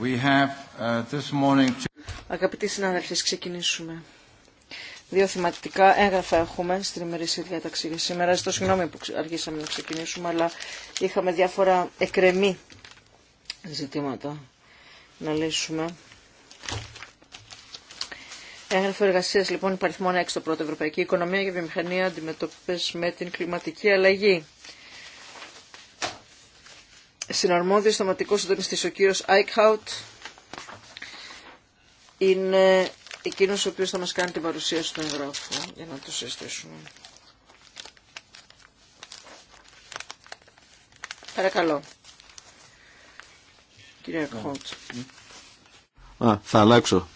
Uh, Αγαπητοί συνάδελφοι, ξεκινήσουμε. Δύο θεματικά έγγραφα έχουμε στην ημερήσια διάταξη για σήμερα. Ζητώ συγγνώμη που αργήσαμε να ξεκινήσουμε, αλλά είχαμε διάφορα εκρεμή ζητήματα να λύσουμε. Έγγραφο εργασία λοιπόν υπαριθμών 6 το πρώτο Ευρωπαϊκή Οικονομία για Βιομηχανία αντιμετώπιση με την κλιματική αλλαγή συναρμόδιος θεματικός συντονιστής ο κύριος Άικχαουτ είναι εκείνος ο οποίος θα μας κάνει την παρουσίαση του εγγράφου για να το συστήσουμε. Παρακαλώ. Κύριε Άικχαουτ. Α, θα αλλάξω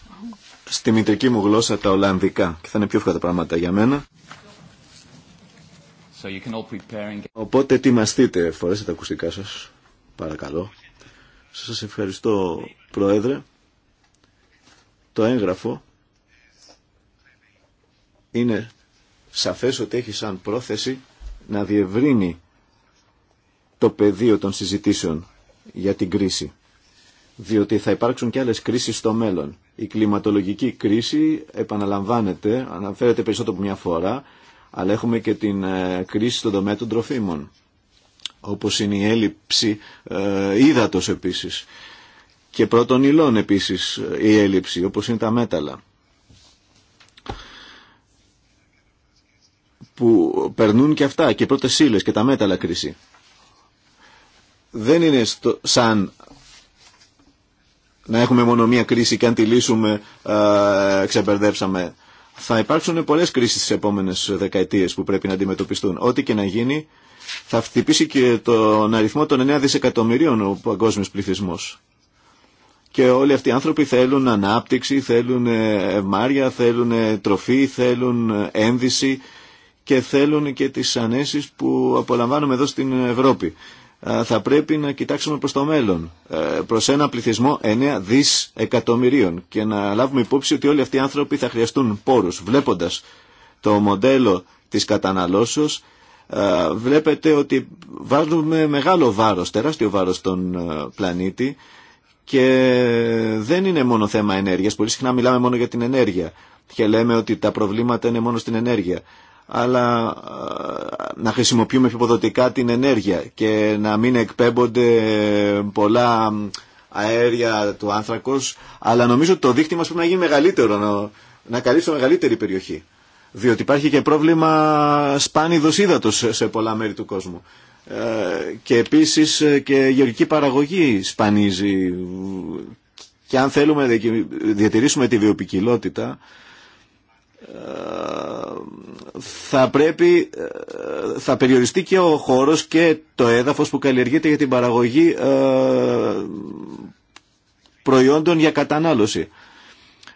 στη μητρική μου γλώσσα τα Ολλανδικά και θα είναι πιο εύκολα τα πράγματα για μένα. So you can all Οπότε ετοιμαστείτε, φορέστε τα ακουστικά σας. Παρακαλώ. Σας ευχαριστώ, Πρόεδρε. Το έγγραφο είναι σαφές ότι έχει σαν πρόθεση να διευρύνει το πεδίο των συζητήσεων για την κρίση. Διότι θα υπάρξουν και άλλες κρίσεις στο μέλλον. Η κλιματολογική κρίση επαναλαμβάνεται, αναφέρεται περισσότερο από μια φορά, αλλά έχουμε και την ε, κρίση στον τομέα των τροφίμων όπως είναι η έλλειψη ε, ύδατος επίσης και πρώτων υλών επίσης ε, η έλλειψη, όπως είναι τα μέταλλα. που περνούν και αυτά και πρώτες ύλες και τα μέταλλα κρίση. Δεν είναι σαν να έχουμε μόνο μία κρίση και αν τη λύσουμε ε, ξεπερδέψαμε. Θα υπάρξουν πολλές κρίσεις στις επόμενες δεκαετίες που πρέπει να αντιμετωπιστούν. Ό,τι και να γίνει θα χτυπήσει και τον αριθμό των 9 δισεκατομμυρίων ο παγκόσμιο πληθυσμό. Και όλοι αυτοί οι άνθρωποι θέλουν ανάπτυξη, θέλουν ε, μάρια, θέλουν ε, τροφή, θέλουν ε, ένδυση και θέλουν και τις ανέσεις που απολαμβάνουμε εδώ στην Ευρώπη. Θα πρέπει να κοιτάξουμε προς το μέλλον, προς ένα πληθυσμό 9 δισεκατομμυρίων και να λάβουμε υπόψη ότι όλοι αυτοί οι άνθρωποι θα χρειαστούν πόρους. Βλέποντας το μοντέλο της καταναλώσεως ε, βλέπετε ότι βάζουμε μεγάλο βάρος, τεράστιο βάρος στον ε, πλανήτη και δεν είναι μόνο θέμα ενέργειας. Πολύ συχνά μιλάμε μόνο για την ενέργεια και λέμε ότι τα προβλήματα είναι μόνο στην ενέργεια. Αλλά ε, να χρησιμοποιούμε πιο την ενέργεια και να μην εκπέμπονται πολλά αέρια του άνθρακος. Αλλά νομίζω ότι το δίκτυο μας πρέπει να γίνει μεγαλύτερο, να, να καλύψει μεγαλύτερη περιοχή διότι υπάρχει και πρόβλημα σπάνιδος ύδατος σε πολλά μέρη του κόσμου. Ε, και επίσης ε, και γεωργική παραγωγή σπανίζει και αν θέλουμε να διατηρήσουμε τη βιοπικιλότητα ε, θα πρέπει θα περιοριστεί και ο χώρος και το έδαφος που καλλιεργείται για την παραγωγή προϊόντων για κατανάλωση.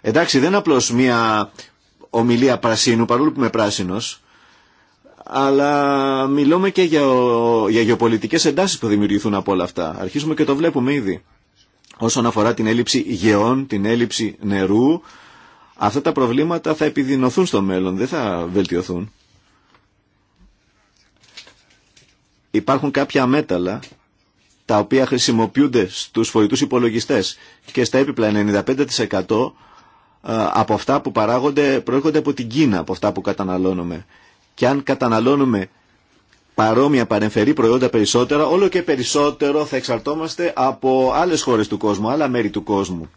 Εντάξει, δεν απλώς μια ομιλία πρασίνου, παρόλο που είμαι πράσινος, αλλά μιλούμε και για, για γεωπολιτικές εντάσεις που δημιουργηθούν από όλα αυτά. Αρχίζουμε και το βλέπουμε ήδη. Όσον αφορά την έλλειψη γεών, την έλλειψη νερού, αυτά τα προβλήματα θα επιδεινωθούν στο μέλλον, δεν θα βελτιωθούν. Υπάρχουν κάποια μέταλλα τα οποία χρησιμοποιούνται στους φορητούς υπολογιστές και στα έπιπλα 95% από αυτά που παράγονται, προέρχονται από την Κίνα, από αυτά που καταναλώνουμε. Και αν καταναλώνουμε παρόμοια παρεμφερή προϊόντα περισσότερα, όλο και περισσότερο θα εξαρτώμαστε από άλλες χώρες του κόσμου, άλλα μέρη του κόσμου.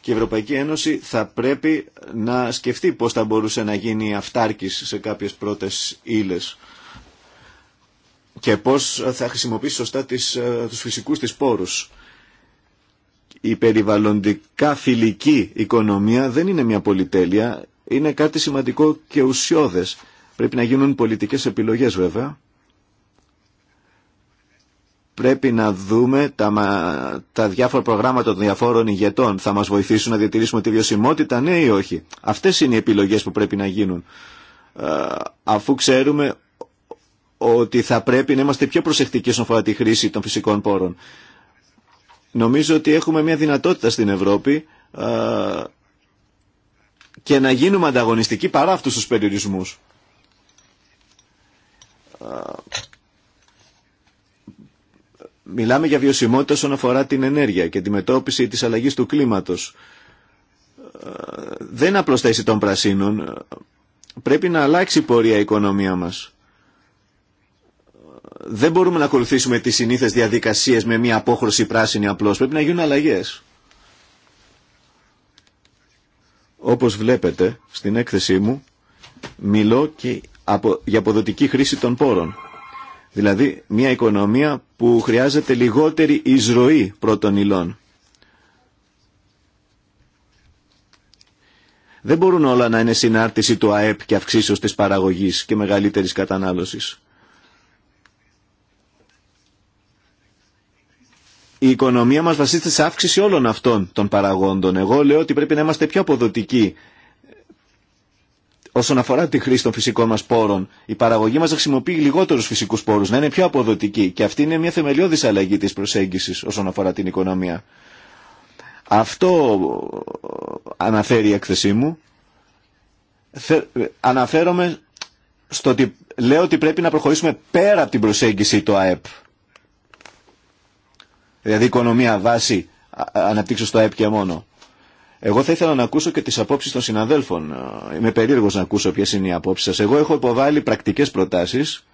Και η Ευρωπαϊκή Ένωση θα πρέπει να σκεφτεί πώς θα μπορούσε να γίνει αυτάρκης σε κάποιες πρώτες ύλες και πώς θα χρησιμοποιήσει σωστά ε, τους φυσικούς της πόρους η περιβαλλοντικά φιλική οικονομία δεν είναι μια πολυτέλεια, είναι κάτι σημαντικό και ουσιώδες. Πρέπει να γίνουν πολιτικές επιλογές βέβαια. Πρέπει να δούμε τα, τα διάφορα προγράμματα των διαφόρων ηγετών. Θα μας βοηθήσουν να διατηρήσουμε τη βιωσιμότητα, ναι ή όχι. Αυτές είναι οι επιλογές που πρέπει να γίνουν. Ε, αφού ξέρουμε ότι θα πρέπει να είμαστε πιο προσεκτικοί όσον αφορά τη χρήση των φυσικών πόρων. Νομίζω ότι έχουμε μια δυνατότητα στην Ευρώπη και να γίνουμε ανταγωνιστικοί παρά αυτούς τους περιορισμούς. μιλάμε για βιωσιμότητα όσον αφορά την ενέργεια και τη μετώπιση της αλλαγής του κλίματος. δεν απλώς θέση των πρασίνων. Πρέπει να αλλάξει η πορεία η οικονομία μας δεν μπορούμε να ακολουθήσουμε τις συνήθες διαδικασίες με μια απόχρωση πράσινη απλώς. Πρέπει να γίνουν αλλαγές. Όπως βλέπετε στην έκθεσή μου, μιλώ και απο, για αποδοτική χρήση των πόρων. Δηλαδή μια οικονομία που χρειάζεται λιγότερη εισρωή πρώτων υλών. Δεν μπορούν όλα να είναι συνάρτηση του ΑΕΠ και αυξήσεως της παραγωγής και μεγαλύτερης κατανάλωσης. η οικονομία μας βασίζεται σε αύξηση όλων αυτών των παραγόντων. Εγώ λέω ότι πρέπει να είμαστε πιο αποδοτικοί όσον αφορά τη χρήση των φυσικών μας πόρων. Η παραγωγή μας χρησιμοποιεί λιγότερους φυσικούς πόρους, να είναι πιο αποδοτική. Και αυτή είναι μια θεμελιώδης αλλαγή της προσέγγισης όσον αφορά την οικονομία. Αυτό αναφέρει η έκθεσή μου. Αναφέρομαι στο ότι λέω ότι πρέπει να προχωρήσουμε πέρα από την προσέγγιση του ΑΕΠ δηλαδή οικονομία βάση αναπτύξεως στο ΑΕΠ και μόνο. Εγώ θα ήθελα να ακούσω και τις απόψεις των συναδέλφων. Ε, είμαι περίεργος να ακούσω ποιες είναι οι απόψεις σας. Εγώ έχω υποβάλει πρακτικές προτάσεις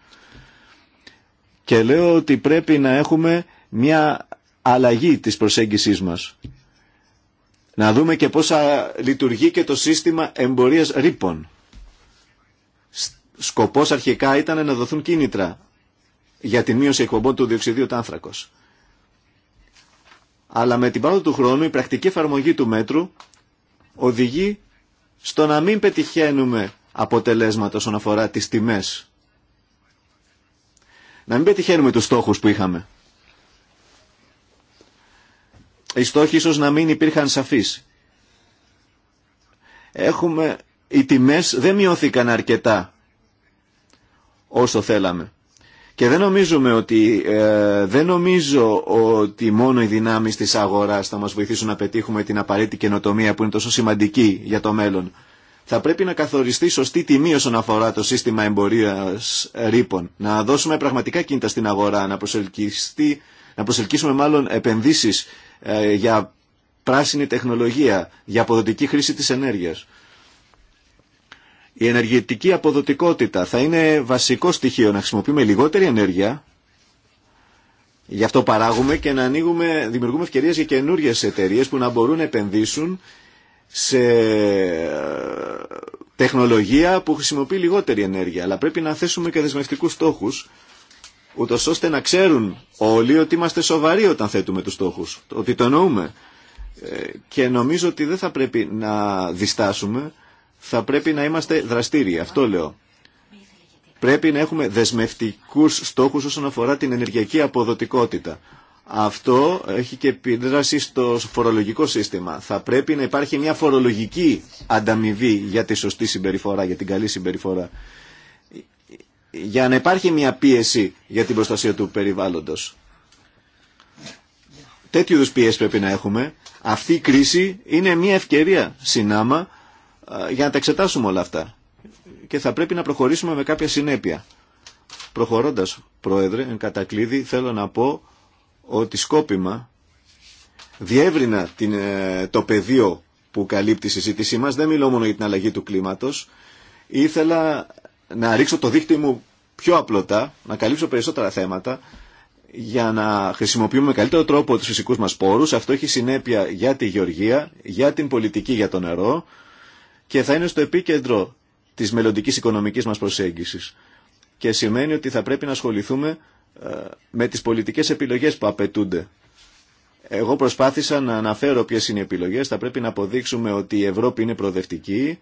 και λέω ότι πρέπει να έχουμε μια αλλαγή της προσέγγισής μας. Να δούμε και πώς λειτουργεί και το σύστημα εμπορίας ρήπων. Σκοπός αρχικά ήταν να δοθούν κίνητρα για τη μείωση εκπομπών του διοξιδίου του αλλά με την πάνω του χρόνου η πρακτική εφαρμογή του μέτρου οδηγεί στο να μην πετυχαίνουμε αποτελέσματα όσον αφορά τις τιμές. Να μην πετυχαίνουμε τους στόχους που είχαμε. Οι στόχοι ίσως να μην υπήρχαν σαφείς. Έχουμε, οι τιμές δεν μειώθηκαν αρκετά όσο θέλαμε. Και δεν νομίζουμε ότι, ε, δεν νομίζω ότι μόνο οι δυνάμεις της αγοράς θα μας βοηθήσουν να πετύχουμε την απαραίτητη καινοτομία που είναι τόσο σημαντική για το μέλλον. Θα πρέπει να καθοριστεί σωστή τιμή όσον αφορά το σύστημα εμπορίας ρήπων. Να δώσουμε πραγματικά κίνητα στην αγορά, να, να προσελκύσουμε μάλλον επενδύσεις ε, για πράσινη τεχνολογία, για αποδοτική χρήση της ενέργειας. Η ενεργητική αποδοτικότητα θα είναι βασικό στοιχείο να χρησιμοποιούμε λιγότερη ενέργεια. Γι' αυτό παράγουμε και να ανοίγουμε, δημιουργούμε ευκαιρίες για καινούριε εταιρείε που να μπορούν να επενδύσουν σε ε, τεχνολογία που χρησιμοποιεί λιγότερη ενέργεια. Αλλά πρέπει να θέσουμε και δεσμευτικού στόχους ούτω ώστε να ξέρουν όλοι ότι είμαστε σοβαροί όταν θέτουμε τους στόχους, ότι το εννοούμε. Ε, και νομίζω ότι δεν θα πρέπει να διστάσουμε θα πρέπει να είμαστε δραστήριοι. Αυτό λέω. Πρέπει να έχουμε δεσμευτικούς στόχους όσον αφορά την ενεργειακή αποδοτικότητα. Αυτό έχει και επίδραση στο φορολογικό σύστημα. Θα πρέπει να υπάρχει μια φορολογική ανταμοιβή για τη σωστή συμπεριφορά, για την καλή συμπεριφορά. Για να υπάρχει μια πίεση για την προστασία του περιβάλλοντος. Τέτοιου είδους πίεση πρέπει να έχουμε. Αυτή η κρίση είναι μια ευκαιρία συνάμα για να τα εξετάσουμε όλα αυτά. Και θα πρέπει να προχωρήσουμε με κάποια συνέπεια. Προχωρώντας, Πρόεδρε, εν κατακλείδη, θέλω να πω ότι σκόπιμα διεύρυνα την, ε, το πεδίο που καλύπτει η συζήτησή μας. Δεν μιλώ μόνο για την αλλαγή του κλίματος. Ήθελα να ρίξω το δίχτυ μου πιο απλωτά, να καλύψω περισσότερα θέματα για να χρησιμοποιούμε καλύτερο τρόπο τους φυσικούς μας πόρους. Αυτό έχει συνέπεια για τη γεωργία, για την πολιτική για το νερό, και θα είναι στο επίκεντρο της μελλοντική οικονομικής μας προσέγγισης. Και σημαίνει ότι θα πρέπει να ασχοληθούμε ε, με τις πολιτικές επιλογές που απαιτούνται. Εγώ προσπάθησα να αναφέρω ποιε είναι οι επιλογές. Θα πρέπει να αποδείξουμε ότι η Ευρώπη είναι προοδευτική,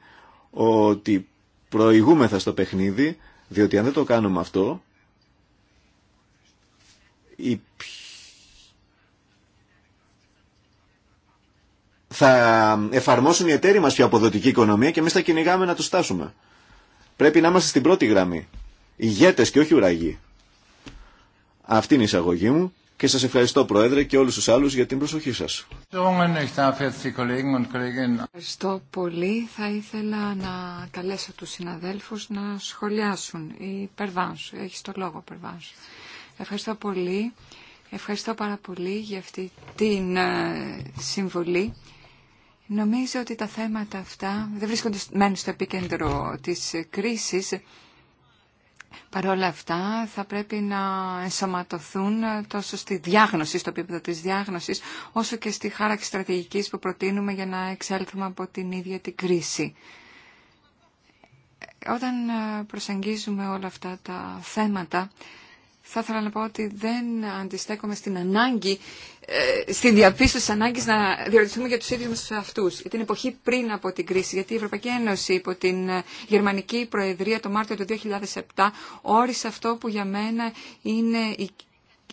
ότι προηγούμεθα στο παιχνίδι, διότι αν δεν το κάνουμε αυτό, οι θα εφαρμόσουν οι εταίροι μας πιο αποδοτική οικονομία και εμείς θα κυνηγάμε να τους στάσουμε. Πρέπει να είμαστε στην πρώτη γραμμή. Ηγέτες και όχι ουραγοί. Αυτή είναι η εισαγωγή μου και σας ευχαριστώ Πρόεδρε και όλους τους άλλους για την προσοχή σας. Ευχαριστώ πολύ. Θα ήθελα να καλέσω τους συναδέλφους να σχολιάσουν. Η έχεις το λόγο Ευχαριστώ πολύ. Ευχαριστώ πάρα πολύ για αυτή την ε, συμβολή Νομίζω ότι τα θέματα αυτά δεν βρίσκονται μένουν στο επίκεντρο της κρίσης. Παρ' αυτά θα πρέπει να ενσωματωθούν τόσο στη διάγνωση, στο επίπεδο της διάγνωσης, όσο και στη χάραξη στρατηγικής που προτείνουμε για να εξέλθουμε από την ίδια την κρίση. Όταν ε, προσεγγίζουμε όλα αυτά τα θέματα, θα ήθελα να πω ότι δεν αντιστέκομαι στην ανάγκη, ε, στην διαπίστωση της ανάγκης να διαρωτηθούμε για τους ίδιους μας αυτού. αυτούς. Την εποχή πριν από την κρίση, γιατί η Ευρωπαϊκή Ένωση υπό την ε, Γερμανική Προεδρία το Μάρτιο του 2007 όρισε αυτό που για μένα είναι η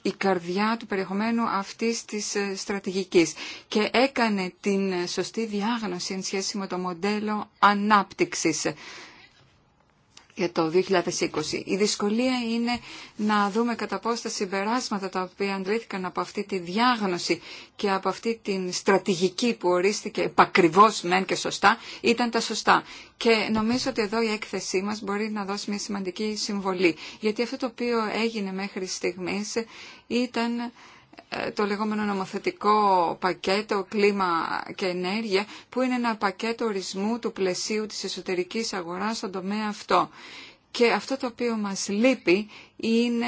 η καρδιά του περιεχομένου αυτής της ε, στρατηγικής και έκανε την σωστή διάγνωση εν σχέση με το μοντέλο ανάπτυξης για το 2020. Η δυσκολία είναι να δούμε κατά πώς τα συμπεράσματα τα οποία αντλήθηκαν από αυτή τη διάγνωση και από αυτή την στρατηγική που ορίστηκε επακριβώς μεν και σωστά ήταν τα σωστά. Και νομίζω ότι εδώ η έκθεσή μας μπορεί να δώσει μια σημαντική συμβολή. Γιατί αυτό το οποίο έγινε μέχρι στιγμής ήταν ε, το λεγόμενο νομοθετικό πακέτο κλίμα και ενέργεια που είναι ένα πακέτο ορισμού του πλαισίου της εσωτερικής αγοράς στον τομέα αυτό. Και αυτό το οποίο μας λείπει είναι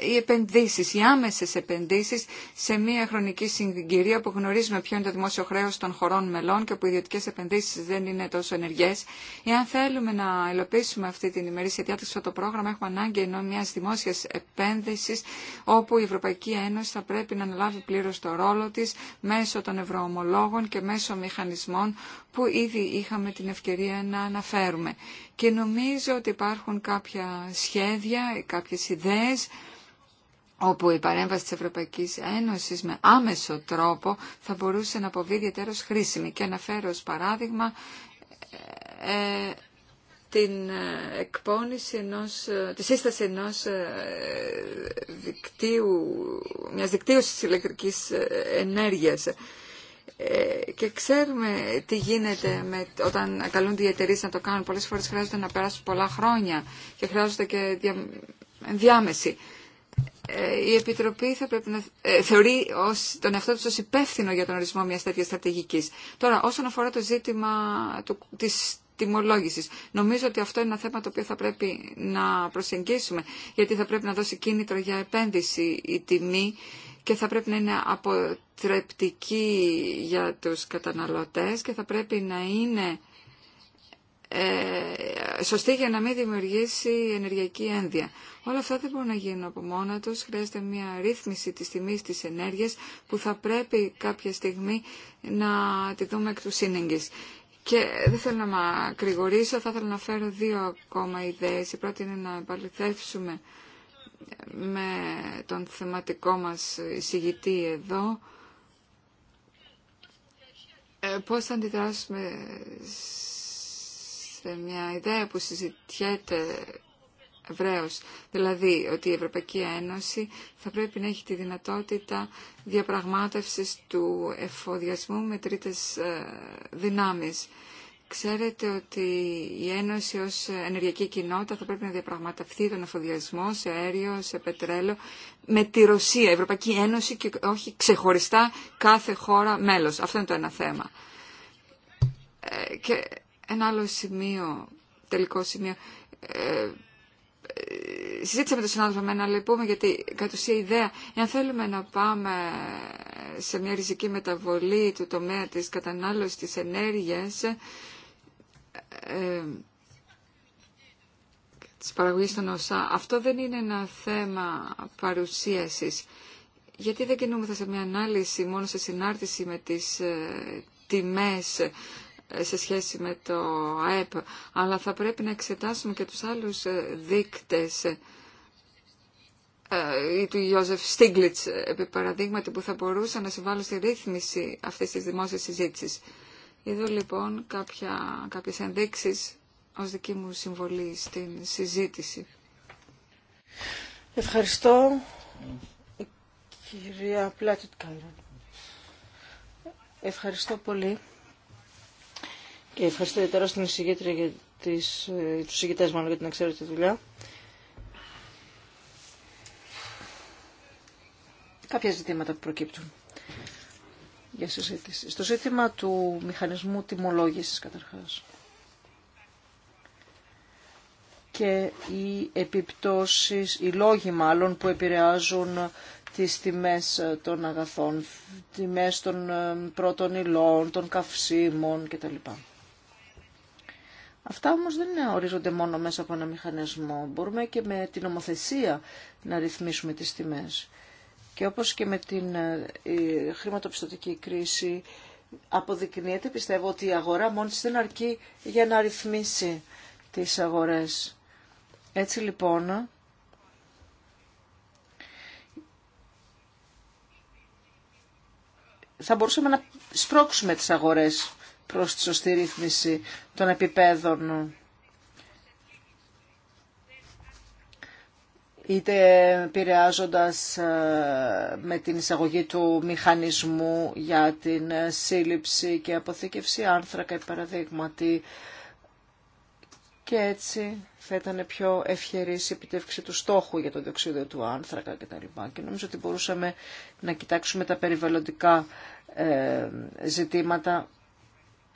οι επενδύσεις, οι άμεσες επενδύσεις σε μια χρονική συγκυρία που γνωρίζουμε ποιο είναι το δημόσιο χρέος των χωρών μελών και που οι ιδιωτικές επενδύσεις δεν είναι τόσο ενεργές. Εάν θέλουμε να ελοπίσουμε αυτή την ημερήσια διάταξη στο πρόγραμμα, έχουμε ανάγκη ενώ μια δημόσιας επένδυσης όπου η Ευρωπαϊκή Ένωση θα πρέπει να αναλάβει πλήρω το ρόλο της μέσω των ευρωομολόγων και μέσω μηχανισμών που ήδη είχαμε την ευκαιρία να αναφέρουμε. Και νομίζω ότι υπάρχουν κάποια σχέδια, κάποιες ιδέες όπου η παρέμβαση της Ευρωπαϊκής Ένωσης με άμεσο τρόπο θα μπορούσε να αποβεί ιδιαίτερως χρήσιμη. Και αναφέρω ως παράδειγμα ε, την ε, εκπόνηση ενός, ε, τη σύσταση ενός δικτύου, μιας δικτύωσης ηλεκτρικής ενέργειας. Και ξέρουμε τι γίνεται με, όταν καλούνται οι εταιρείε να το κάνουν. Πολλές φορές χρειάζεται να περάσουν πολλά χρόνια και χρειάζονται και ενδιάμεση. Ε, η Επιτροπή θα πρέπει να ε, θεωρεί ως, τον εαυτό της ως υπεύθυνο για τον ορισμό μιας τέτοιας στρατηγικής. Τώρα, όσον αφορά το ζήτημα του, της τιμολόγησης, νομίζω ότι αυτό είναι ένα θέμα το οποίο θα πρέπει να προσεγγίσουμε, γιατί θα πρέπει να δώσει κίνητρο για επένδυση η τιμή και θα πρέπει να είναι αποτρεπτική για τους καταναλωτές και θα πρέπει να είναι ε, σωστή για να μην δημιουργήσει ενεργειακή ένδια. Όλα αυτά δεν μπορούν να γίνουν από μόνα τους. Χρειάζεται μια ρύθμιση της τιμής της ενέργειας που θα πρέπει κάποια στιγμή να τη δούμε εκ του σύνεγγης. Και δεν θέλω να με ακρηγορήσω. θα ήθελα να φέρω δύο ακόμα ιδέες. Η πρώτη είναι να επαληθεύσουμε με τον θεματικό μας εισηγητή εδώ ε, πώς θα αντιδράσουμε μια ιδέα που συζητιέται ευρέως, δηλαδή ότι η Ευρωπαϊκή Ένωση θα πρέπει να έχει τη δυνατότητα διαπραγμάτευσης του εφοδιασμού με τρίτες ε, δυνάμεις. Ξέρετε ότι η Ένωση ως ενεργειακή κοινότητα θα πρέπει να διαπραγματευτεί τον εφοδιασμό σε αέριο, σε πετρέλαιο με τη Ρωσία, η Ευρωπαϊκή Ένωση και όχι ξεχωριστά κάθε χώρα μέλος. Αυτό είναι το ένα θέμα. Ε, και ένα άλλο σημείο, τελικό σημείο. Ε, ε συζήτησα με τον συνάδελφο μένα, αλλά γιατί κατ' ουσία ιδέα, εάν θέλουμε να πάμε σε μια ριζική μεταβολή του τομέα της κατανάλωσης της ενέργειας, ε, της παραγωγής των ΩΣΑ, αυτό δεν είναι ένα θέμα παρουσίασης. Γιατί δεν κινούμεθα σε μια ανάλυση μόνο σε συνάρτηση με τις ε, τιμές σε σχέση με το ΑΕΠ, αλλά θα πρέπει να εξετάσουμε και τους άλλους ε, δείκτες ε, ε, ή του Ιώζεφ Στίγκλιτς, επί παραδείγματι, που θα μπορούσαν να συμβάλλουν στη ρύθμιση αυτής της δημόσιας συζήτησης. Είδω λοιπόν κάποια, κάποιες ενδείξεις ως δική μου συμβολή στην συζήτηση. Ευχαριστώ, κυρία Πλάτιτ Ευχαριστώ πολύ. Και ευχαριστώ ιδιαίτερα στην εισηγήτρια για τις, ε, τους για την εξαίρετη δουλειά. Κάποια ζητήματα που προκύπτουν για συζήτηση. Στο ζήτημα του μηχανισμού τιμολόγησης καταρχάς και οι επιπτώσεις, οι λόγοι μάλλον που επηρεάζουν τις τιμές των αγαθών, τιμές των ε, πρώτων υλών, των καυσίμων κτλ. Αυτά όμως δεν ορίζονται μόνο μέσα από ένα μηχανισμό. Μπορούμε και με την ομοθεσία να ρυθμίσουμε τις τιμές. Και όπως και με την ε, χρηματοπιστωτική κρίση αποδεικνύεται, πιστεύω, ότι η αγορά μόνη της δεν αρκεί για να ρυθμίσει τις αγορές. Έτσι λοιπόν, θα μπορούσαμε να σπρώξουμε τις αγορές προς τη σωστή ρύθμιση των επιπέδων είτε επηρεάζοντα ε, με την εισαγωγή του μηχανισμού για την ε, σύλληψη και αποθήκευση άνθρακα, παραδείγματι. Και έτσι θα ήταν πιο ευχερή η επιτεύξη του στόχου για το διοξείδιο του άνθρακα κτλ. Και νομίζω ότι μπορούσαμε να κοιτάξουμε τα περιβαλλοντικά ε, ζητήματα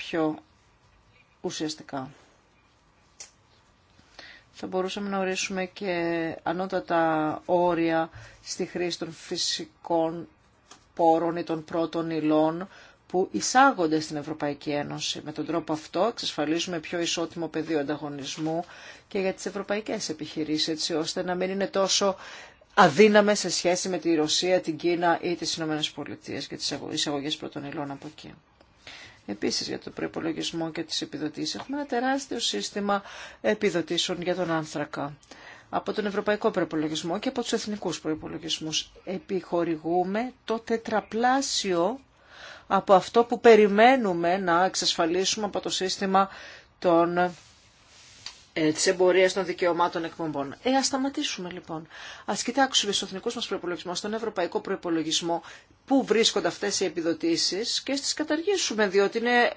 πιο ουσιαστικά. Θα μπορούσαμε να ορίσουμε και ανώτατα όρια στη χρήση των φυσικών πόρων ή των πρώτων υλών που εισάγονται στην Ευρωπαϊκή Ένωση. Με τον τρόπο αυτό εξασφαλίζουμε πιο ισότιμο πεδίο ανταγωνισμού και για τις ευρωπαϊκές επιχειρήσεις, έτσι ώστε να μην είναι τόσο αδύναμες σε σχέση με τη Ρωσία, την Κίνα ή τις Ηνωμένες Πολιτείες και τις εισαγωγές πρώτων υλών από εκεί. Επίσης για τον προϋπολογισμό και τις επιδοτήσεις έχουμε ένα τεράστιο σύστημα επιδοτήσεων για τον άνθρακα από τον ευρωπαϊκό προϋπολογισμό και από τους εθνικούς προϋπολογισμούς. Επιχορηγούμε το τετραπλάσιο από αυτό που περιμένουμε να εξασφαλίσουμε από το σύστημα των ε, τη εμπορία των δικαιωμάτων εκπομπών. Ε, α σταματήσουμε λοιπόν. Α κοιτάξουμε στου εθνικό μα προπολογισμού, στον ευρωπαϊκό προπολογισμό, πού βρίσκονται αυτέ οι επιδοτήσει και τι καταργήσουμε, διότι είναι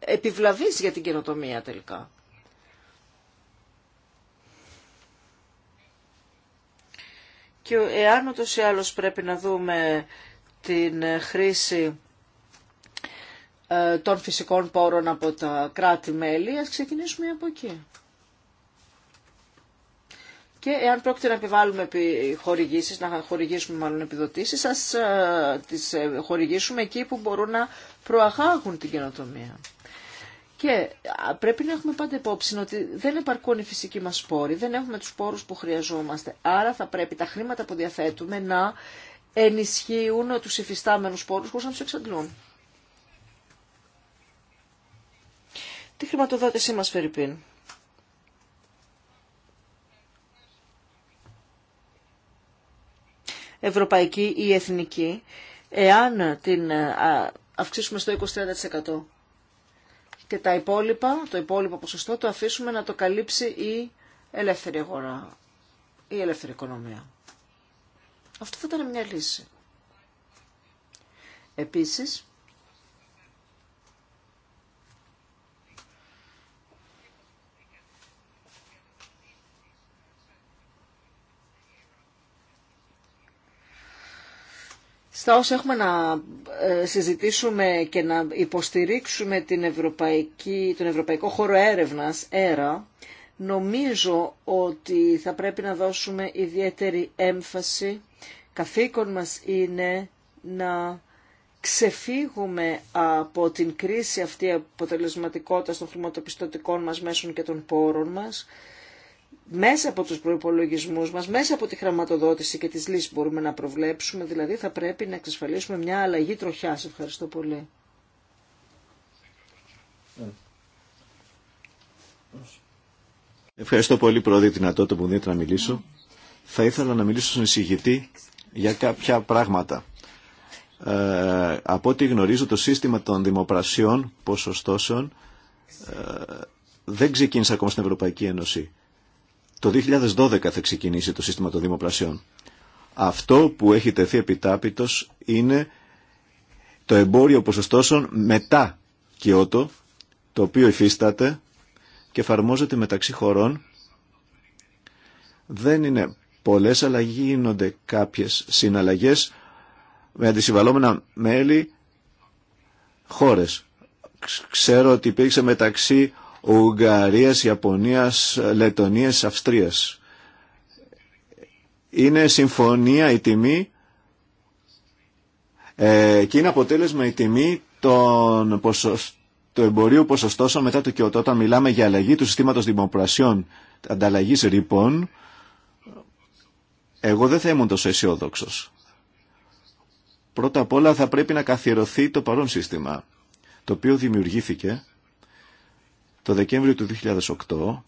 ε, για την καινοτομία τελικά. Και εάν ούτω ή άλλω πρέπει να δούμε την ε, χρήση ε, των φυσικών πόρων από τα κράτη-μέλη, ας ξεκινήσουμε από εκεί. Και εάν πρόκειται να επιβάλλουμε χορηγήσεις, να χορηγήσουμε μάλλον επιδοτήσεις, ας ε, τις ε, χορηγήσουμε εκεί που μπορούν να προαγάγουν την καινοτομία. Και πρέπει να έχουμε πάντα υπόψη ότι δεν επαρκούν οι φυσικοί μας πόροι, δεν έχουμε τους πόρους που χρειαζόμαστε. Άρα θα πρέπει τα χρήματα που διαθέτουμε να ενισχύουν τους υφιστάμενους πόρους χωρίς να τους εξαντλούν. Τι χρηματοδότησή μας Φερρυπίν. Ευρωπαϊκή ή εθνική, εάν την ε, αυξήσουμε στο 20-30% και τα υπόλοιπα, το υπόλοιπο ποσοστό το αφήσουμε να το καλύψει η ελεύθερη αγορά, η ελεύθερη οικονομία. Αυτό θα ήταν μια λύση. Επίσης, στα όσα έχουμε να ε, συζητήσουμε και να υποστηρίξουμε την ευρωπαϊκή, τον Ευρωπαϊκό Χώρο Έρευνας, ΕΡΑ, νομίζω ότι θα πρέπει να δώσουμε ιδιαίτερη έμφαση. Καθήκον μας είναι να ξεφύγουμε από την κρίση αυτή αποτελεσματικότητα των χρηματοπιστωτικών μας μέσων και των πόρων μας, μέσα από τους προϋπολογισμούς μας, μέσα από τη χρηματοδότηση και τις λύσεις που μπορούμε να προβλέψουμε, δηλαδή θα πρέπει να εξασφαλίσουμε μια αλλαγή τροχιάς. Ευχαριστώ πολύ. Ευχαριστώ πολύ, Πρόεδρε, τη δυνατότητα που μου δίνετε να μιλήσω. Θα ήθελα να μιλήσω στον εισηγητή για κάποια πράγματα. Ε, από ό,τι γνωρίζω, το σύστημα των δημοπρασιών ποσοστώσεων ε, δεν ξεκίνησε ακόμα στην Ευρωπαϊκή Ένωση. Το 2012 θα ξεκινήσει το σύστημα των δημοπλασιών. Αυτό που έχει τεθεί επιτάπητος είναι το εμπόριο ποσοστώσεων μετά Κιώτο, το οποίο υφίσταται και εφαρμόζεται μεταξύ χωρών. Δεν είναι πολλές, αλλά γίνονται κάποιες συναλλαγές με αντισυμβαλόμενα μέλη χώρες. Ξέρω ότι υπήρξε μεταξύ Ουγγαρίας, Ιαπωνίας, Λετωνίας, Αυστρίας. Είναι συμφωνία η τιμή ε, και είναι αποτέλεσμα η τιμή των του εμπορίου ποσοστώσεων μετά το και Όταν μιλάμε για αλλαγή του συστήματος δημοπρασιών ανταλλαγής ρήπων, εγώ δεν θα ήμουν τόσο αισιόδοξο. Πρώτα απ' όλα θα πρέπει να καθιερωθεί το παρόν σύστημα, το οποίο δημιουργήθηκε το Δεκέμβριο του 2008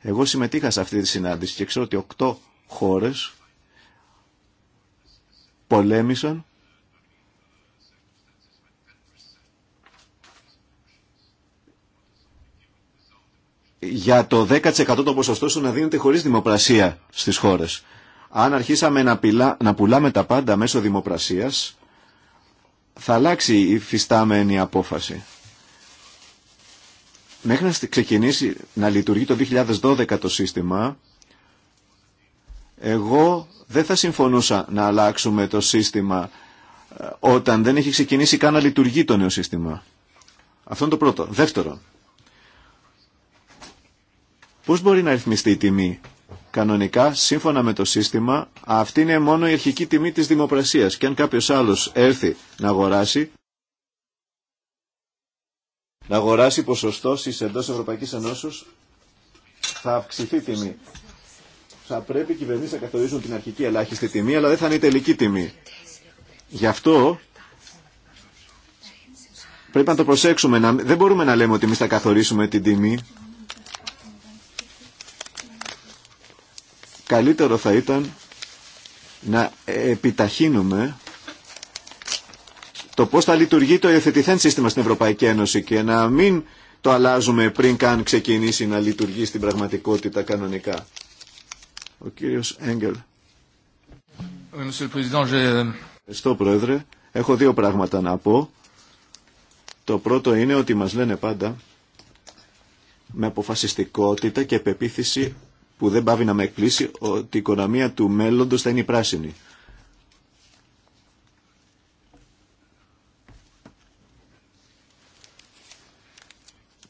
εγώ συμμετείχα σε αυτή τη συνάντηση και ξέρω ότι οκτώ χώρες πολέμησαν για το 10% των ποσοστών να δίνεται χωρίς δημοπρασία στις χώρες. Αν αρχίσαμε να, να πουλάμε τα πάντα μέσω δημοπρασίας, θα αλλάξει η φυστάμενη απόφαση μέχρι να ξεκινήσει να λειτουργεί το 2012 το σύστημα, εγώ δεν θα συμφωνούσα να αλλάξουμε το σύστημα ε, όταν δεν έχει ξεκινήσει καν να λειτουργεί το νέο σύστημα. Αυτό είναι το πρώτο. Δεύτερο, πώς μπορεί να ρυθμιστεί η τιμή. Κανονικά, σύμφωνα με το σύστημα, αυτή είναι μόνο η αρχική τιμή της δημοπρασίας και αν κάποιος άλλος έρθει να αγοράσει, να αγοράσει στι εντό Ευρωπαϊκή Ενώσεω θα αυξηθεί τιμή. Θα πρέπει οι κυβερνήσει να καθορίζουν την αρχική ελάχιστη τιμή, αλλά δεν θα είναι η τελική τιμή. Γι' αυτό πρέπει να το προσέξουμε. Να, δεν μπορούμε να λέμε ότι εμεί θα καθορίσουμε την τιμή. Καλύτερο θα ήταν να επιταχύνουμε το πώς θα λειτουργεί το υιοθετηθέν σύστημα στην Ευρωπαϊκή Ένωση και να μην το αλλάζουμε πριν καν ξεκινήσει να λειτουργεί στην πραγματικότητα κανονικά. Ο κύριος Έγκελ. Euh, Ευχαριστώ Πρόεδρε. Έχω δύο πράγματα να πω. Το πρώτο είναι ότι μας λένε πάντα με αποφασιστικότητα και πεποίθηση που δεν πάβει να με εκπλήσει ότι η οικονομία του μέλλοντος θα είναι η πράσινη.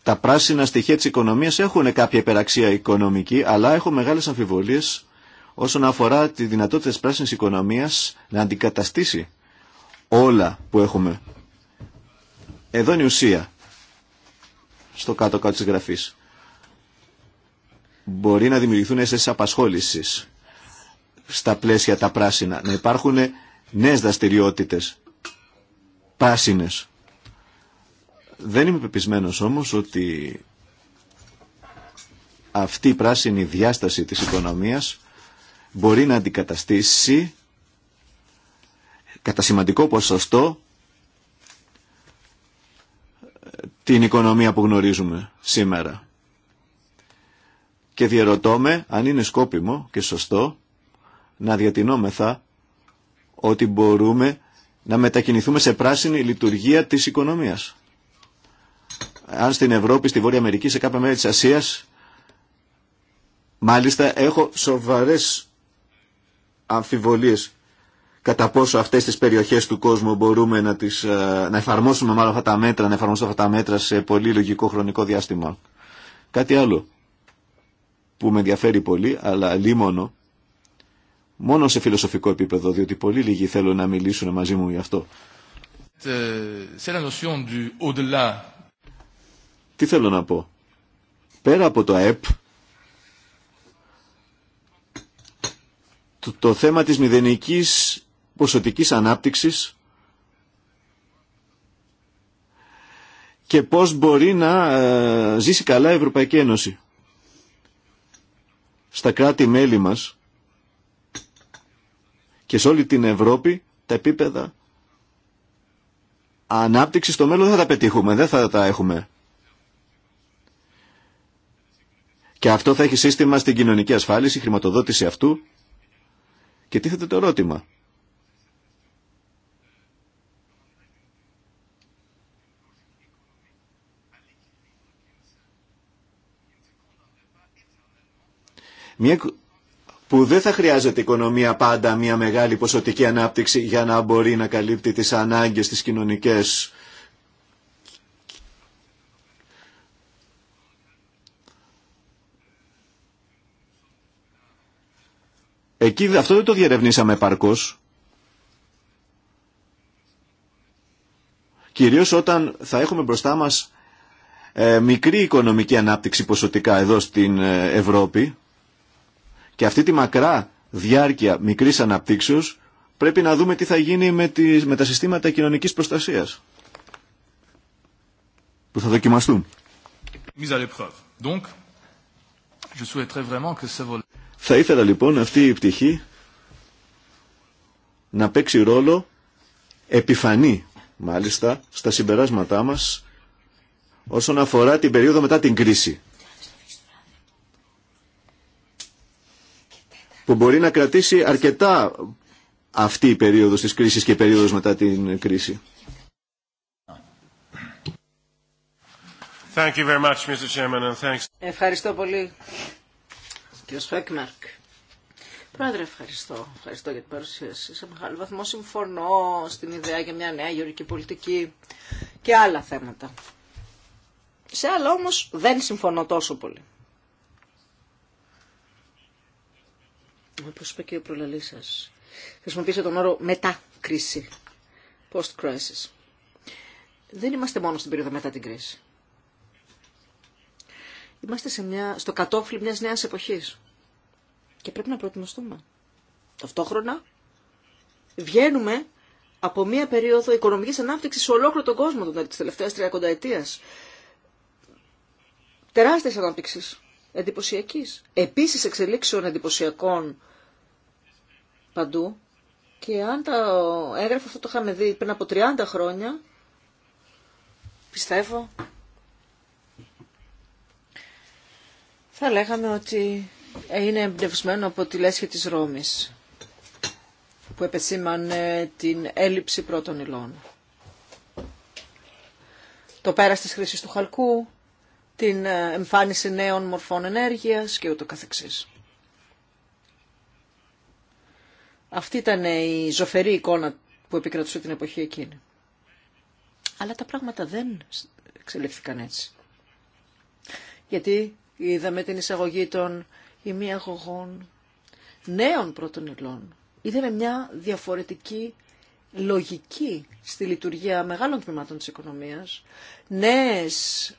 τα πράσινα στοιχεία της οικονομίας έχουν κάποια υπεραξία οικονομική, αλλά έχω μεγάλες αμφιβολίες όσον αφορά τη δυνατότητα της πράσινης οικονομίας να αντικαταστήσει όλα που έχουμε. Εδώ είναι η ουσία, στο κάτω-κάτω της γραφής. Μπορεί να δημιουργηθούν αισθέσεις απασχόλησης στα πλαίσια τα πράσινα, να υπάρχουν νέες δραστηριότητες πράσινες δεν είμαι πεπισμένος όμως ότι αυτή η πράσινη διάσταση της οικονομίας μπορεί να αντικαταστήσει κατά σημαντικό ποσοστό την οικονομία που γνωρίζουμε σήμερα. Και διαρωτώ αν είναι σκόπιμο και σωστό να διατηνόμεθα ότι μπορούμε να μετακινηθούμε σε πράσινη λειτουργία της οικονομίας αν στην Ευρώπη, στη Βόρεια Αμερική, σε κάποια μέρη της Ασίας, μάλιστα έχω σοβαρές αμφιβολίες κατά πόσο αυτές τις περιοχές του κόσμου μπορούμε να, τις, ε, να εφαρμόσουμε μάλλον αυτά τα μέτρα, να εφαρμόσουμε αυτά τα μέτρα σε πολύ λογικό χρονικό διάστημα. Κάτι άλλο που με ενδιαφέρει πολύ, αλλά λίμωνο, μόνο σε φιλοσοφικό επίπεδο, διότι πολύ λίγοι θέλουν να μιλήσουν μαζί μου γι' αυτό. Ε, c'est la notion du au-delà τι θέλω να πω. Πέρα από το ΑΕΠ, το, θέμα της μηδενικής ποσοτικής ανάπτυξης και πώς μπορεί να ε, ζήσει καλά η Ευρωπαϊκή Ένωση. Στα κράτη-μέλη μας και σε όλη την Ευρώπη τα επίπεδα ανάπτυξη στο μέλλον δεν θα τα πετύχουμε, δεν θα τα έχουμε. Και αυτό θα έχει σύστημα στην κοινωνική ασφάλιση, χρηματοδότηση αυτού. Και τίθεται το ερώτημα. Μια που δεν θα χρειάζεται η οικονομία πάντα μια μεγάλη ποσοτική ανάπτυξη για να μπορεί να καλύπτει τις ανάγκες τις κοινωνικές Εκεί αυτό δεν το διερευνήσαμε επαρκώς. Κυρίως όταν θα έχουμε μπροστά μας ε, μικρή οικονομική ανάπτυξη ποσοτικά εδώ στην ε, Ευρώπη και αυτή τη μακρά διάρκεια μικρής αναπτύξεως πρέπει να δούμε τι θα γίνει με, τις, τα συστήματα κοινωνικής προστασίας που θα δοκιμαστούν. Donc, je vraiment que ça... Θα ήθελα λοιπόν αυτή η πτυχή να παίξει ρόλο επιφανή μάλιστα στα συμπεράσματά μας όσον αφορά την περίοδο μετά την κρίση. Που μπορεί να κρατήσει αρκετά αυτή η περίοδος της κρίσης και η περίοδος μετά την κρίση. Thank you very much, Mr. Chairman, Ευχαριστώ πολύ Κύριο Φέκμαρκ. Πρόεδρε, ευχαριστώ. Ευχαριστώ για την παρουσίαση. Σε μεγάλο βαθμό συμφωνώ στην ιδέα για μια νέα γεωργική πολιτική και άλλα θέματα. Σε άλλα όμω δεν συμφωνώ τόσο πολύ. Όπω είπε και ο προλαλή σα. χρησιμοποίησε τον όρο μετά κρίση, post crisis. Δεν είμαστε μόνο στην περίοδο μετά την κρίση. Είμαστε σε μια, στο κατόφλι μιας νέας εποχής και πρέπει να προετοιμαστούμε. Ταυτόχρονα βγαίνουμε από μια περίοδο οικονομικής ανάπτυξης σε ολόκληρο τον κόσμο δηλαδή της τελευταίας 30 ετίας. Τεράστιες ανάπτυξης εντυπωσιακής. Επίσης εξελίξεων εντυπωσιακών παντού. Και αν τα έγραφα αυτό το είχαμε δει πριν από 30 χρόνια, πιστεύω θα λέγαμε ότι είναι εμπνευσμένο από τη λέσχη της Ρώμης που επεσήμανε την έλλειψη πρώτων υλών. Το πέρας της χρήσης του χαλκού, την ε, εμφάνιση νέων μορφών ενέργειας και ούτω καθεξής. Αυτή ήταν η ζωφερή εικόνα που επικρατούσε την εποχή εκείνη. Αλλά τα πράγματα δεν εξελίχθηκαν έτσι. Γιατί Είδαμε την εισαγωγή των ημιαγωγών νέων πρώτων υλών. Είδαμε μια διαφορετική λογική στη λειτουργία μεγάλων τμήματων της οικονομίας, νέες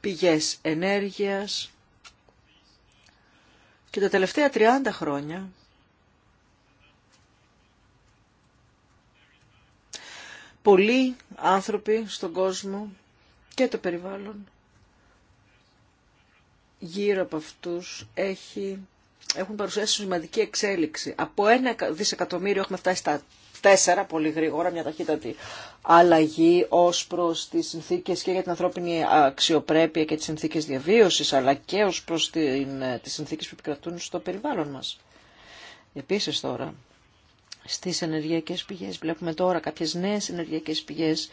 πηγές ενέργειας και τα τελευταία 30 χρόνια πολλοί άνθρωποι στον κόσμο και το περιβάλλον γύρω από αυτούς έχει, έχουν παρουσιάσει σημαντική εξέλιξη. Από ένα δισεκατομμύριο έχουμε φτάσει στα τέσσερα, πολύ γρήγορα, μια ταχύτατη αλλαγή ως προς τις συνθήκες και για την ανθρώπινη αξιοπρέπεια και τις συνθήκες διαβίωσης, αλλά και ως προς την, ε, τις συνθήκες που επικρατούν στο περιβάλλον μας. Επίσης τώρα, στις ενεργειακές πηγές. Βλέπουμε τώρα κάποιες νέες ενεργειακές πηγές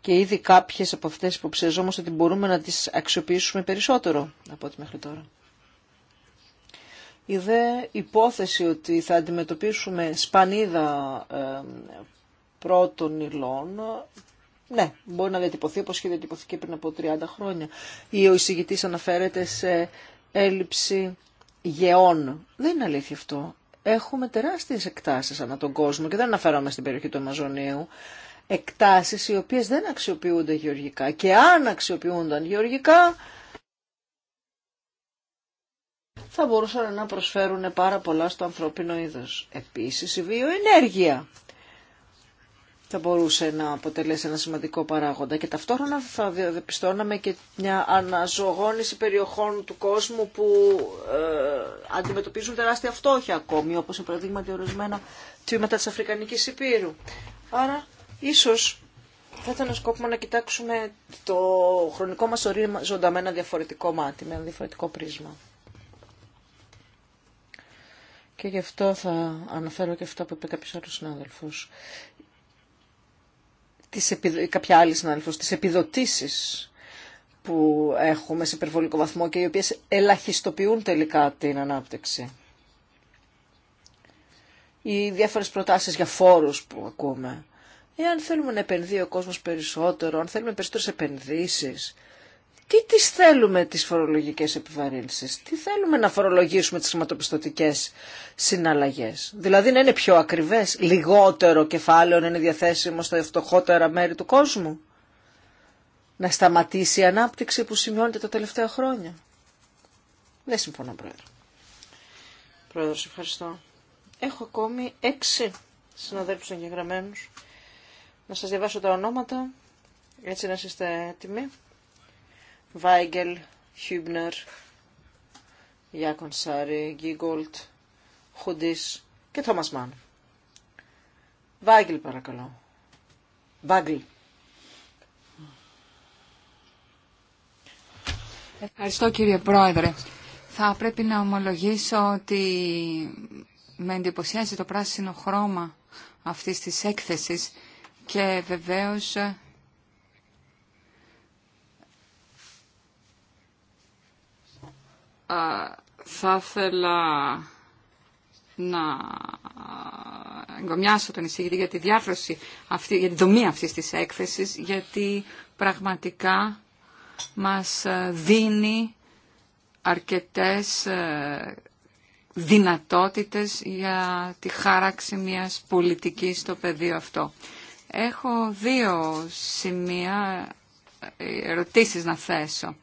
και ήδη κάποιες από αυτές που ψεζόμαστε ότι μπορούμε να τις αξιοποιήσουμε περισσότερο από ό,τι μέχρι τώρα. Η δε υπόθεση ότι θα αντιμετωπίσουμε σπανίδα πρώτων υλών ναι, μπορεί να διατυπωθεί όπως είχε διατυπωθεί και πριν από 30 χρόνια. Ή ο εισηγητής αναφέρεται σε έλλειψη γεών. Δεν είναι αλήθεια αυτό έχουμε τεράστιες εκτάσεις ανά τον κόσμο και δεν αναφέρομαι στην περιοχή του Αμαζονίου εκτάσεις οι οποίες δεν αξιοποιούνται γεωργικά και αν αξιοποιούνταν γεωργικά θα μπορούσαν να προσφέρουν πάρα πολλά στο ανθρώπινο είδος. Επίσης η βιοενέργεια θα μπορούσε να αποτελέσει ένα σημαντικό παράγοντα. Και ταυτόχρονα θα διαπιστώναμε και μια αναζωογόνηση περιοχών του κόσμου που ε, αντιμετωπίζουν τεράστια φτώχεια ακόμη, όπως είναι παραδείγματι ορισμένα τμήματα της Αφρικανικής Υπήρου. Άρα, ίσως θα ήταν σκόπιμο να κοιτάξουμε το χρονικό μας ορίζοντα με ένα διαφορετικό μάτι, με ένα διαφορετικό πρίσμα. Και γι' αυτό θα αναφέρω και αυτό που είπε κάποιος άλλος συνάδελφος τις, κάποια άλλη συνάδελφος, τις επιδοτήσεις που έχουμε σε υπερβολικό βαθμό και οι οποίες ελαχιστοποιούν τελικά την ανάπτυξη. Οι διάφορες προτάσεις για φόρους που ακούμε. Εάν θέλουμε να επενδύει ο κόσμος περισσότερο, αν θέλουμε περισσότερες επενδύσεις, τι τις θέλουμε τις φορολογικές επιβαρύνσεις, τι θέλουμε να φορολογήσουμε τις χρηματοπιστωτικές συναλλαγές. Δηλαδή να είναι πιο ακριβές, λιγότερο κεφάλαιο να είναι διαθέσιμο στα φτωχότερα μέρη του κόσμου. Να σταματήσει η ανάπτυξη που σημειώνεται τα τελευταία χρόνια. Δεν συμφωνώ, Πρόεδρε. Πρόεδρε, ευχαριστώ. Έχω ακόμη έξι συναδέλφους εγγεγραμμένους. Να σας διαβάσω τα ονόματα, έτσι να είστε έτοιμοι. Βάιγκελ, Χιούμπνερ, Γιάκον Σάρι, Γκίγκολτ, Χουντής και Τόμας Μάν. Βάγγελ, παρακαλώ. Βάγγελ. Ευχαριστώ κύριε Πρόεδρε. Θα πρέπει να ομολογήσω ότι με εντυπωσιάζει το πράσινο χρώμα αυτής της έκθεσης και βεβαίως θα ήθελα να εγκομιάσω τον εισηγητή για τη διάρθρωση αυτή, για τη δομή αυτής της έκθεσης, γιατί πραγματικά μας ε, δίνει αρκετές ε, δυνατότητες για τη χάραξη μιας πολιτικής στο πεδίο αυτό. Έχω δύο σημεία ε, ερωτήσεις να θέσω.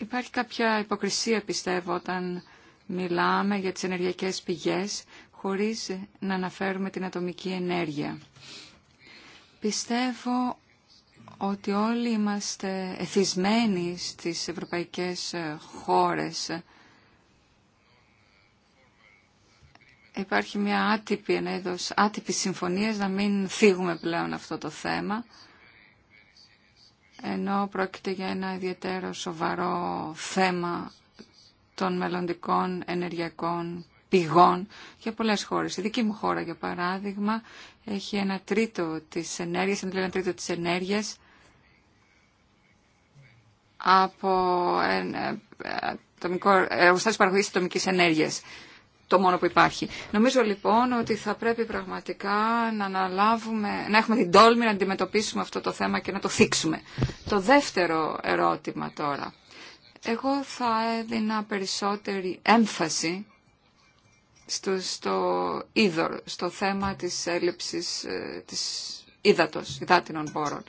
Υπάρχει κάποια υποκρισία, πιστεύω, όταν μιλάμε για τις ενεργειακές πηγές χωρίς να αναφέρουμε την ατομική ενέργεια. Πιστεύω ότι όλοι είμαστε εθισμένοι στις ευρωπαϊκές χώρες. Υπάρχει μια άτυπη, ένα άτυπη συμφωνίας να μην φύγουμε πλέον αυτό το θέμα ενώ πρόκειται για ένα ιδιαίτερο σοβαρό θέμα των μελλοντικών ενεργειακών πηγών για πολλές χώρες. Η δική μου χώρα, για παράδειγμα, έχει ένα τρίτο της ενέργειας, ένα τρίτο της ενέργειας από ε, ατομικό, εργοστάσιο παραγωγής ατομικής ενέργειας το μόνο που υπάρχει. Νομίζω λοιπόν ότι θα πρέπει πραγματικά να αναλάβουμε, να έχουμε την τόλμη να αντιμετωπίσουμε αυτό το θέμα και να το θίξουμε. Το δεύτερο ερώτημα τώρα. Εγώ θα έδινα περισσότερη έμφαση στο, στο στο θέμα της έλλειψης ε, της ύδατος, υδάτινων πόρων.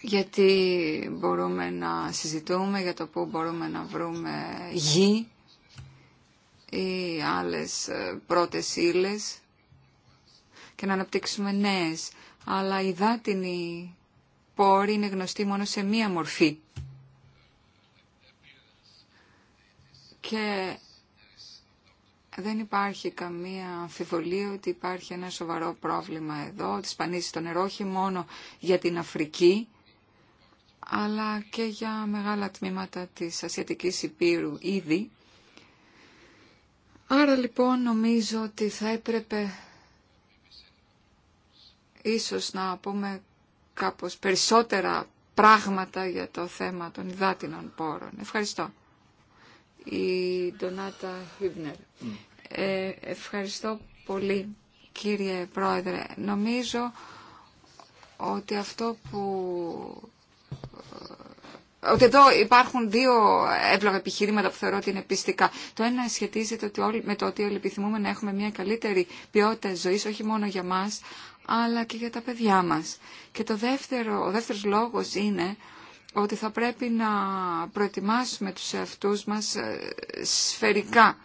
Γιατί μπορούμε να συζητούμε για το πού μπορούμε να βρούμε γη ή άλλες ε, πρώτες ύλε και να αναπτύξουμε νέες. Αλλά η δάτινη πόρη είναι γνωστή μόνο σε μία μορφή. Και δεν υπάρχει καμία αμφιβολία ότι υπάρχει ένα σοβαρό πρόβλημα εδώ, ότι σπανίζει το νερό όχι μόνο για την Αφρική, αλλά και για μεγάλα τμήματα της Ασιατικής Υπήρου ήδη Άρα λοιπόν νομίζω ότι θα έπρεπε ίσως να πούμε κάπως περισσότερα πράγματα για το θέμα των υδάτινων πόρων. Ευχαριστώ. Η Ντονάτα Χίμπνερ. Ε, ευχαριστώ πολύ κύριε Πρόεδρε. Νομίζω ότι αυτό που ότι εδώ υπάρχουν δύο εύλογα επιχειρήματα που θεωρώ ότι είναι πιστικά. Το ένα σχετίζεται με το ότι όλοι επιθυμούμε να έχουμε μια καλύτερη ποιότητα ζωής, όχι μόνο για μας, αλλά και για τα παιδιά μας. Και το δεύτερο, ο δεύτερος λόγος είναι ότι θα πρέπει να προετοιμάσουμε τους εαυτούς μας ε, σφαιρικά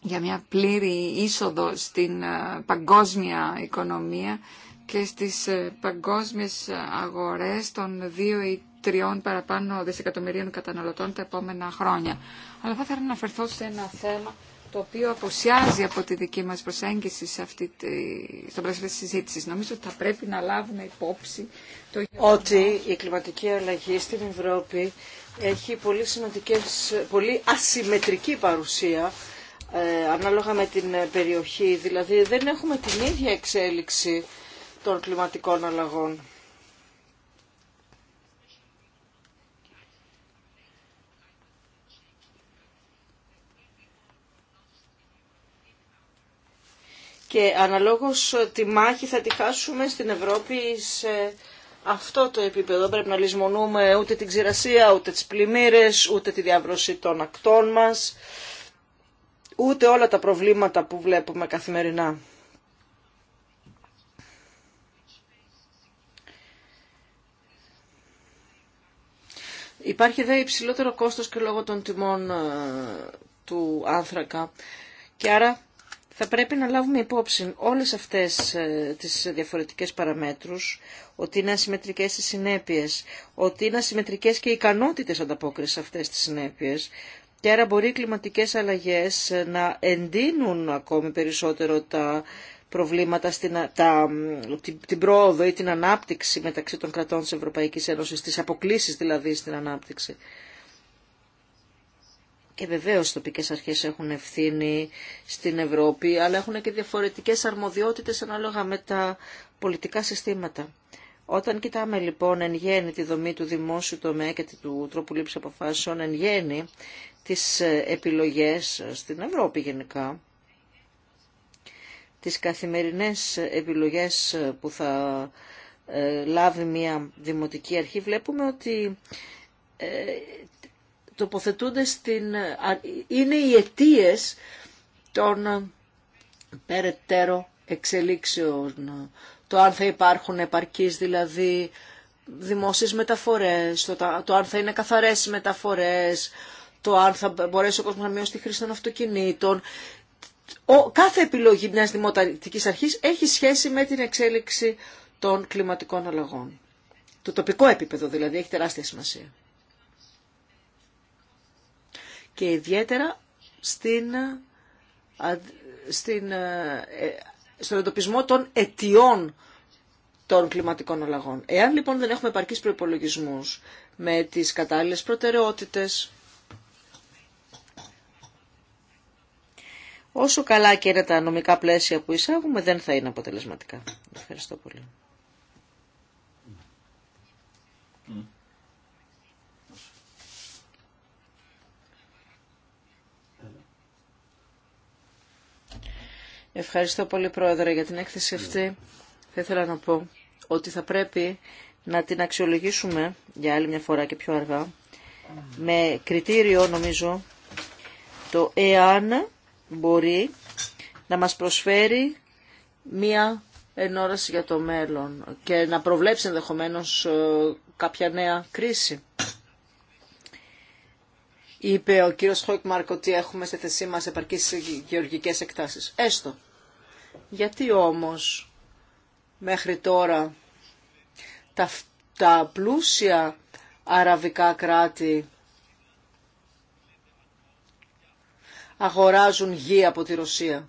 για μια πλήρη είσοδο στην ε, παγκόσμια οικονομία και στις ε, παγκόσμιες αγορές των δύο ή τριών παραπάνω δισεκατομμυρίων καταναλωτών τα επόμενα χρόνια. Αλλά θα ήθελα να αναφερθώ σε ένα θέμα το οποίο αποσιάζει από τη δική μας προσέγγιση σε αυτή τη, στο πλαίσιο της συζήτησης. Νομίζω ότι θα πρέπει να λάβουμε υπόψη το Ότι η κλιματική αλλαγή στην Ευρώπη έχει πολύ, σημαντικές, πολύ ασυμμετρική παρουσία ε, ανάλογα με την περιοχή. Δηλαδή δεν έχουμε την ίδια εξέλιξη των κλιματικών αλλαγών. και αναλόγως τη μάχη θα τη χάσουμε στην Ευρώπη σε αυτό το επίπεδο. Πρέπει να λησμονούμε ούτε την ξηρασία, ούτε τις πλημμύρες, ούτε τη διάβρωση των ακτών μας, ούτε όλα τα προβλήματα που βλέπουμε καθημερινά. Υπάρχει δε υψηλότερο κόστος και λόγω των τιμών ε, του άνθρακα και άρα θα πρέπει να λάβουμε υπόψη όλες αυτές ε, τις διαφορετικές παραμέτρους, ότι είναι ασυμμετρικές οι συνέπειες, ότι είναι ασυμμετρικές και οι ικανότητες ανταπόκρισης σε αυτές τις συνέπειες, και άρα μπορεί οι κλιματικές αλλαγές ε, να εντείνουν ακόμη περισσότερο τα προβλήματα, στην, ε, τα, την, την πρόοδο ή την ανάπτυξη μεταξύ των κρατών της Ευρωπαϊκής Ένωσης, τις αποκλήσεις δηλαδή στην ανάπτυξη. Και βεβαίω οι τοπικέ αρχέ έχουν ευθύνη στην Ευρώπη, αλλά έχουν και διαφορετικέ αρμοδιότητε ανάλογα με τα πολιτικά συστήματα. Όταν κοιτάμε λοιπόν εν γέννη τη δομή του δημόσιου τομέα και του τρόπου λήψη αποφάσεων, εν γέννη τι επιλογέ στην Ευρώπη γενικά, τις καθημερινές επιλογές που θα ε, λάβει μια δημοτική αρχή, βλέπουμε ότι ε, τοποθετούνται στην... είναι οι αιτίε των ε, περαιτέρω εξελίξεων. Το αν θα υπάρχουν επαρκείς δηλαδή δημόσιες μεταφορές, το, αν θα είναι καθαρές οι μεταφορές, το αν θα μπορέσει ο κόσμος να μειώσει τη χρήση των αυτοκινήτων. Ο, κάθε επιλογή μιας δημοτικής αρχής έχει σχέση με την εξέλιξη των κλιματικών αλλαγών. Το τοπικό επίπεδο δηλαδή έχει τεράστια σημασία και ιδιαίτερα στην, στην, ε, ε, στον εντοπισμό των αιτιών των κλιματικών αλλαγών. Εάν λοιπόν δεν έχουμε επαρκείς προϋπολογισμούς με τις κατάλληλες προτεραιότητες, όσο καλά και είναι τα νομικά πλαίσια που εισάγουμε, δεν θα είναι αποτελεσματικά. Ευχαριστώ πολύ. Mm. Ευχαριστώ πολύ Πρόεδρε για την έκθεση αυτή. Θα ήθελα να πω ότι θα πρέπει να την αξιολογήσουμε για άλλη μια φορά και πιο αργά με κριτήριο νομίζω το εάν μπορεί να μας προσφέρει μία ενόραση για το μέλλον και να προβλέψει ενδεχομένως ε, κάποια νέα κρίση. Είπε ο κύριος Χόικμαρκ ότι έχουμε σε θέσή μας επαρκείς γεωργικές εκτάσεις. Έστω. Γιατί όμως μέχρι τώρα τα, τα πλούσια αραβικά κράτη αγοράζουν γη από τη Ρωσία.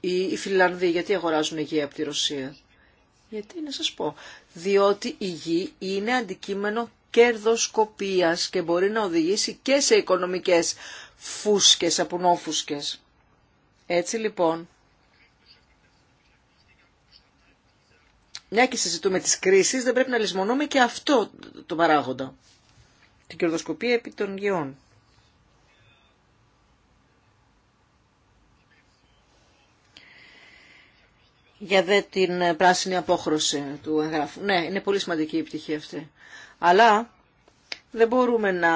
Οι, οι Φιλανδοί γιατί αγοράζουν γη από τη Ρωσία. Γιατί να σας πω. Διότι η γη είναι αντικείμενο κερδοσκοπίας και μπορεί να οδηγήσει και σε οικονομικές φούσκες, απουνόφουσκες. Έτσι λοιπόν, μια και συζητούμε τις κρίσεις, δεν πρέπει να λησμονούμε και αυτό το παράγοντα. Την κερδοσκοπία επί των γεών. Για δε την πράσινη απόχρωση του εγγράφου. Ναι, είναι πολύ σημαντική η πτυχή αυτή. Αλλά δεν μπορούμε να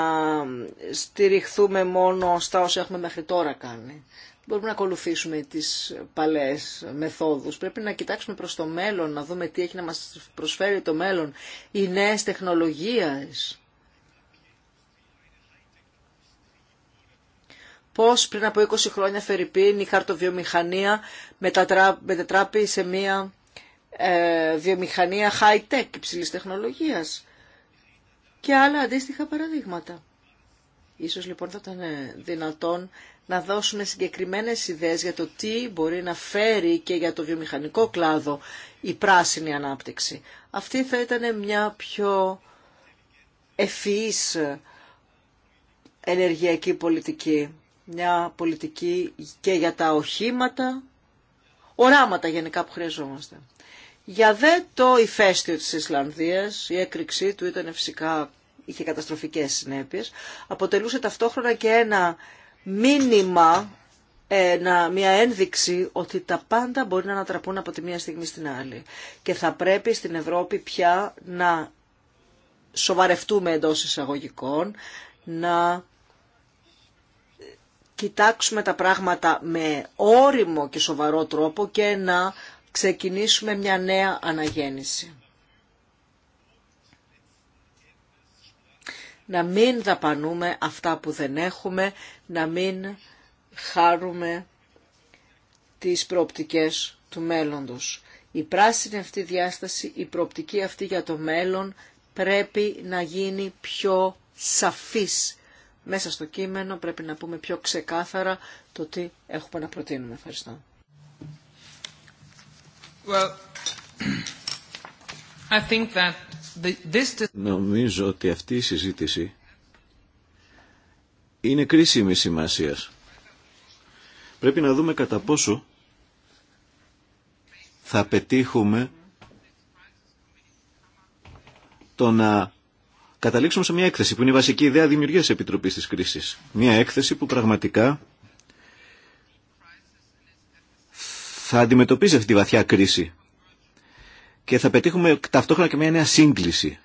στηριχθούμε μόνο στα όσα έχουμε μέχρι τώρα κάνει μπορούμε να ακολουθήσουμε τις παλές μεθόδους. Πρέπει να κοιτάξουμε προς το μέλλον, να δούμε τι έχει να μας προσφέρει το μέλλον. Οι νέες τεχνολογίες. Πώς πριν από 20 χρόνια Φερρυπίν η χαρτοβιομηχανία μετατράπει σε μια ε, βιομηχανία high-tech υψηλής τεχνολογίας και άλλα αντίστοιχα παραδείγματα. Ίσως λοιπόν θα ήταν ε, δυνατόν να δώσουν συγκεκριμένες ιδέες για το τι μπορεί να φέρει και για το βιομηχανικό κλάδο η πράσινη ανάπτυξη. Αυτή θα ήταν μια πιο ευφυής ενεργειακή πολιτική. Μια πολιτική και για τα οχήματα, οράματα γενικά που χρειαζόμαστε. Για δε το ηφαίστειο της Ισλανδίας, η έκρηξή του ήταν φυσικά, είχε καταστροφικές συνέπειες, αποτελούσε ταυτόχρονα και ένα μήνυμα, ε, να μια ένδειξη ότι τα πάντα μπορεί να ανατραπούν από τη μία στιγμή στην άλλη. Και θα πρέπει στην Ευρώπη πια να σοβαρευτούμε εντό εισαγωγικών, να κοιτάξουμε τα πράγματα με όριμο και σοβαρό τρόπο και να ξεκινήσουμε μια νέα αναγέννηση. να μην δαπανούμε αυτά που δεν έχουμε, να μην χάρουμε τις προοπτικές του μέλλοντος. Η πράσινη αυτή διάσταση, η προοπτική αυτή για το μέλλον πρέπει να γίνει πιο σαφής. Μέσα στο κείμενο πρέπει να πούμε πιο ξεκάθαρα το τι έχουμε να προτείνουμε. Ευχαριστώ. Νομίζω ότι αυτή η συζήτηση είναι κρίσιμη σημασία. Πρέπει να δούμε κατά πόσο θα πετύχουμε το να καταλήξουμε σε μια έκθεση που είναι η βασική ιδέα δημιουργίας Επιτροπής της Κρίσης. Μια έκθεση που πραγματικά θα αντιμετωπίζει αυτή τη βαθιά κρίση και θα πετύχουμε ταυτόχρονα και μια νέα σύγκληση.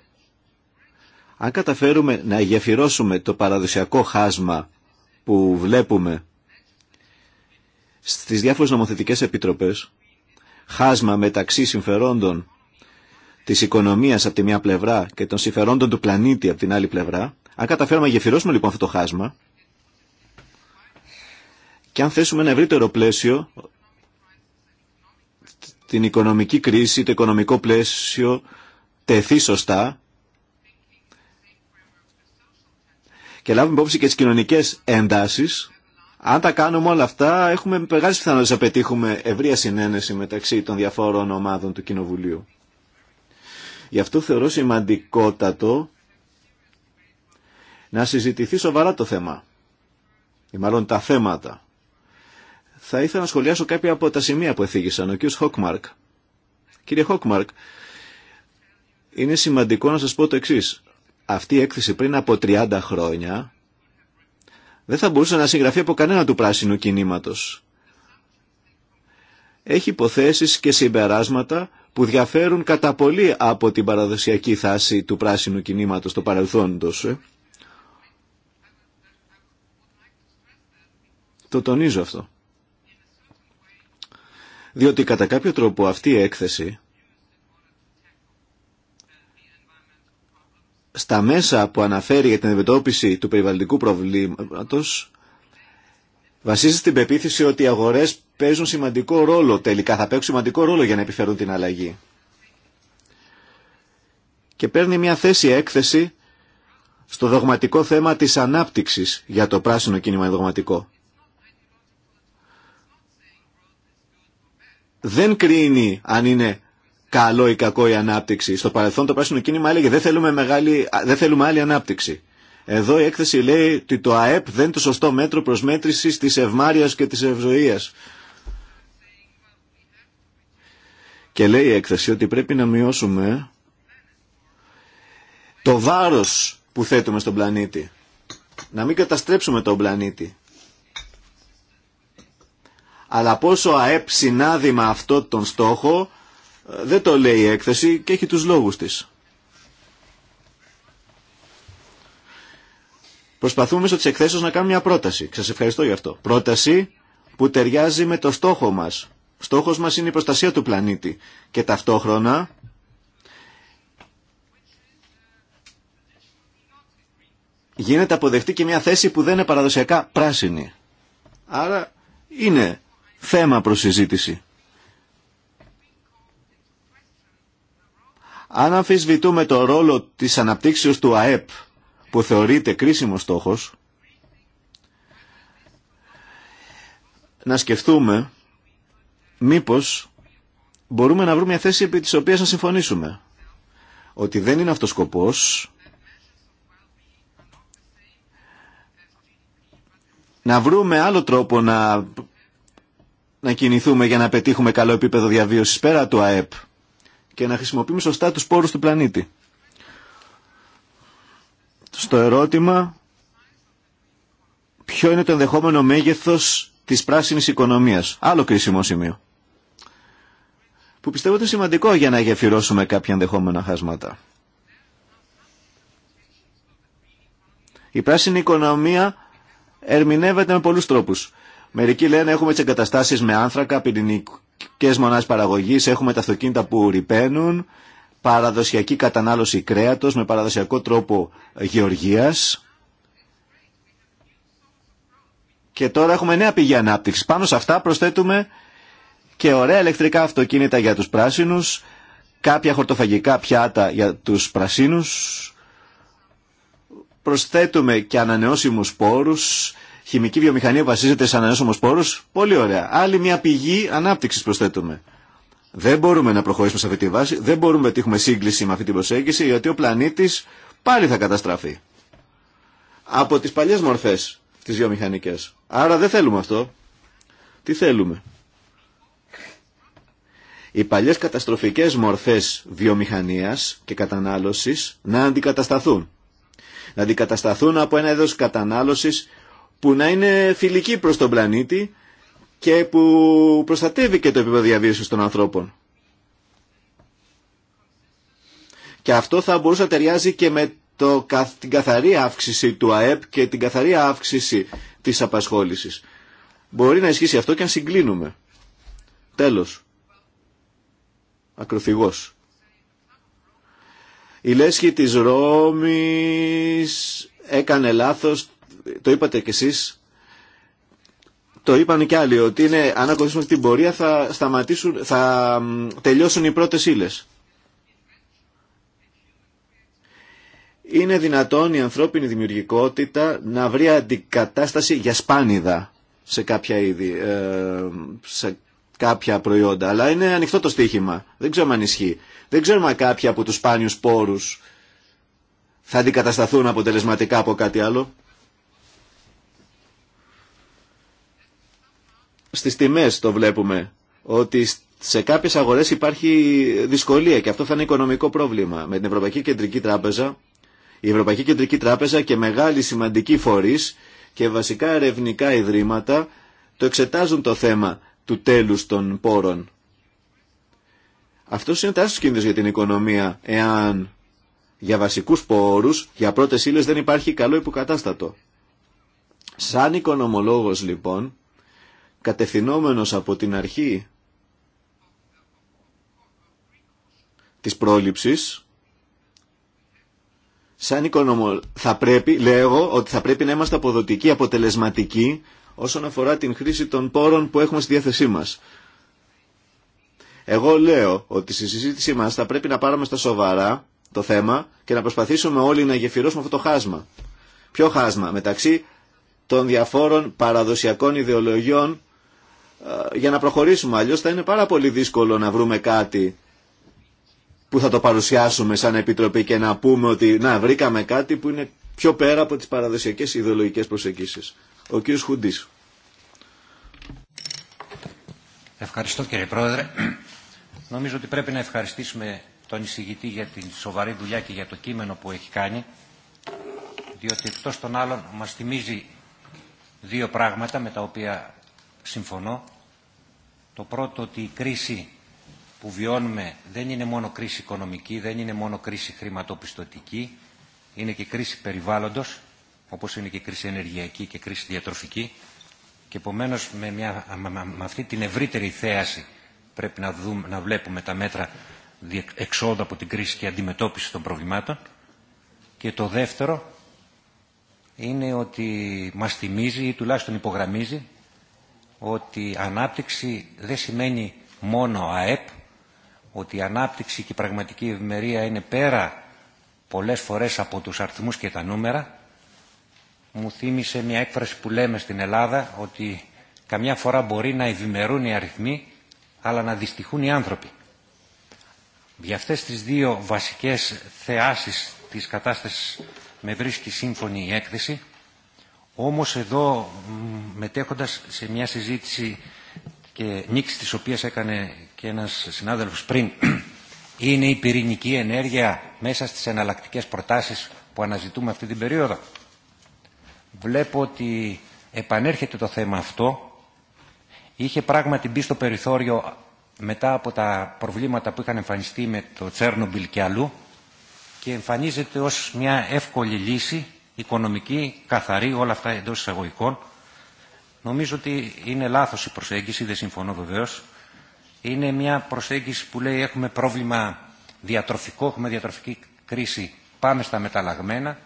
Αν καταφέρουμε να γεφυρώσουμε το παραδοσιακό χάσμα που βλέπουμε στις διάφορες νομοθετικές επιτροπές, χάσμα μεταξύ συμφερόντων της οικονομίας από τη μία πλευρά και των συμφερόντων του πλανήτη από την άλλη πλευρά, αν καταφέρουμε να γεφυρώσουμε λοιπόν αυτό το χάσμα και αν θέσουμε ένα ευρύτερο πλαίσιο την οικονομική κρίση, το οικονομικό πλαίσιο τεθεί σωστά και λάβουμε υπόψη και τις κοινωνικές έντασεις, αν τα κάνουμε όλα αυτά, έχουμε μεγάλε πιθανότητε να πετύχουμε ευρεία συνένεση μεταξύ των διαφόρων ομάδων του Κοινοβουλίου. Γι' αυτό θεωρώ σημαντικότατο να συζητηθεί σοβαρά το θέμα, ή μάλλον τα θέματα. Θα ήθελα να σχολιάσω κάποια από τα σημεία που εθίγησαν ο κ. Χόκμαρκ. Κύριε Χόκμαρκ, είναι σημαντικό να σας πω το εξή: Αυτή η έκθεση πριν από 30 χρόνια δεν θα μπορούσε να συγγραφεί από κανένα του πράσινου κινήματος. Έχει υποθέσεις και συμπεράσματα που διαφέρουν κατά πολύ από την παραδοσιακή θάση του πράσινου κινήματος, το παρελθόντος. Ε. Το τονίζω αυτό διότι κατά κάποιο τρόπο αυτή η έκθεση στα μέσα που αναφέρει για την αντιμετώπιση του περιβαλλοντικού προβλήματος βασίζεται στην πεποίθηση ότι οι αγορές παίζουν σημαντικό ρόλο τελικά, θα παίξουν σημαντικό ρόλο για να επιφέρουν την αλλαγή. Και παίρνει μια θέση έκθεση στο δογματικό θέμα της ανάπτυξης για το πράσινο κίνημα δογματικό. δεν κρίνει αν είναι καλό ή κακό η ανάπτυξη. Στο παρελθόν το πράσινο κίνημα έλεγε δεν θέλουμε, μεγάλη, δεν θέλουμε άλλη ανάπτυξη. Εδώ η έκθεση λέει ότι το ΑΕΠ δεν είναι το σωστό μέτρο προσμέτρησης της ευμάρειας και της ευζοίας. Και λέει η έκθεση ότι πρέπει να μειώσουμε το βάρος που θέτουμε στον πλανήτη. Να μην καταστρέψουμε τον πλανήτη. Αλλά πόσο ΑΕΠ συνάδει αυτό τον στόχο ε, δεν το λέει η έκθεση και έχει τους λόγους της. Προσπαθούμε μέσω της εκθέσεως να κάνουμε μια πρόταση. Σας ευχαριστώ για αυτό. Πρόταση που ταιριάζει με το στόχο μας. Στόχος μας είναι η προστασία του πλανήτη. Και ταυτόχρονα γίνεται αποδεκτή και μια θέση που δεν είναι παραδοσιακά πράσινη. Άρα είναι θέμα προς συζήτηση. Αν αμφισβητούμε το ρόλο της αναπτύξεως του ΑΕΠ που θεωρείται κρίσιμο στόχος, να σκεφτούμε μήπως μπορούμε να βρούμε μια θέση επί της οποίας να συμφωνήσουμε. Ότι δεν είναι αυτός σκοπός να βρούμε άλλο τρόπο να να κινηθούμε για να πετύχουμε καλό επίπεδο διαβίωσης πέρα του ΑΕΠ και να χρησιμοποιούμε σωστά τους πόρους του πλανήτη. Στο ερώτημα ποιο είναι το ενδεχόμενο μέγεθος της πράσινης οικονομίας. Άλλο κρίσιμο σημείο. Που πιστεύω ότι είναι σημαντικό για να γεφυρώσουμε κάποια ενδεχόμενα χάσματα. Η πράσινη οικονομία ερμηνεύεται με πολλούς τρόπους. Μερικοί λένε έχουμε τι εγκαταστάσει με άνθρακα, πυρηνικέ μονάδε παραγωγή, έχουμε τα αυτοκίνητα που ρηπαίνουν, παραδοσιακή κατανάλωση κρέατος με παραδοσιακό τρόπο γεωργίας. Και τώρα έχουμε νέα πηγή ανάπτυξη. Πάνω σε αυτά προσθέτουμε και ωραία ηλεκτρικά αυτοκίνητα για τους πράσινους, κάποια χορτοφαγικά πιάτα για τους πρασίνους. Προσθέτουμε και ανανεώσιμους πόρους Χημική βιομηχανία βασίζεται σε όμω πόρου. Πολύ ωραία. Άλλη μια πηγή ανάπτυξη προσθέτουμε. Δεν μπορούμε να προχωρήσουμε σε αυτή τη βάση, δεν μπορούμε να πετύχουμε σύγκληση με αυτή την προσέγγιση, γιατί ο πλανήτη πάλι θα καταστραφεί. Από τι παλιέ μορφέ τι βιομηχανικέ. Άρα δεν θέλουμε αυτό. Τι θέλουμε. Οι παλιέ καταστροφικέ μορφέ βιομηχανία και κατανάλωση να αντικατασταθούν. Να αντικατασταθούν από ένα είδο κατανάλωση που να είναι φιλική προς τον πλανήτη και που προστατεύει και το επίπεδο διαβίωσης των ανθρώπων. Και αυτό θα μπορούσε να ταιριάζει και με το, την καθαρή αύξηση του ΑΕΠ και την καθαρή αύξηση της απασχόλησης. Μπορεί να ισχύσει αυτό και αν συγκλίνουμε. Τέλος. Ακροθυγός. Η λέσχη της Ρώμης έκανε λάθος το είπατε κι εσείς, το είπαν και άλλοι, ότι είναι, αν ακολουθήσουμε την πορεία θα, σταματήσουν, θα τελειώσουν οι πρώτες ύλες. Είναι δυνατόν η ανθρώπινη δημιουργικότητα να βρει αντικατάσταση για σπάνιδα σε κάποια είδη, ε, σε κάποια προϊόντα. Αλλά είναι ανοιχτό το στοίχημα. Δεν ξέρουμε αν ισχύει. Δεν ξέρουμε αν από τους σπάνιους πόρους θα αντικατασταθούν αποτελεσματικά από κάτι άλλο. στις τιμές το βλέπουμε ότι σε κάποιες αγορές υπάρχει δυσκολία και αυτό θα είναι οικονομικό πρόβλημα. Με την Ευρωπαϊκή Κεντρική Τράπεζα, η Ευρωπαϊκή Κεντρική Τράπεζα και μεγάλη σημαντική φορείς και βασικά ερευνικά ιδρύματα το εξετάζουν το θέμα του τέλους των πόρων. Αυτό είναι τεράστιο κίνδυνο για την οικονομία εάν για βασικούς πόρους, για πρώτες ύλες δεν υπάρχει καλό υποκατάστατο. Σαν οικονομολόγος λοιπόν, κατευθυνόμενος από την αρχή της πρόληψης, σαν οικονομο... θα πρέπει, λέγω, ότι θα πρέπει να είμαστε αποδοτικοί, αποτελεσματικοί όσον αφορά την χρήση των πόρων που έχουμε στη διάθεσή μας. Εγώ λέω ότι στη συζήτησή μας θα πρέπει να πάρουμε στα σοβαρά το θέμα και να προσπαθήσουμε όλοι να γεφυρώσουμε αυτό το χάσμα. Ποιο χάσμα μεταξύ των διαφόρων παραδοσιακών ιδεολογιών ε, για να προχωρήσουμε. Αλλιώς θα είναι πάρα πολύ δύσκολο να βρούμε κάτι που θα το παρουσιάσουμε σαν Επιτροπή και να πούμε ότι να βρήκαμε κάτι που είναι πιο πέρα από τις παραδοσιακές ιδεολογικές προσεγγίσεις. Ο κύριος Χουντής. Ευχαριστώ κύριε Πρόεδρε. Νομίζω ότι πρέπει να ευχαριστήσουμε τον εισηγητή για την σοβαρή δουλειά και για το κείμενο που έχει κάνει, διότι εκτός των άλλων μας θυμίζει δύο πράγματα με τα οποία συμφωνώ. Το πρώτο ότι η κρίση που βιώνουμε δεν είναι μόνο κρίση οικονομική, δεν είναι μόνο κρίση χρηματοπιστωτική, είναι και κρίση περιβάλλοντος, όπως είναι και κρίση ενεργειακή και κρίση διατροφική. Και επομένω με, μια, με αυτή την ευρύτερη θέαση πρέπει να, δούμε, να βλέπουμε τα μέτρα εξόδου από την κρίση και αντιμετώπιση των προβλημάτων. Και το δεύτερο είναι ότι μας θυμίζει ή τουλάχιστον υπογραμμίζει ότι ανάπτυξη δεν σημαίνει μόνο ΑΕΠ, ότι η ανάπτυξη και η πραγματική ευημερία είναι πέρα πολλές φορές από τους αριθμούς και τα νούμερα. Μου θύμισε μια έκφραση που λέμε στην Ελλάδα ότι καμιά φορά μπορεί να ευημερούν οι αριθμοί αλλά να δυστυχούν οι άνθρωποι. Για αυτές τις δύο βασικές θεάσεις της κατάστασης με βρίσκει σύμφωνη η έκθεση όμως εδώ μετέχοντας σε μια συζήτηση και νίκη της οποίας έκανε και ένας συνάδελφος πριν είναι η πυρηνική ενέργεια μέσα στις εναλλακτικές προτάσεις που αναζητούμε αυτή την περίοδο. Βλέπω ότι επανέρχεται το θέμα αυτό. Είχε πράγματι μπει στο περιθώριο μετά από τα προβλήματα που είχαν εμφανιστεί με το Τσέρνομπιλ και αλλού και εμφανίζεται ως μια εύκολη λύση οικονομική, καθαρή, όλα αυτά εντό εισαγωγικών. Νομίζω ότι είναι λάθος η προσέγγιση, δεν συμφωνώ βεβαίω. Είναι μια προσέγγιση που λέει έχουμε πρόβλημα διατροφικό, έχουμε διατροφική κρίση, πάμε στα μεταλλαγμένα.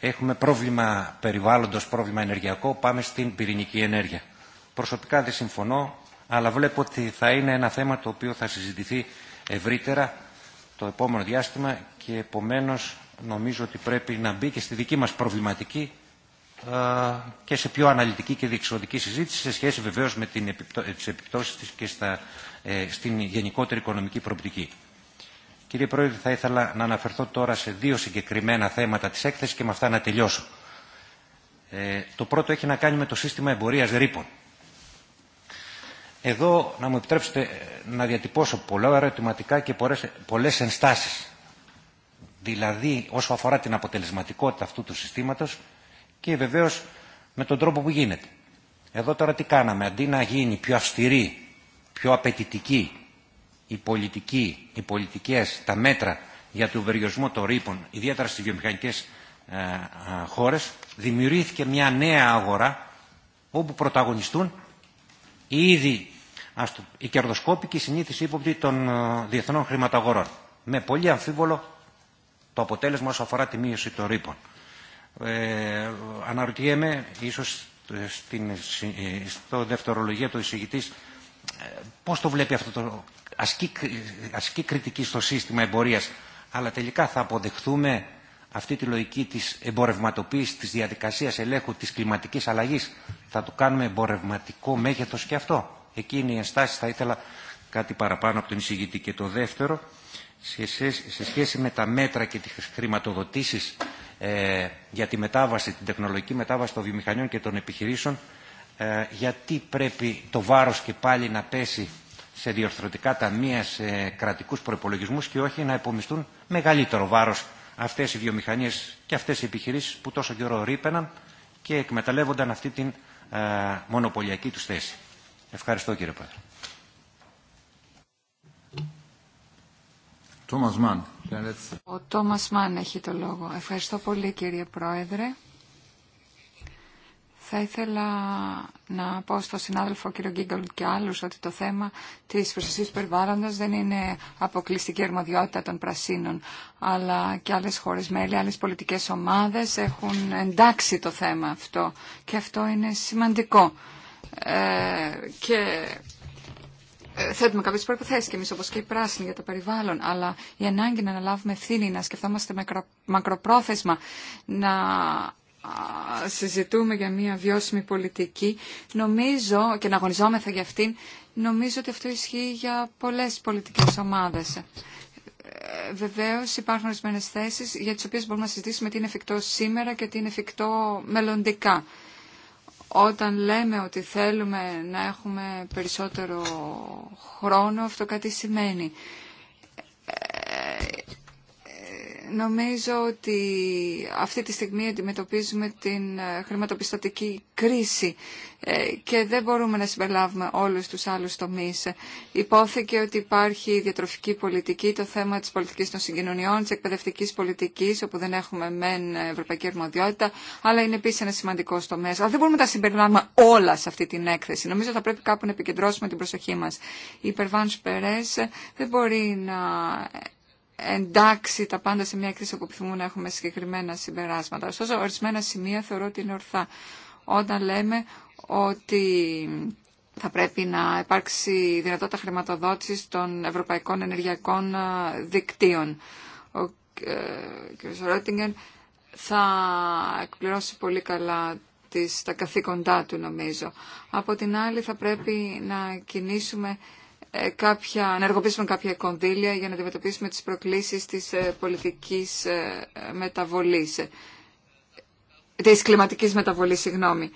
Έχουμε πρόβλημα περιβάλλοντος, πρόβλημα ενεργειακό, πάμε στην πυρηνική ενέργεια. Προσωπικά δεν συμφωνώ, αλλά βλέπω ότι θα είναι ένα θέμα το οποίο θα συζητηθεί ευρύτερα το επόμενο διάστημα και επομένως νομίζω ότι πρέπει να μπει και στη δική μας προβληματική ε, και σε πιο αναλυτική και διεξοδική συζήτηση σε σχέση βεβαίως με την επιπτώ, τις επιπτώσεις της και στα, ε, στην γενικότερη οικονομική προοπτική. Κύριε Πρόεδρε, θα ήθελα να αναφερθώ τώρα σε δύο συγκεκριμένα θέματα της έκθεσης και με αυτά να τελειώσω. Ε, το πρώτο έχει να κάνει με το σύστημα εμπορίας ρήπων. Εδώ, να μου επιτρέψετε ε, να διατυπώσω πολλά ερωτηματικά και πολλές ενστάσεις δηλαδή όσο αφορά την αποτελεσματικότητα αυτού του συστήματος και βεβαίως με τον τρόπο που γίνεται. Εδώ τώρα τι κάναμε, αντί να γίνει πιο αυστηρή, πιο απαιτητική η πολιτική, οι πολιτικές, τα μέτρα για τον βεριοσμό των ρήπων, ιδιαίτερα στις βιομηχανικές ε, ε, χώρες, δημιουργήθηκε μια νέα αγορά όπου πρωταγωνιστούν οι ήδη οι κερδοσκόποι και συνήθεις ύποπτοι των ε, διεθνών χρηματαγορών. Με πολύ αμφίβολο το αποτέλεσμα όσο αφορά τη μείωση των ρήπων. Ε, αναρωτιέμαι, ίσως στην, ε, στο δευτερολογία του εισηγητής, ε, πώς το βλέπει αυτό το... Ασκεί, κριτική στο σύστημα εμπορίας, αλλά τελικά θα αποδεχθούμε αυτή τη λογική της εμπορευματοποίησης, της διαδικασίας ελέγχου, της κλιματικής αλλαγής. Θα το κάνουμε εμπορευματικό μέγεθος και αυτό. Εκείνη η ενστάση θα ήθελα κάτι παραπάνω από τον εισηγητή. Και το δεύτερο, σε σχέση με τα μέτρα και τις χρηματοδοτήσεις ε, για τη μετάβαση, την τεχνολογική μετάβαση των βιομηχανιών και των επιχειρήσεων, ε, γιατί πρέπει το βάρος και πάλι να πέσει σε διορθωτικά ταμεία, σε κρατικούς προϋπολογισμούς και όχι να υπομιστούν μεγαλύτερο βάρος αυτές οι βιομηχανίες και αυτές οι επιχειρήσεις που τόσο καιρό ρήπαιναν και εκμεταλλεύονταν αυτή την ε, μονοπωλιακή τους θέση. Ευχαριστώ κύριε Πρόεδρε. Ο Τόμας Μάν έχει το λόγο. Ευχαριστώ πολύ κύριε Πρόεδρε. Θα ήθελα να πω στον συνάδελφο κύριο Γκίγκολ και άλλου ότι το θέμα τη προστασίας του περιβάλλοντος δεν είναι αποκλειστική αρμοδιότητα των πρασίνων, αλλά και άλλε χώρε μέλη, άλλε πολιτικέ ομάδε έχουν εντάξει το θέμα αυτό και αυτό είναι σημαντικό. Ε, και θέτουμε κάποιε προποθέσει κι εμεί, όπω και οι πράσινοι για το περιβάλλον, αλλά η ανάγκη να αναλάβουμε ευθύνη, να σκεφτόμαστε μακροπρόθεσμα, να συζητούμε για μια βιώσιμη πολιτική, νομίζω και να αγωνιζόμεθα για αυτήν, νομίζω ότι αυτό ισχύει για πολλές πολιτικές ομάδε. Βεβαίω υπάρχουν ορισμένε θέσει για τι οποίε μπορούμε να συζητήσουμε τι είναι εφικτό σήμερα και τι είναι εφικτό μελλοντικά. Όταν λέμε ότι θέλουμε να έχουμε περισσότερο χρόνο, αυτό κάτι σημαίνει. Νομίζω ότι αυτή τη στιγμή αντιμετωπίζουμε την ε, χρηματοπιστωτική κρίση ε, και δεν μπορούμε να συμπεριλάβουμε όλους τους άλλους τομείς. Υπόθηκε ότι υπάρχει η διατροφική πολιτική, το θέμα της πολιτικής των συγκοινωνιών, της εκπαιδευτικής πολιτικής, όπου δεν έχουμε μεν ευρωπαϊκή αρμοδιότητα, αλλά είναι επίσης ένα σημαντικό τομέα. Αλλά δεν μπορούμε να τα συμπεριλάβουμε όλα σε αυτή την έκθεση. Νομίζω θα πρέπει κάπου να επικεντρώσουμε την προσοχή μας. Η Περβάνς Περές δεν μπορεί να εντάξει τα πάντα σε μια κρίση όπου επιθυμούν να έχουμε συγκεκριμένα συμπεράσματα. Ωστόσο, ορισμένα σημεία θεωρώ ότι είναι ορθά. Όταν λέμε ότι θα πρέπει να υπάρξει δυνατότητα χρηματοδότησης των ευρωπαϊκών ενεργειακών δικτύων. Ο ε, κ. Ρότιγκεν θα εκπληρώσει πολύ καλά τις, τα καθήκοντά του νομίζω. Από την άλλη θα πρέπει να κινήσουμε ε, κάποια, να εργοποιήσουμε κάποια κονδύλια για να αντιμετωπίσουμε τις προκλήσεις της ε, πολιτικής ε, μεταβολής, της κλιματικής μεταβολής, συγγνώμη.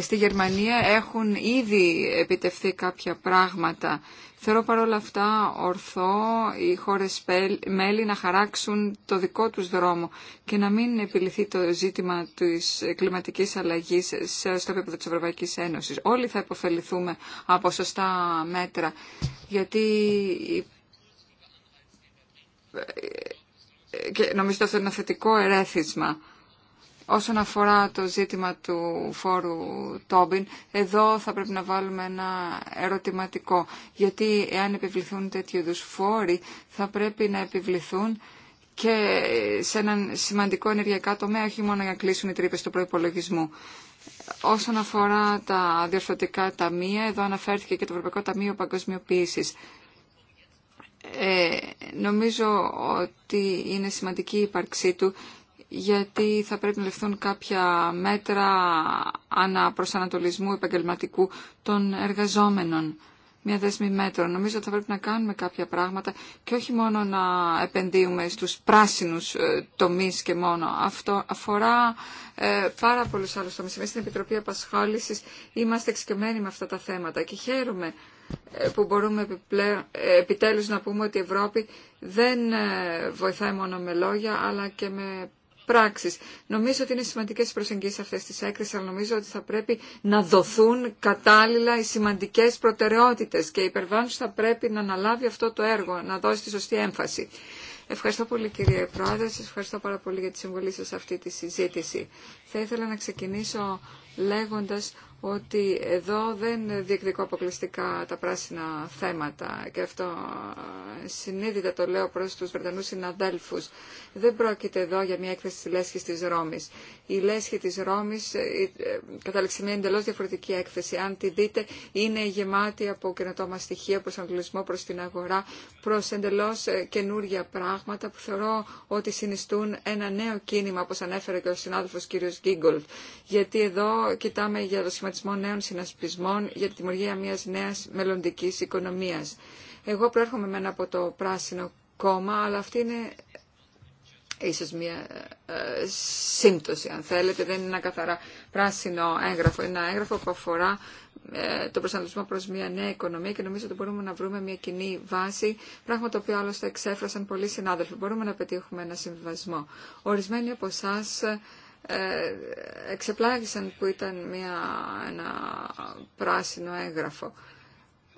Στη Γερμανία έχουν ήδη επιτευθεί κάποια πράγματα Θεωρώ παρόλα αυτά ορθό οι χώρες μέλη να χαράξουν το δικό τους δρόμο και να μην επιληθεί το ζήτημα της κλιματικής αλλαγής στο επίπεδο της Ευρωπαϊκής Ένωσης. Όλοι θα υποφεληθούμε από σωστά μέτρα, γιατί και νομίζω ότι αυτό είναι ένα θετικό ερέθισμα. Όσον αφορά το ζήτημα του φόρου Τόμπιν, εδώ θα πρέπει να βάλουμε ένα ερωτηματικό. Γιατί εάν επιβληθούν τέτοιου είδου φόροι, θα πρέπει να επιβληθούν και σε έναν σημαντικό ενεργειακά τομέα, όχι μόνο για να κλείσουν οι τρύπε του προπολογισμού. Όσον αφορά τα διορθωτικά ταμεία, εδώ αναφέρθηκε και το Ευρωπαϊκό Ταμείο Παγκοσμιοποίηση. Ε, νομίζω ότι είναι σημαντική η ύπαρξή του γιατί θα πρέπει να ληφθούν κάποια μέτρα αναπροσανατολισμού επαγγελματικού των εργαζόμενων. Μια δέσμη μέτρων. Νομίζω ότι θα πρέπει να κάνουμε κάποια πράγματα και όχι μόνο να επενδύουμε στους πράσινους ε, τομείς και μόνο. Αυτό αφορά ε, πάρα πολλούς άλλους τομείς. Εμείς στην Επιτροπή Απασχόλησης είμαστε εξοικειωμένοι με αυτά τα θέματα και χαίρομαι ε, που μπορούμε επιτέλους να πούμε ότι η Ευρώπη δεν βοηθάει μόνο με λόγια αλλά και με πράξεις. Νομίζω ότι είναι σημαντικές οι προσεγγίσεις αυτές της έκθεσης, αλλά νομίζω ότι θα πρέπει να δοθούν κατάλληλα οι σημαντικές προτεραιότητες και η υπερβάνωση θα πρέπει να αναλάβει αυτό το έργο, να δώσει τη σωστή έμφαση. Ευχαριστώ πολύ κύριε Πρόεδρε, σας ευχαριστώ πάρα πολύ για τη συμβολή σας σε αυτή τη συζήτηση. Θα ήθελα να ξεκινήσω λέγοντας ότι εδώ δεν διεκδικώ αποκλειστικά τα πράσινα θέματα και αυτό συνείδητα το λέω προς τους Βρετανούς συναδέλφους. Δεν πρόκειται εδώ για μια έκθεση της Λέσχης της Ρώμης. Η Λέσχη της Ρώμης ε, ε, κατάληξε μια εντελώς διαφορετική έκθεση. Αν τη δείτε είναι γεμάτη από καινοτόμα στοιχεία, προς αγγλισμό, προς την αγορά, προς εντελώς ε, καινούργια πράγματα που θεωρώ ότι συνιστούν ένα νέο κίνημα, όπως ανέφερε και ο συνάδελφος κ. Γκίγκολτ. Γιατί εδώ κοιτάμε για το προγραμματισμό νέων συνασπισμών για τη δημιουργία μια νέα μελλοντική οικονομία. Εγώ προέρχομαι μένα από το Πράσινο Κόμμα, αλλά αυτή είναι ίσω μια ε, σύμπτωση, αν θέλετε. Δεν είναι ένα καθαρά πράσινο έγγραφο. Είναι ένα έγγραφο που αφορά ε, τον προσανατολισμό προ μια νέα οικονομία και νομίζω ότι μπορούμε να βρούμε μια κοινή βάση, πράγμα το οποίο άλλωστε εξέφρασαν πολλοί συνάδελφοι. Μπορούμε να πετύχουμε ένα συμβιβασμό. Ορισμένοι από εσά ε, εξεπλάγησαν που ήταν μια, ένα πράσινο έγγραφο.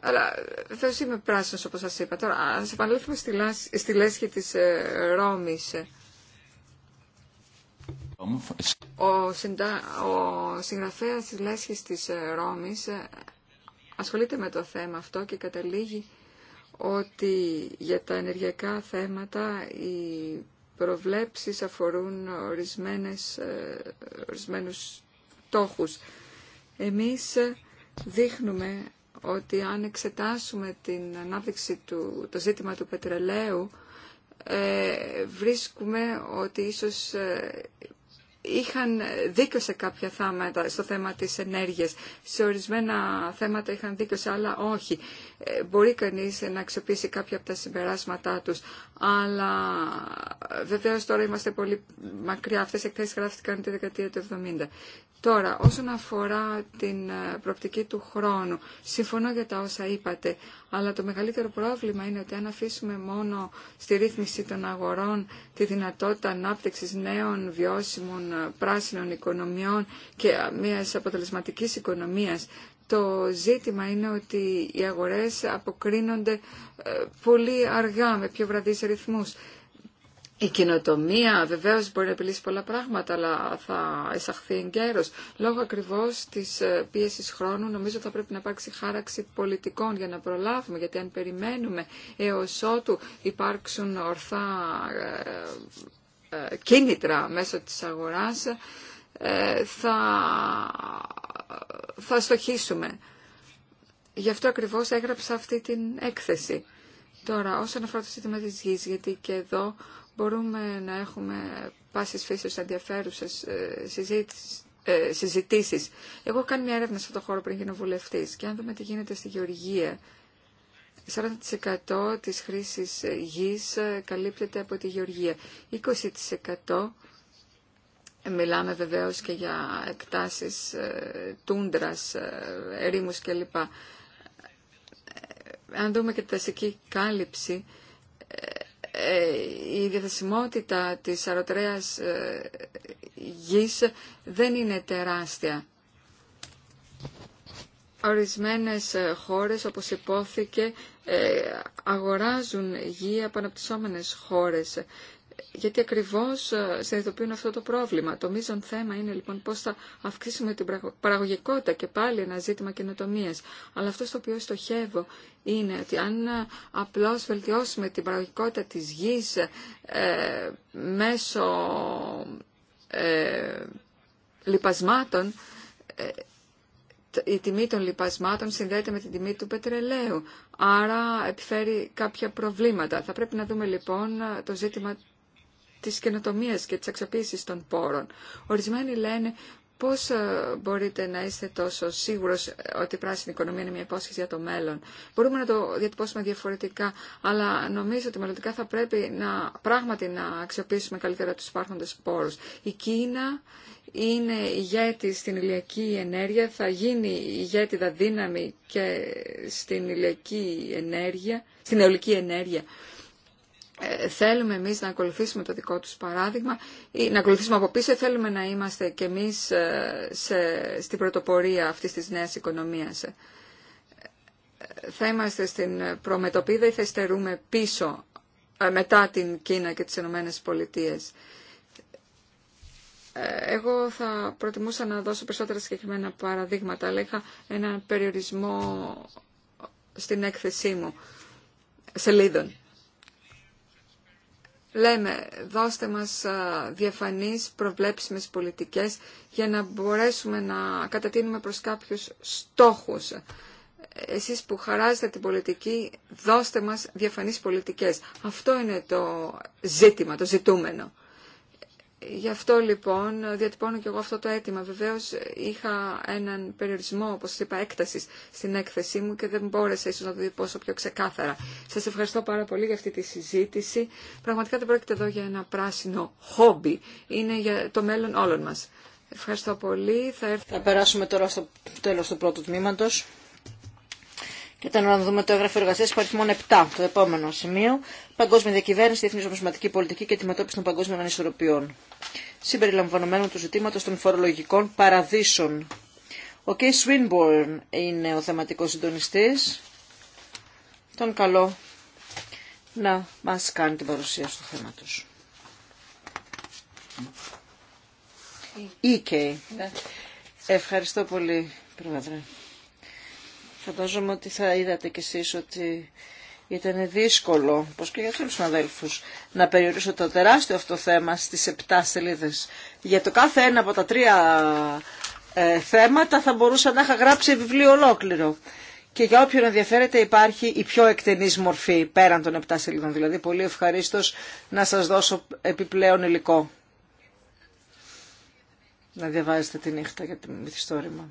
Αλλά δεν είμαι πράσινος όπως σας είπα. Τώρα, αν επανέλθουμε στη, λέσχη της ε, Ρώμης. Ο, συντα... ο συγγραφέας της λέσχης της ε, Ρώμης ε, ασχολείται με το θέμα αυτό και καταλήγει ότι για τα ενεργειακά θέματα η προβλέψεις αφορούν ορισμένες, ε, ορισμένους τόχους. Εμείς δείχνουμε ότι αν εξετάσουμε την ανάπτυξη του, το ζήτημα του πετρελαίου, ε, βρίσκουμε ότι ίσως ε, είχαν δίκιο σε κάποια θέματα, στο θέμα της ενέργειας. Σε ορισμένα θέματα είχαν δίκιο, σε άλλα όχι. Ε, μπορεί κανείς να αξιοποιήσει κάποια από τα συμπεράσματά τους. Αλλά ε, βεβαίω τώρα είμαστε πολύ μακριά. Αυτές οι εκθέσεις γράφτηκαν τη δεκαετία του 70. Τώρα, όσον αφορά την ε, προοπτική του χρόνου, συμφωνώ για τα όσα είπατε, αλλά το μεγαλύτερο πρόβλημα είναι ότι αν αφήσουμε μόνο στη ρύθμιση των αγορών τη δυνατότητα ανάπτυξη νέων βιώσιμων πράσινων οικονομιών και μία αποτελεσματική οικονομίας, το ζήτημα είναι ότι οι αγορές αποκρίνονται ε, πολύ αργά, με πιο βραδείς ρυθμούς. Η κοινοτομία βεβαίως μπορεί να επιλύσει πολλά πράγματα, αλλά θα εισαχθεί εγκαίρως. Λόγω ακριβώς της ε, πίεσης χρόνου νομίζω θα πρέπει να υπάρξει χάραξη πολιτικών για να προλάβουμε, γιατί αν περιμένουμε έως ότου υπάρξουν ορθά ε, ε, κίνητρα μέσω της αγοράς, θα, θα στοχίσουμε. Γι' αυτό ακριβώς έγραψα αυτή την έκθεση. Τώρα, όσον αφορά το σύστημα της γης, γιατί και εδώ μπορούμε να έχουμε πάσης φύσεως ενδιαφέρουσες ε, συζητήσει. συζητήσεις. Εγώ κάνω μια έρευνα σε αυτό το χώρο πριν γίνω βουλευτής και αν δούμε τι γίνεται στη Γεωργία, 40% της χρήσης ε, γης ε, καλύπτεται από τη Γεωργία. 20% Μιλάμε βεβαίως και για εκτάσεις τούντρας, ερήμους κλπ. Αν δούμε και τη δασική κάλυψη, ε, η διαθεσιμότητα της αρωτρέας ε, γης δεν είναι τεράστια. Ορισμένες ε, χώρες, όπως υπόθηκε, αγοράζουν γη από αναπτυσσόμενες χώρες γιατί ακριβώς ε, συνειδητοποιούν αυτό το πρόβλημα. Το μείζον θέμα είναι λοιπόν πώς θα αυξήσουμε την παραγωγικότητα και πάλι ένα ζήτημα καινοτομία. Αλλά αυτό στο οποίο στοχεύω είναι ότι αν ε, απλώς βελτιώσουμε την παραγωγικότητα της γης ε, μέσω ε, λιπασμάτων, η τιμή των λιπασμάτων συνδέεται με την τιμή του πετρελαίου. Άρα επιφέρει κάποια προβλήματα. Θα πρέπει να δούμε λοιπόν το ζήτημα της καινοτομία και της αξιοποίησης των πόρων. Ορισμένοι λένε πώς ε, μπορείτε να είστε τόσο σίγουρος ε, ότι η πράσινη οικονομία είναι μια υπόσχεση για το μέλλον. Μπορούμε να το διατυπώσουμε διαφορετικά, αλλά νομίζω ότι μελλοντικά θα πρέπει να, πράγματι να αξιοποιήσουμε καλύτερα τους υπάρχοντες πόρους. Η Κίνα είναι ηγέτη στην ηλιακή ενέργεια, θα γίνει ηγέτιδα δύναμη και στην ηλιακή ενέργεια, στην αιωλική ενέργεια. Ε, θέλουμε εμείς να ακολουθήσουμε το δικό τους παράδειγμα ή να ακολουθήσουμε από πίσω, θέλουμε να είμαστε και εμείς ε, σε, στην πρωτοπορία αυτής της νέας οικονομίας. Ε, θα είμαστε στην προμετωπίδα ή θα στερούμε πίσω μετά την Κίνα και τις Ηνωμένες Πολιτείες. Εγώ θα προτιμούσα να δώσω περισσότερα συγκεκριμένα παραδείγματα, αλλά είχα έναν περιορισμό στην έκθεσή μου σελίδων λέμε δώστε μας διαφανείς προβλέψιμες πολιτικές για να μπορέσουμε να κατατείνουμε προς κάποιους στόχους. Εσείς που χαράζετε την πολιτική, δώστε μας διαφανείς πολιτικές. Αυτό είναι το ζήτημα, το ζητούμενο. Γι' αυτό λοιπόν διατυπώνω και εγώ αυτό το αίτημα. Βεβαίω είχα έναν περιορισμό, όπω είπα, έκταση στην έκθεσή μου και δεν μπόρεσα ίσω να το πόσο πιο ξεκάθαρα. Σα ευχαριστώ πάρα πολύ για αυτή τη συζήτηση. Πραγματικά δεν πρόκειται εδώ για ένα πράσινο χόμπι. Είναι για το μέλλον όλων μα. Ευχαριστώ πολύ. Θα, Θα περάσουμε τώρα στο τέλο του πρώτου τμήματο. Και τώρα να δούμε το έγγραφο εργασία υπαριθμών 7, το επόμενο σημείο, Παγκόσμια Διακυβέρνηση, Διεθνή Νομισματική Πολιτική και Αντιμετώπιση των Παγκόσμιων Ανισορροπιών. συμπεριλαμβανόμένων του ζητήματο των φορολογικών παραδείσων. Ο Κ. Σουίνμπορν είναι ο θεματικό συντονιστή. Τον καλό να μα κάνει την παρουσίαση του θέματο. Ναι. Ευχαριστώ πολύ, Πρόεδρε. Φαντάζομαι ότι θα είδατε κι εσείς ότι ήταν δύσκολο, πως και για τους συναδέλφους, να περιορίσω το τεράστιο αυτό θέμα στις 7 σελίδες. Για το κάθε ένα από τα τρία ε, θέματα θα μπορούσα να είχα γράψει βιβλίο ολόκληρο. Και για όποιον ενδιαφέρεται υπάρχει η πιο εκτενής μορφή πέραν των 7 σελίδων. Δηλαδή πολύ ευχαρίστως να σας δώσω επιπλέον υλικό. Να διαβάζετε τη νύχτα για τη μυθιστόρημα.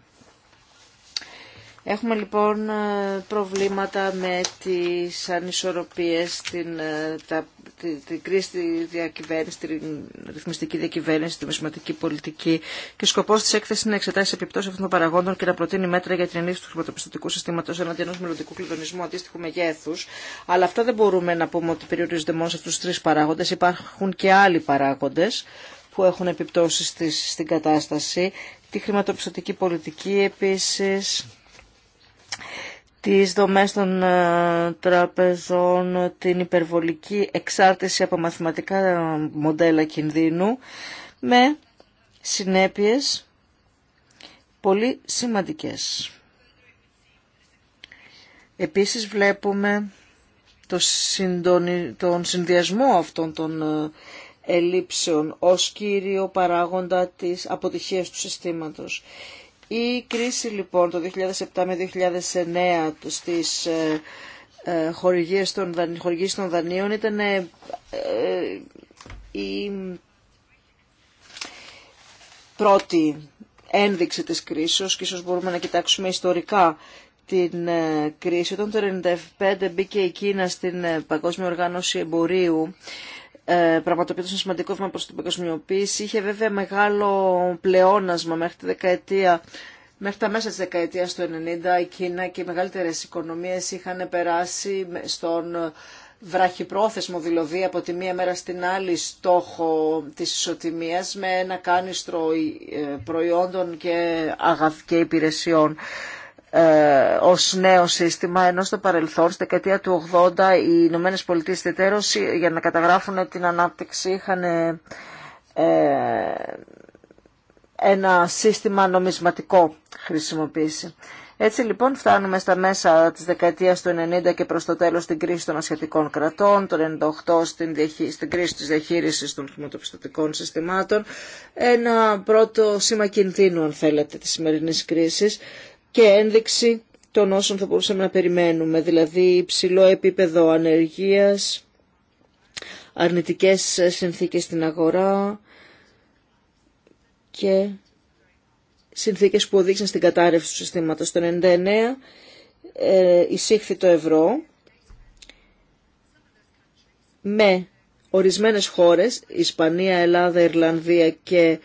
Έχουμε λοιπόν ε, προβλήματα με τις ανισορροπίες, την, ε, τα, την, την κρίση τη διακυβέρνηση, την ρυθμιστική διακυβέρνηση, τη μεσηματική πολιτική και σκοπός της έκθεσης είναι να εξετάσει επιπτώσει αυτών των παραγόντων και να προτείνει μέτρα για την ενίσχυση του χρηματοπιστωτικού συστήματο εναντί ενός μελλοντικού κλειδονισμού αντίστοιχου μεγέθου. Αλλά αυτά δεν μπορούμε να πούμε ότι περιορίζονται μόνο σε αυτού του τρει παράγοντε. Υπάρχουν και άλλοι παράγοντες που έχουν επιπτώσεις στην κατάσταση. Τη χρηματοπιστωτική πολιτική επίσης τις δομές των ε, τραπεζών, την υπερβολική εξάρτηση από μαθηματικά μοντέλα κινδύνου με συνέπειες πολύ σημαντικές. Επίσης βλέπουμε το τον συνδυασμό αυτών των ε, ελλείψεων ως κύριο παράγοντα της αποτυχίας του συστήματος. Η κρίση λοιπόν το 2007 με 2009 στις ε, ε, χορηγίες των, χορηγίες των δανείων ήταν ε, η πρώτη ένδειξη της κρίσης και ίσως μπορούμε να κοιτάξουμε ιστορικά την κρίση. Όταν το 1995 μπήκε η Κίνα στην Παγκόσμια Οργάνωση Εμπορίου ε, ένα σημαντικό βήμα προς την παγκοσμιοποίηση. Είχε βέβαια μεγάλο πλεόνασμα μέχρι τη δεκαετία μέχρι τα μέσα της δεκαετίας του 90 η Κίνα και οι μεγαλύτερες οικονομίες είχαν περάσει στον βραχυπρόθεσμο δηλαδή από τη μία μέρα στην άλλη στόχο της ισοτιμίας με ένα κάνιστρο ε, προϊόντων και, και υπηρεσιών. Ε, ως νέο σύστημα, ενώ στο παρελθόν, στη δεκαετία του 80, οι Ηνωμένε Πολιτείε Τετέρωση για να καταγράφουν την ανάπτυξη είχαν ε, ε, ένα σύστημα νομισματικό χρησιμοποίηση. Έτσι λοιπόν φτάνουμε στα μέσα της δεκαετίας του 90 και προς το τέλος στην κρίση των ασιατικών κρατών, το 98 στην, στην κρίση της διαχείρισης των χρηματοπιστωτικών συστημάτων, ένα πρώτο σήμα κινδύνου αν θέλετε της σημερινής κρίσης, και ένδειξη των όσων θα μπορούσαμε να περιμένουμε, δηλαδή υψηλό επίπεδο ανεργίας, αρνητικές συνθήκες στην αγορά και συνθήκες που οδήγησαν στην κατάρρευση του συστήματος. Το 1999 ε, εισήχθη το ευρώ με ορισμένες χώρες, Ισπανία, Ελλάδα, Ιρλανδία και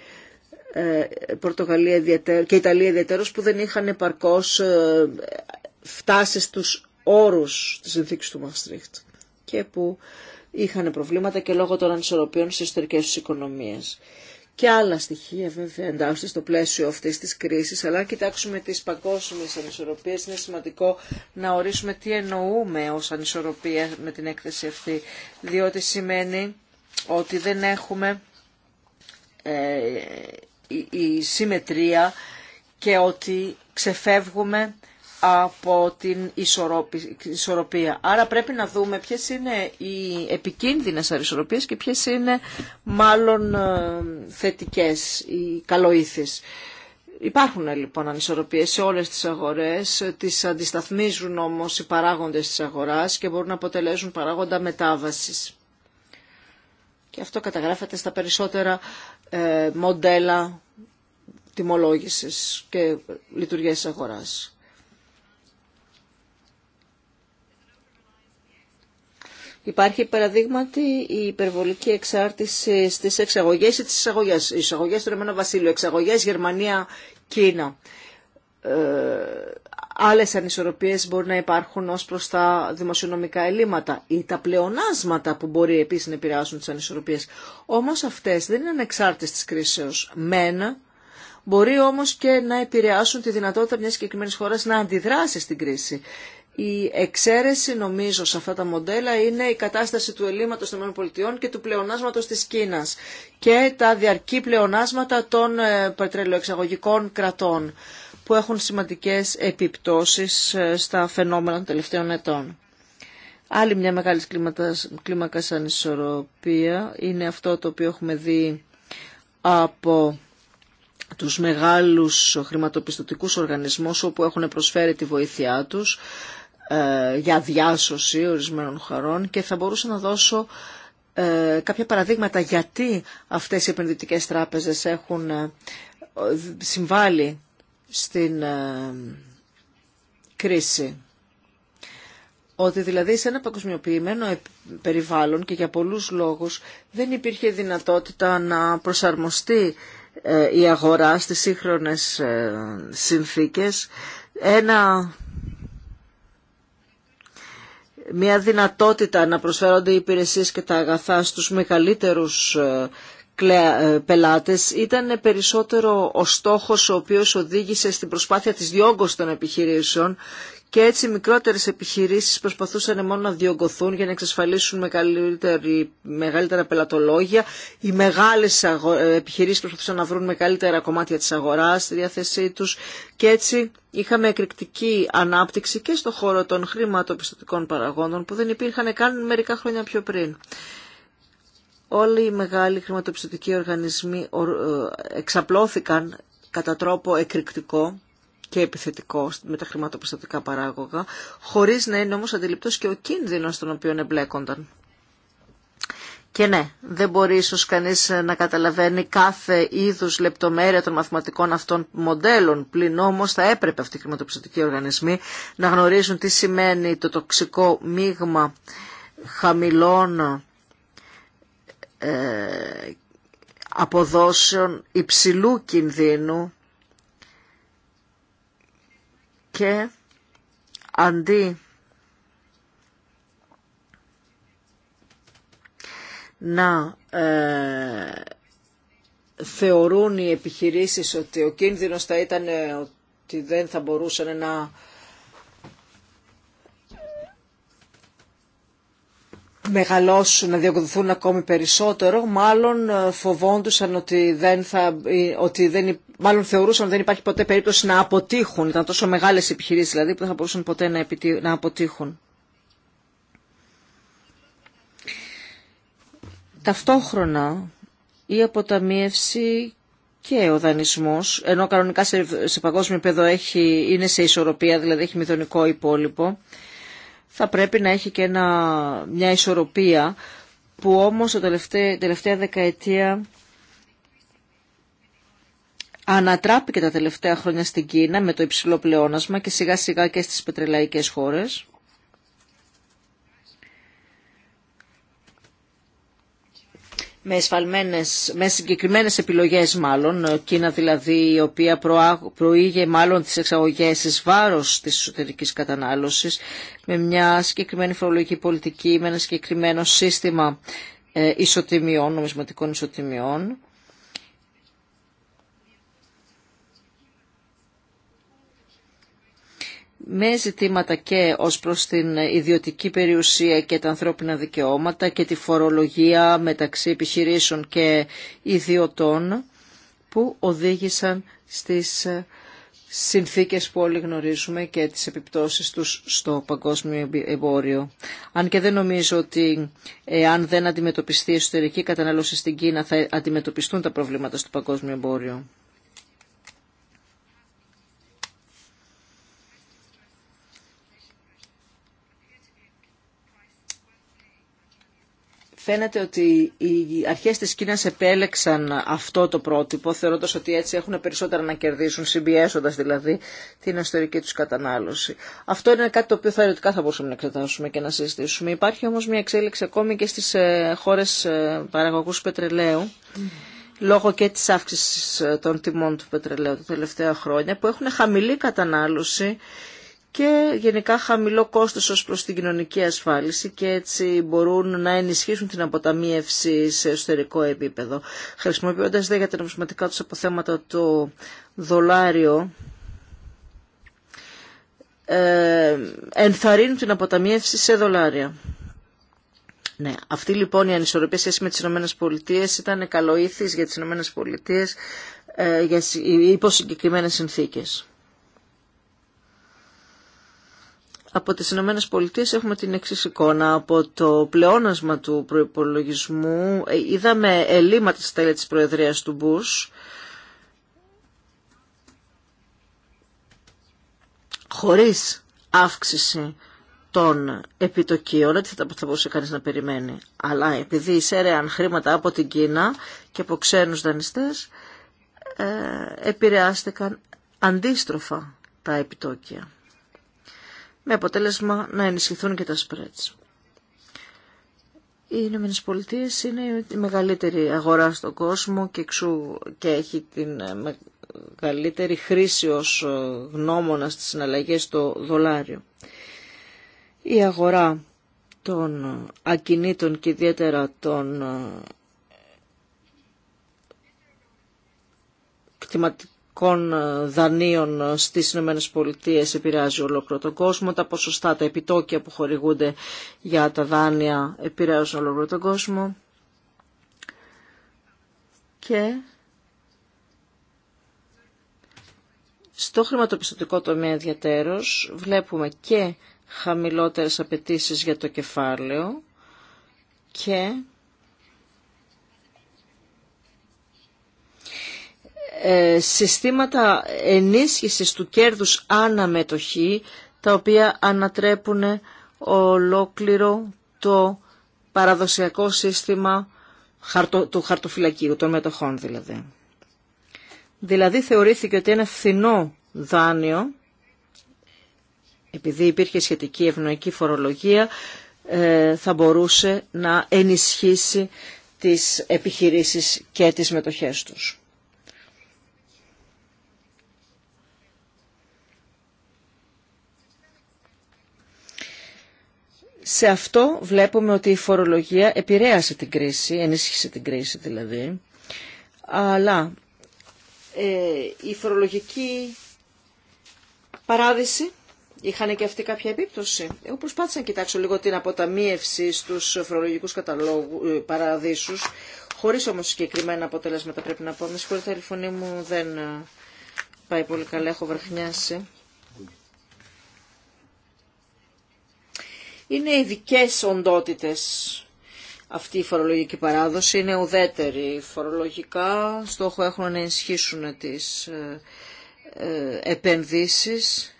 ε, Πορτογαλία και Ιταλία ιδιαίτερως που δεν είχαν επαρκώς ε, φτάσει στους όρους της συνθήκης του Μαστρίχτ και που είχαν προβλήματα και λόγω των ανισορροπιών στις εσωτερικές τους οικονομίες. Και άλλα στοιχεία βέβαια εντάξει στο πλαίσιο αυτή τη κρίση, αλλά αν κοιτάξουμε τι παγκόσμιε ανισορροπίε, είναι σημαντικό να ορίσουμε τι εννοούμε ω ανισορροπία με την έκθεση αυτή, διότι σημαίνει ότι δεν έχουμε ε, η συμμετρία και ότι ξεφεύγουμε από την ισορροπία. Άρα πρέπει να δούμε ποιες είναι οι επικίνδυνες αρισορροπίες και ποιες είναι μάλλον ε, θετικές, οι καλοήθεις. Υπάρχουν λοιπόν ανισορροπίες σε όλες τις αγορές, τις αντισταθμίζουν όμως οι παράγοντες της αγοράς και μπορούν να αποτελέσουν παράγοντα μετάβασης. Και αυτό καταγράφεται στα περισσότερα ε, μοντέλα τιμολόγησης και λειτουργίας της αγοράς. Υπάρχει παραδείγματι η υπερβολική εξάρτηση στις εξαγωγές ή τις εισαγωγές. Οι εισαγωγές του ρωμανου Βασίλειο, εξαγωγές Γερμανία, Κίνα. Ε, άλλες ανισορροπίες μπορεί να υπάρχουν ως προς τα δημοσιονομικά ελλείμματα ή τα πλεονάσματα που μπορεί επίσης να επηρεάσουν τις ανισορροπίες. Όμως αυτές δεν είναι ανεξάρτητες της κρίσεως. Μένα μπορεί όμως και να επηρεάσουν τη δυνατότητα μιας συγκεκριμένη χώρας να αντιδράσει στην κρίση. Η εξαίρεση νομίζω σε αυτά τα μοντέλα είναι η κατάσταση του ελλείμματος των ΗΠΑ και του πλεονάσματος της Κίνας και τα διαρκή πλεονάσματα των ε, πετρελαιοεξαγωγικών κρατών που έχουν σημαντικές επιπτώσεις ε, στα φαινόμενα των τελευταίων ετών. Άλλη μια μεγάλη κλίμακα ανισορροπία είναι αυτό το οποίο έχουμε δει από τους μεγάλους χρηματοπιστωτικούς οργανισμούς όπου έχουν προσφέρει τη βοήθειά τους ε, για διάσωση ορισμένων χαρών και θα μπορούσα να δώσω ε, κάποια παραδείγματα γιατί αυτές οι επενδυτικές τράπεζες έχουν συμβάλει στην ε, κρίση. Ότι δηλαδή σε ένα παγκοσμιοποιημένο περιβάλλον και για πολλούς λόγους δεν υπήρχε δυνατότητα να προσαρμοστεί ε, η αγορά στις σύγχρονες ε, συνθήκες ένα μια δυνατότητα να προσφέρονται οι υπηρεσίες και τα αγαθά στους μεγαλύτερους ε, πελάτες ήταν περισσότερο ο στόχος ο οποίος οδήγησε στην προσπάθεια της διόγκωσης των επιχειρήσεων και έτσι μικρότερες επιχειρήσεις προσπαθούσαν μόνο να διόγκωθούν για να εξασφαλίσουν μεγαλύτερα πελατολόγια. Οι μεγάλες ε, επιχειρήσεις προσπαθούσαν να βρουν μεγαλύτερα κομμάτια της αγοράς στη διάθεσή τους και έτσι είχαμε εκρηκτική ανάπτυξη και στον χώρο των χρηματοπιστωτικών παραγόντων που δεν υπήρχαν καν μερικά χρόνια πιο πριν. Όλοι οι μεγάλοι χρηματοπιστωτικοί οργανισμοί ε, εξαπλώθηκαν κατά τρόπο εκρηκτικό και επιθετικό με τα χρηματοπιστωτικά παράγωγα, χωρίς να είναι όμως αντιληπτός και ο κίνδυνος στον οποίο εμπλέκονταν. Και ναι, δεν μπορεί ίσω κανείς ε, να καταλαβαίνει κάθε είδους λεπτομέρεια των μαθηματικών αυτών μοντέλων, πλην όμως θα έπρεπε αυτοί οι χρηματοπιστωτικοί οργανισμοί να γνωρίζουν τι σημαίνει το τοξικό μείγμα χαμηλών ε, αποδόσεων υψηλού κινδύνου και αντί να ε, θεωρούν οι επιχειρήσεις ότι ο κίνδυνος θα ήταν ε, ότι δεν θα μπορούσαν να μεγαλώσουν, να διακοδοθούν ακόμη περισσότερο, μάλλον ε, φοβόντουσαν ότι δεν θα, ε, ότι δεν, μάλλον θεωρούσαν ότι δεν υπάρχει ποτέ περίπτωση να αποτύχουν. Ήταν τόσο μεγάλες επιχειρήσεις δηλαδή που δεν θα μπορούσαν ποτέ να, να αποτύχουν. Ταυτόχρονα η αποταμίευση και ο δανεισμός, ενώ κανονικά σε, παγκόσμιο επίπεδο είναι σε ισορροπία, δηλαδή έχει μηδονικό υπόλοιπο, θα πρέπει να έχει και ένα, μια ισορροπία που όμως τα τελευταία, τελευταία δεκαετία ανατράπηκε τα τελευταία χρόνια στην Κίνα με το υψηλό πλεόνασμα και σιγά σιγά και στις πετρελαϊκές χώρες. με, εσφαλμένες, με συγκεκριμένες επιλογές μάλλον, Κίνα δηλαδή η οποία προήγε μάλλον τις εξαγωγές εις βάρος της εσωτερικής κατανάλωσης, με μια συγκεκριμένη φορολογική πολιτική, με ένα συγκεκριμένο σύστημα ε, ισοτιμιών, νομισματικών ισοτιμιών, με ζητήματα και ως προς την ιδιωτική περιουσία και τα ανθρώπινα δικαιώματα και τη φορολογία μεταξύ επιχειρήσεων και ιδιωτών που οδήγησαν στις ε, συνθήκες που όλοι γνωρίζουμε και τις επιπτώσεις τους στο παγκόσμιο εμπόριο. Αν και δεν νομίζω ότι ε, αν δεν αντιμετωπιστεί η εσωτερική κατανάλωση στην Κίνα θα αντιμετωπιστούν τα προβλήματα στο παγκόσμιο εμπόριο. Φαίνεται ότι οι αρχές της Κίνας επέλεξαν αυτό το πρότυπο, θεωρώντας ότι έτσι έχουν περισσότερα να κερδίσουν, συμπιέσοντας δηλαδή την ιστορική τους κατανάλωση. Αυτό είναι κάτι το οποίο θεωρητικά θα μπορούσαμε να εξετάσουμε και να συζητήσουμε. Υπάρχει όμως μια εξέλιξη ακόμη και στις ε, χώρες ε, παραγωγούς πετρελαίου, λόγω και της αύξησης ε, των τιμών του πετρελαίου τα τελευταία χρόνια, που έχουν χαμηλή κατανάλωση και γενικά χαμηλό κόστος ως προς την κοινωνική ασφάλιση και έτσι μπορούν να ενισχύσουν την αποταμίευση σε εσωτερικό επίπεδο. Χρησιμοποιώντας δε για τα νομισματικά τους αποθέματα το δολάριο, ε, ενθαρρύνουν την αποταμίευση σε δολάρια. Ναι, αυτή λοιπόν η ανισορροπία σχέση με τις ΗΠΑ ήταν καλοήθης για τις ΗΠΑ ε, για, υπό συγκεκριμένες συνθήκες. από τις Ηνωμένες Πολιτείες έχουμε την εξής εικόνα. Από το πλεόνασμα του προϋπολογισμού ε, είδαμε ελλείμματα στα τέλη της Προεδρίας του Μπούς. Χωρίς αύξηση των επιτοκίων, έτσι θα μπορούσε κανείς να περιμένει. Αλλά επειδή εισέρεαν χρήματα από την Κίνα και από ξένους δανειστές, ε, επηρεάστηκαν αντίστροφα τα επιτόκια με αποτέλεσμα να ενισχυθούν και τα σπρέτς. Οι Ηνωμένε Πολιτείε είναι η μεγαλύτερη αγορά στον κόσμο και, και έχει την ε, μεγαλύτερη χρήση ως ε, γνώμονα στις συναλλαγές στο δολάριο. Η αγορά των ε, ακινήτων και ιδιαίτερα των κτηματικών ελληνικών ε, δανείων ε, στις ΗΠΑ επηρεάζει ολόκληρο τον κόσμο. Τα ποσοστά, τα επιτόκια που χορηγούνται για τα δάνεια επηρεάζουν ολόκληρο τον κόσμο. Και στο χρηματοπιστωτικό τομέα ιδιαίτερος βλέπουμε και χαμηλότερες απαιτήσεις για το κεφάλαιο και Ε, συστήματα ενίσχυσης του κέρδους αναμετοχή, τα οποία ανατρέπουν ολόκληρο το παραδοσιακό σύστημα του χαρτοφυλακίου, των μετοχών δηλαδή. Δηλαδή θεωρήθηκε ότι ένα φθηνό δάνειο, επειδή υπήρχε σχετική ευνοϊκή φορολογία, ε, θα μπορούσε να ενισχύσει τις επιχειρήσεις και τις μετοχές τους. Σε αυτό βλέπουμε ότι η φορολογία επηρέασε την κρίση, ενίσχυσε την κρίση δηλαδή, αλλά ε, η φορολογική παράδειση είχαν και αυτή κάποια επίπτωση. Εγώ προσπάθησα να κοιτάξω λίγο την αποταμίευση στους φορολογικούς καταλόγου, ε, παραδείσους, χωρίς όμως συγκεκριμένα αποτελέσματα πρέπει να πω. Με συγχωρείτε, η φωνή μου δεν ε, πάει πολύ καλά, έχω βραχνιάσει. Είναι ειδικέ οντότητε αυτή η φορολογική παράδοση. Είναι ουδέτερη φορολογικά. Στόχο έχουν να ενισχύσουν τις ε, ε, επενδύσεις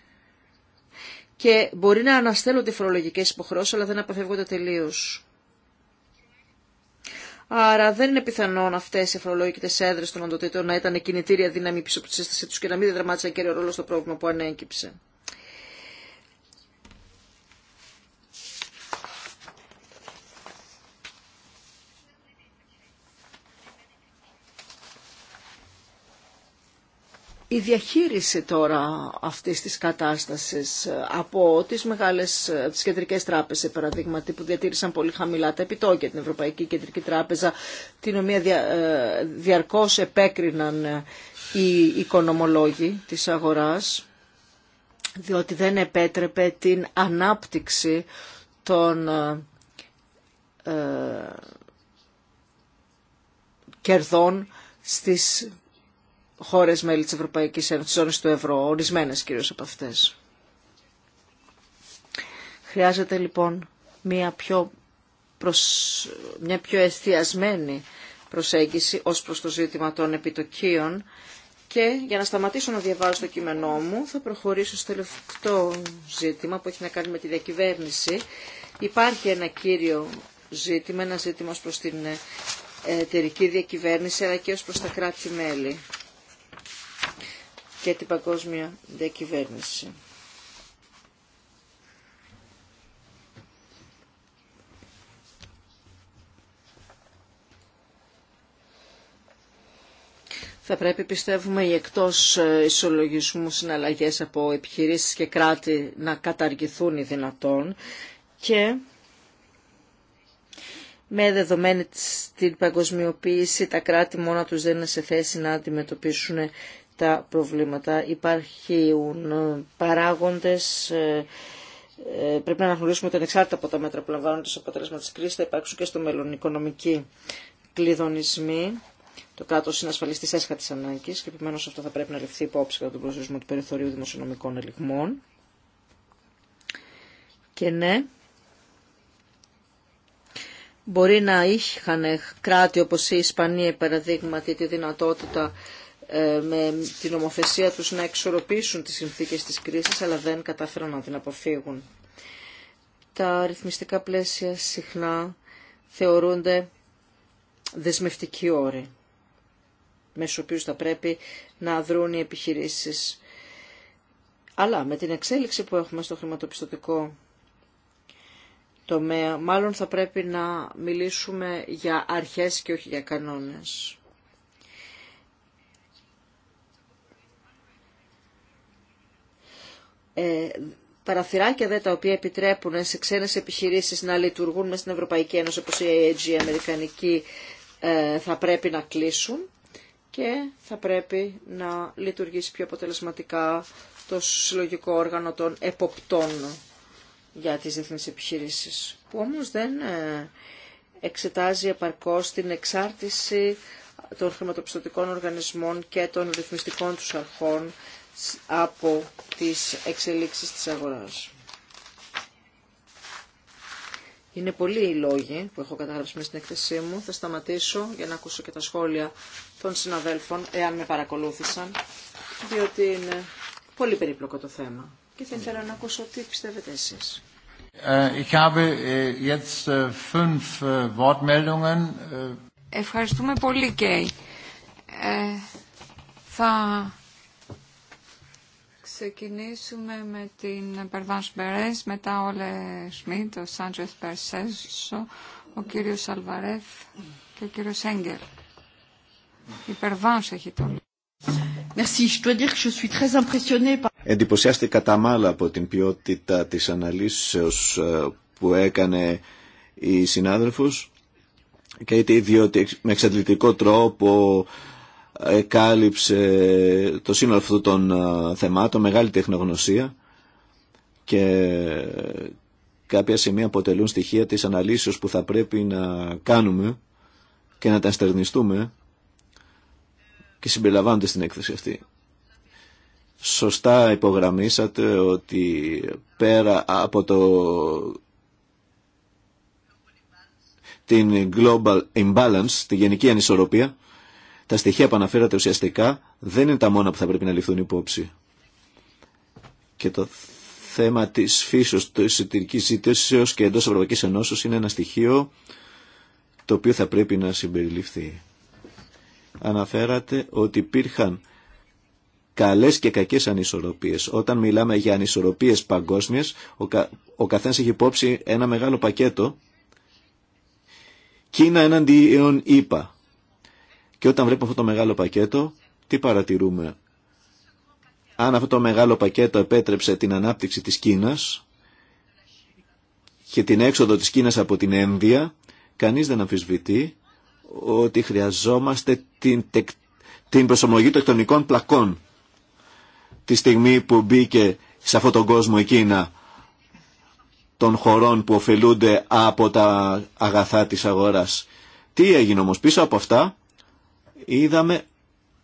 και μπορεί να αναστέλλονται οι φορολογικέ υποχρεώσει, αλλά δεν απαφεύγονται τελείως. Άρα δεν είναι πιθανόν αυτέ οι φορολογικέ έδρε των οντοτήτων να ήταν κινητήρια δύναμη πίσω από τη σύστασή του και να μην δραμάτισαν κύριο ρόλο στο πρόβλημα που ανέκυψε. Η διαχείριση τώρα αυτής της κατάστασης ε, από τις μεγάλες, ε, τις κεντρικές τράπεζες παραδείγματι που διατήρησαν πολύ χαμηλά τα επιτόκια, την Ευρωπαϊκή Κεντρική Τράπεζα, την οποία ε, διαρκώς επέκριναν οι οικονομολόγοι της αγοράς, διότι δεν επέτρεπε την ανάπτυξη των ε, κερδών στις χώρες μέλη της Ευρωπαϊκής Ένωσης, ζώνης του ευρώ, ορισμένες κυρίως από αυτές. Χρειάζεται λοιπόν μια πιο, προσ... πιο εστιασμένη προσέγγιση ως προς το ζήτημα των επιτοκίων και για να σταματήσω να διαβάζω το κείμενό μου θα προχωρήσω στο τελευταίο ζήτημα που έχει να κάνει με τη διακυβέρνηση. Υπάρχει ένα κύριο ζήτημα, ένα ζήτημα ως προς την ε, εταιρική διακυβέρνηση αλλά και ως προς τα κράτη-μέλη και την παγκόσμια διακυβέρνηση. Θα πρέπει, πιστεύουμε, οι εκτός ε, ισολογισμού συναλλαγές από επιχειρήσεις και κράτη να καταργηθούν οι δυνατόν και με δεδομένη την παγκοσμιοποίηση τα κράτη μόνα τους δεν είναι σε θέση να αντιμετωπίσουν τα προβλήματα. Υπάρχουν ε, παράγοντες, ε, ε, πρέπει να αναγνωρίσουμε ότι ανεξάρτητα από τα μέτρα που λαμβάνονται στο αποτέλεσμα της κρίσης θα υπάρξουν και στο μέλλον οικονομικοί κλειδονισμοί. Το κράτο είναι ασφαλιστή έσχατη ανάγκη και επιμένω αυτό θα πρέπει να ληφθεί υπόψη κατά τον προσδιορισμό του περιθωρίου δημοσιονομικών ελιγμών. Και ναι, μπορεί να είχαν κράτη όπως η Ισπανία παραδείγματι τη δυνατότητα ε, με την ομοθεσία τους να εξορροπήσουν τις συνθήκες της κρίσης, αλλά δεν κατάφεραν να την αποφύγουν. Τα ρυθμιστικά πλαίσια συχνά θεωρούνται δεσμευτικοί όροι, μέσω οποίου θα πρέπει να δρούν οι επιχειρήσεις. Αλλά με την εξέλιξη που έχουμε στο χρηματοπιστωτικό τομέα, μάλλον θα πρέπει να μιλήσουμε για αρχές και όχι για κανόνες. Ε, παραθυράκια δε τα οποία επιτρέπουν σε ξένες επιχειρήσεις να λειτουργούν μέσα στην Ευρωπαϊκή Ένωση όπως η AAG, η Αμερικανική, ε, θα πρέπει να κλείσουν και θα πρέπει να λειτουργήσει πιο αποτελεσματικά το συλλογικό όργανο των εποπτών για τις διεθνείς επιχειρήσεις, που όμως δεν ε, εξετάζει επαρκώς την εξάρτηση των χρηματοπιστωτικών οργανισμών και των ρυθμιστικών τους αρχών από τις εξελίξεις της αγοράς. Είναι πολλοί οι λόγοι που έχω καταγράψει μέσα στην εκθεσή μου. Θα σταματήσω για να ακούσω και τα σχόλια των συναδέλφων, εάν με παρακολούθησαν, διότι είναι πολύ περίπλοκο το θέμα. Και θα ήθελα να ακούσω τι πιστεύετε εσείς. Ευχαριστούμε πολύ, Κέι. Ε, θα ξεκινήσουμε με την Περβάνς Μπερές, μετά Όλε Σμίτ, ο Σάντζεθ Περσέσο, ο κύριος Αλβαρέθ και ο κύριος Έγκελ. Η Περβάνς έχει το λόγο. Εντυπωσιάστηκα τα μάλα από την ποιότητα της αναλύσεως ε, που έκανε η συνάδελφος και είτε διότι με εξαντλητικό τρόπο εκάλυψε το σύνολο αυτών των ε, θεμάτων, μεγάλη τεχνογνωσία και κάποια σημεία αποτελούν στοιχεία της αναλύσεως που θα πρέπει να κάνουμε και να τα στερνιστούμε και συμπεριλαμβάνονται στην έκθεση αυτή. Σωστά υπογραμμίσατε ότι πέρα από το την global imbalance, τη γενική ανισορροπία, τα στοιχεία που αναφέρατε ουσιαστικά δεν είναι τα μόνα που θα πρέπει να ληφθούν υπόψη. Και το θέμα της φύσεως του εσωτερική ζήτηση και εντό Ευρωπαϊκή Ενώσεως είναι ένα στοιχείο το οποίο θα πρέπει να συμπεριληφθεί. Αναφέρατε ότι υπήρχαν καλές και κακές ανισορροπίε. Όταν μιλάμε για ανισορροπίε παγκόσμιες, ο, κα, ο καθένας έχει υπόψη ένα μεγάλο πακέτο Κίνα εναντίον ΙΠΑ. Και όταν βλέπουμε αυτό το μεγάλο πακέτο, τι παρατηρούμε. Αν αυτό το μεγάλο πακέτο επέτρεψε την ανάπτυξη της Κίνας και την έξοδο της Κίνας από την Ένδια, κανείς δεν αμφισβητεί ότι χρειαζόμαστε την, τεκ... την προσωμογή τεκτονικών πλακών τη στιγμή που μπήκε σε αυτόν τον κόσμο η Κίνα των χωρών που ωφελούνται από τα αγαθά της αγοράς. Τι έγινε όμως πίσω από αυτά είδαμε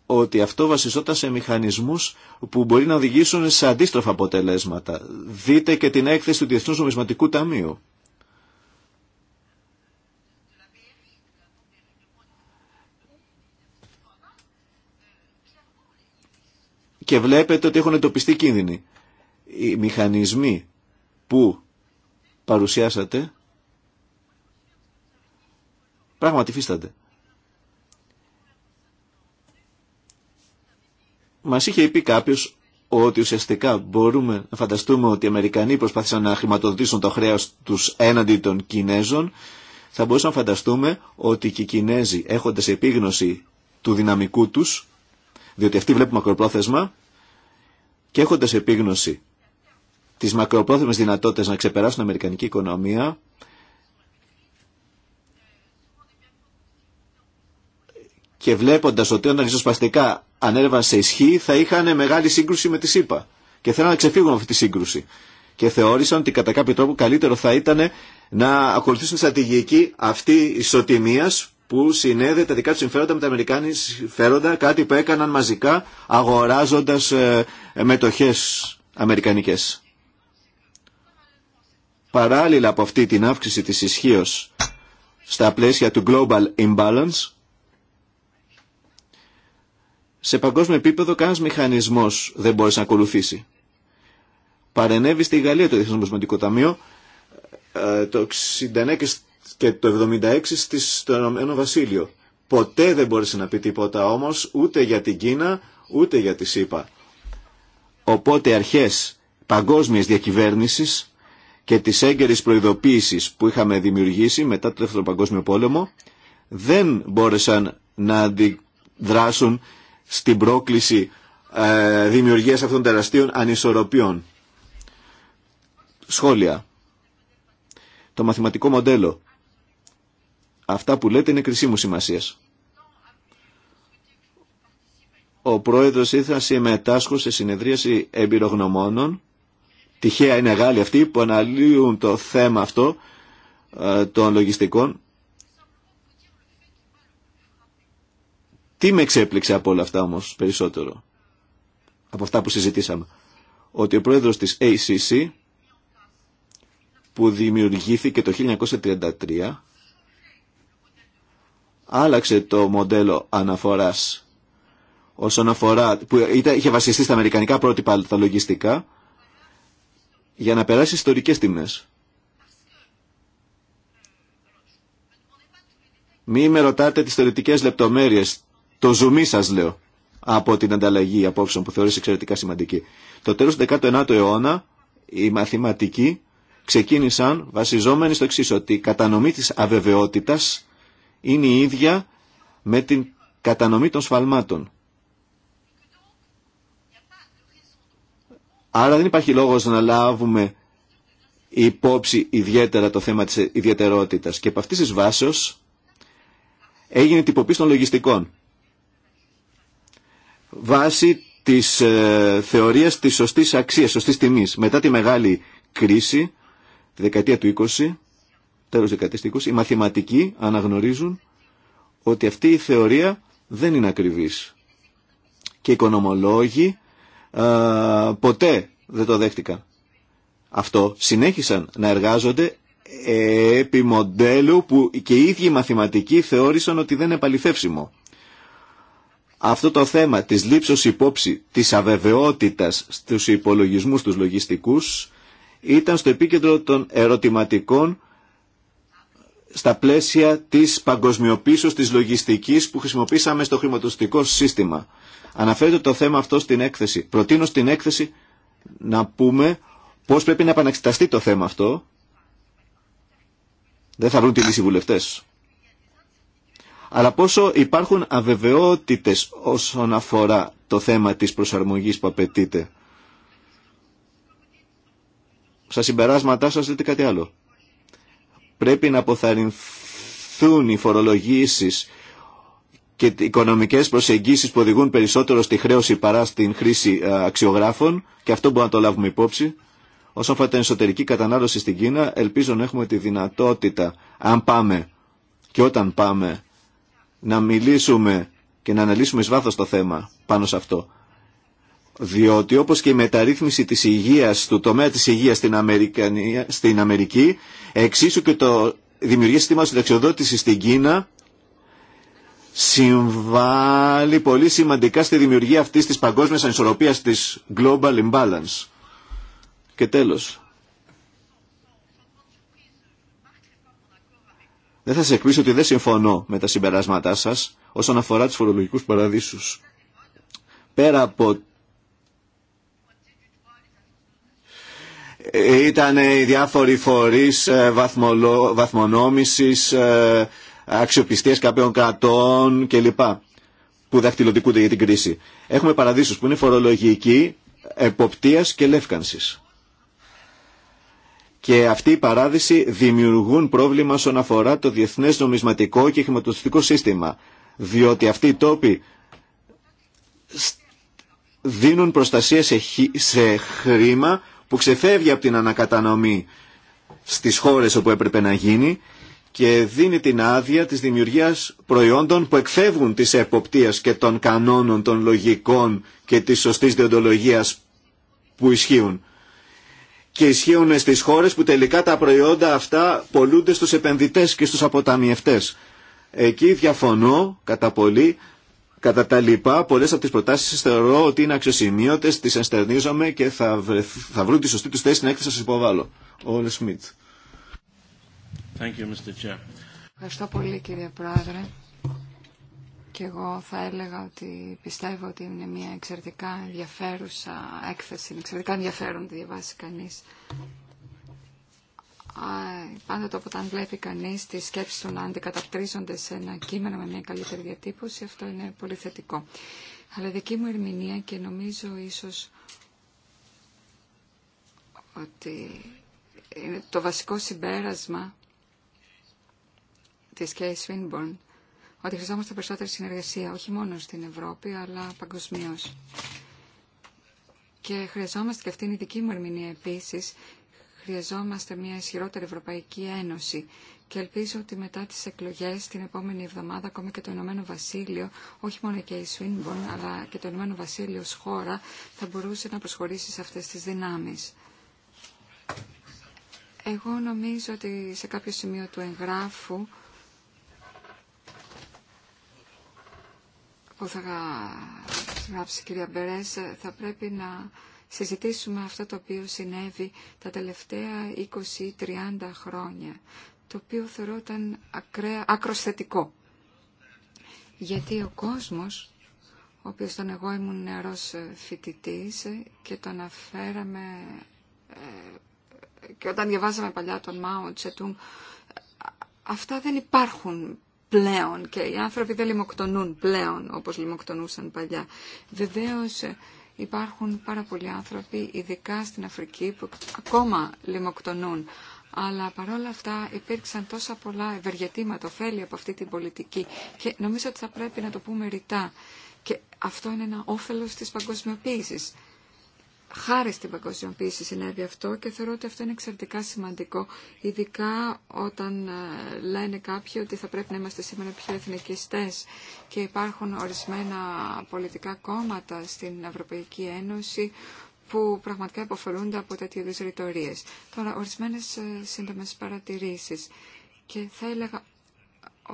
ότι αυτό βασιζόταν σε μηχανισμούς που μπορεί να οδηγήσουν σε αντίστροφα αποτελέσματα. Δείτε και την έκθεση του Διεθνούς Νομισματικού Ταμείου. Και βλέπετε ότι έχουν εντοπιστεί κίνδυνοι. Οι μηχανισμοί που παρουσιάσατε πράγματι φύστανται. Μα είχε πει κάποιο ότι ουσιαστικά μπορούμε να φανταστούμε ότι οι Αμερικανοί προσπάθησαν να χρηματοδοτήσουν το χρέος του έναντι των Κινέζων. Θα μπορούσαμε να φανταστούμε ότι και οι Κινέζοι έχοντας επίγνωση του δυναμικού τους, διότι αυτοί βλέπουν μακροπρόθεσμα, και έχοντας επίγνωση τι μακροπρόθεσμε δυνατότητε να ξεπεράσουν την Αμερικανική οικονομία, και βλέποντας ότι όταν ριζοσπαστικά ανέβαν σε ισχύ θα είχαν μεγάλη σύγκρουση με τη ΣΥΠΑ και θέλανε να ξεφύγουν αυτή τη σύγκρουση και θεώρησαν ότι κατά κάποιο τρόπο καλύτερο θα ήταν να ακολουθήσουν στρατηγική αυτή ισοτιμίας που συνέδεται τα δικά του συμφέροντα με τα Αμερικάνικα συμφέροντα, κάτι που έκαναν μαζικά αγοράζοντα ε, μετοχές αμερικανικές. Παράλληλα από αυτή την αύξηση της ισχύω στα πλαίσια του Global Imbalance, σε παγκόσμιο επίπεδο κανένα μηχανισμός δεν μπόρεσε να ακολουθήσει. Παρενέβη στη Γαλλία το Διεθνέ Νομισματικό Ταμείο ε, το 69 και το 76 στο Ηνωμένο Ποτέ δεν μπόρεσε να πει τίποτα όμω ούτε για την Κίνα ούτε για τη ΣΥΠΑ. Οπότε αρχές παγκόσμιας διακυβέρνησης και τη έγκαιρη προειδοποίηση που είχαμε δημιουργήσει μετά το Δεύτερο Παγκόσμιο Πόλεμο δεν μπόρεσαν να αντιδράσουν στην πρόκληση ε, δημιουργίας αυτών των τεραστίων ανισορροπιών. Σχόλια. Το μαθηματικό μοντέλο. Αυτά που λέτε είναι κρισίμου σημασίας. Ο πρόεδρος ήθελα συμμετάσχω σε συνεδρίαση εμπειρογνωμόνων. Τυχαία είναι Γάλλοι αυτοί που αναλύουν το θέμα αυτό ε, των λογιστικών Τι με εξέπληξε από όλα αυτά όμως περισσότερο, από αυτά που συζητήσαμε. Ότι ο πρόεδρος της ACC που δημιουργήθηκε το 1933 άλλαξε το μοντέλο αναφοράς όσον αφορά, που είχε βασιστεί στα αμερικανικά πρότυπα τα λογιστικά για να περάσει ιστορικές τιμές. Μη με ρωτάτε τις θεωρητικές λεπτομέρειες το ζουμί σα λέω από την ανταλλαγή απόψεων που θεωρείς εξαιρετικά σημαντική. Το τέλος του 19ου αιώνα οι μαθηματικοί ξεκίνησαν βασιζόμενοι στο εξή ότι η κατανομή της αβεβαιότητας είναι η ίδια με την κατανομή των σφαλμάτων. Άρα δεν υπάρχει λόγος να λάβουμε υπόψη ιδιαίτερα το θέμα της ιδιαιτερότητας. Και από αυτής της βάσεως έγινε τυποποίηση των λογιστικών βάσει της ε, θεωρίας της σωστής αξίας, σωστής τιμής. Μετά τη μεγάλη κρίση, τη δεκαετία του 20, τέλος δεκαετίας του 20, οι μαθηματικοί αναγνωρίζουν ότι αυτή η θεωρία δεν είναι ακριβής. Και οι οικονομολόγοι ε, ποτέ δεν το δέχτηκαν. Αυτό συνέχισαν να εργάζονται επί μοντέλου που και οι ίδιοι μαθηματικοί θεώρησαν ότι δεν είναι παληθεύσιμο αυτό το θέμα της λήψος υπόψη της αβεβαιότητας στους υπολογισμούς τους λογιστικούς ήταν στο επίκεντρο των ερωτηματικών στα πλαίσια της παγκοσμιοποίησης της λογιστικής που χρησιμοποίησαμε στο χρηματοστικό σύστημα. Αναφέρεται το θέμα αυτό στην έκθεση. Προτείνω στην έκθεση να πούμε πώς πρέπει να επαναξεταστεί το θέμα αυτό. Δεν θα βρουν τη λύση βουλευτές αλλά πόσο υπάρχουν αβεβαιότητες όσον αφορά το θέμα της προσαρμογής που απαιτείται. Στα συμπεράσματά σας λέτε κάτι άλλο. Πρέπει να αποθαρρυνθούν οι φορολογήσεις και οι οικονομικές προσεγγίσεις που οδηγούν περισσότερο στη χρέωση παρά στην χρήση ε, αξιογράφων και αυτό μπορούμε να το λάβουμε υπόψη. Όσον αφορά την εσωτερική κατανάλωση στην Κίνα, ελπίζω να έχουμε τη δυνατότητα, αν πάμε και όταν πάμε, να μιλήσουμε και να αναλύσουμε σβάθο το θέμα πάνω σε αυτό. Διότι όπως και η μεταρρύθμιση της υγείας, του τομέα της υγείας στην, στην Αμερική, εξίσου και το δημιουργία συστήματος συνταξιοδότησης στην Κίνα, συμβάλλει πολύ σημαντικά στη δημιουργία αυτής της παγκόσμιας ανισορροπίας της Global Imbalance. Και τέλος, Δεν θα σε εκπλήσω ότι δεν συμφωνώ με τα συμπεράσματά σας όσον αφορά τους φορολογικούς παραδείσους. Πέρα από ε, ήταν οι διάφοροι φορείς ε, βαθμολο... βαθμονόμησης, ε, αξιοπιστίας κάποιων κρατών κλπ. που δαχτυλωτικούνται για την κρίση. Έχουμε παραδείσους που είναι φορολογικοί, εποπτείας και λεύκανσης και αυτοί οι παράδεισοι δημιουργούν πρόβλημα όσον αφορά το διεθνές νομισματικό και χρηματοδοτικό σύστημα. Διότι αυτοί οι τόποι δίνουν προστασία σε χρήμα που ξεφεύγει από την ανακατανομή στις χώρες όπου έπρεπε να γίνει και δίνει την άδεια της δημιουργίας προϊόντων που εκφεύγουν της εποπτείας και των κανόνων, των λογικών και της σωστής διοντολογίας που ισχύουν και ισχύουν στις χώρες που τελικά τα προϊόντα αυτά πολλούνται στους επενδυτές και στους αποταμιευτές. Εκεί διαφωνώ κατά πολύ. Κατά τα λοιπά, πολλές από τις προτάσεις θεωρώ ότι είναι αξιοσημείωτες, τις ενστερνίζομαι και θα, βρουν τη σωστή τους θέση να έκθεση σας υποβάλλω. Ο Σμιτ. Ευχαριστώ πολύ κύριε Πρόεδρε. Και εγώ θα έλεγα ότι πιστεύω ότι είναι μια εξαιρετικά ενδιαφέρουσα έκθεση, είναι εξαιρετικά ενδιαφέρον να διαβάσει κανείς. Πάντοτε όταν βλέπει κανείς τις σκέψεις του να αντικαταπτρίζονται σε ένα κείμενο με μια καλύτερη διατύπωση, αυτό είναι πολύ θετικό. Αλλά δική μου ερμηνεία και νομίζω ίσως ότι είναι το βασικό συμπέρασμα της Κέι Σφίνμπορν ότι χρειαζόμαστε περισσότερη συνεργασία, όχι μόνο στην Ευρώπη, αλλά παγκοσμίω. Και χρειαζόμαστε, και αυτή είναι η δική μου ερμηνεία επιση χρειαζόμαστε μια ισχυρότερη Ευρωπαϊκή Ένωση. Και ελπίζω ότι μετά τι εκλογέ την επόμενη εβδομάδα ακόμα και το Ηνωμένο Βασίλειο, όχι μόνο και η Σουίνμπον, αλλά και το Ηνωμένο Βασίλειο ως χώρα, θα μπορούσε να προσχωρήσει σε αυτέ τι δυνάμει. Εγώ νομίζω ότι σε κάποιο σημείο του εγγράφου που θα γράψει θα πρέπει να συζητήσουμε αυτό το οποίο συνέβη τα τελευταία 20 30 χρόνια, το οποίο θεωρώ ήταν ακραία, Γιατί ο κόσμος, ο οποίος τον εγώ ήμουν νεαρός ε, φοιτητής ε, και τον αφέραμε ε, και όταν διαβάζαμε παλιά τον Μάο Τσετούν, αυτά δεν υπάρχουν πλέον και οι άνθρωποι δεν λιμοκτονούν πλέον όπως λιμοκτονούσαν παλιά. Βεβαίως ε, υπάρχουν πάρα πολλοί άνθρωποι, ειδικά στην Αφρική, που ακόμα λιμοκτονούν. Αλλά παρόλα αυτά υπήρξαν τόσα πολλά ευεργετήματα, ωφέλη από αυτή την πολιτική και νομίζω ότι θα πρέπει να το πούμε ρητά. Και αυτό είναι ένα όφελος της παγκοσμιοποίησης χάρη στην παγκοσμιοποίηση συνέβη αυτό και θεωρώ ότι αυτό είναι εξαιρετικά σημαντικό, ειδικά όταν ε, λένε κάποιοι ότι θα πρέπει να είμαστε σήμερα πιο εθνικιστές και υπάρχουν ορισμένα πολιτικά κόμματα στην Ευρωπαϊκή Ένωση που πραγματικά υποφελούνται από τέτοιου ρητορίες. Τώρα, ορισμένες ε, σύντομες παρατηρήσεις. Και θα έλεγα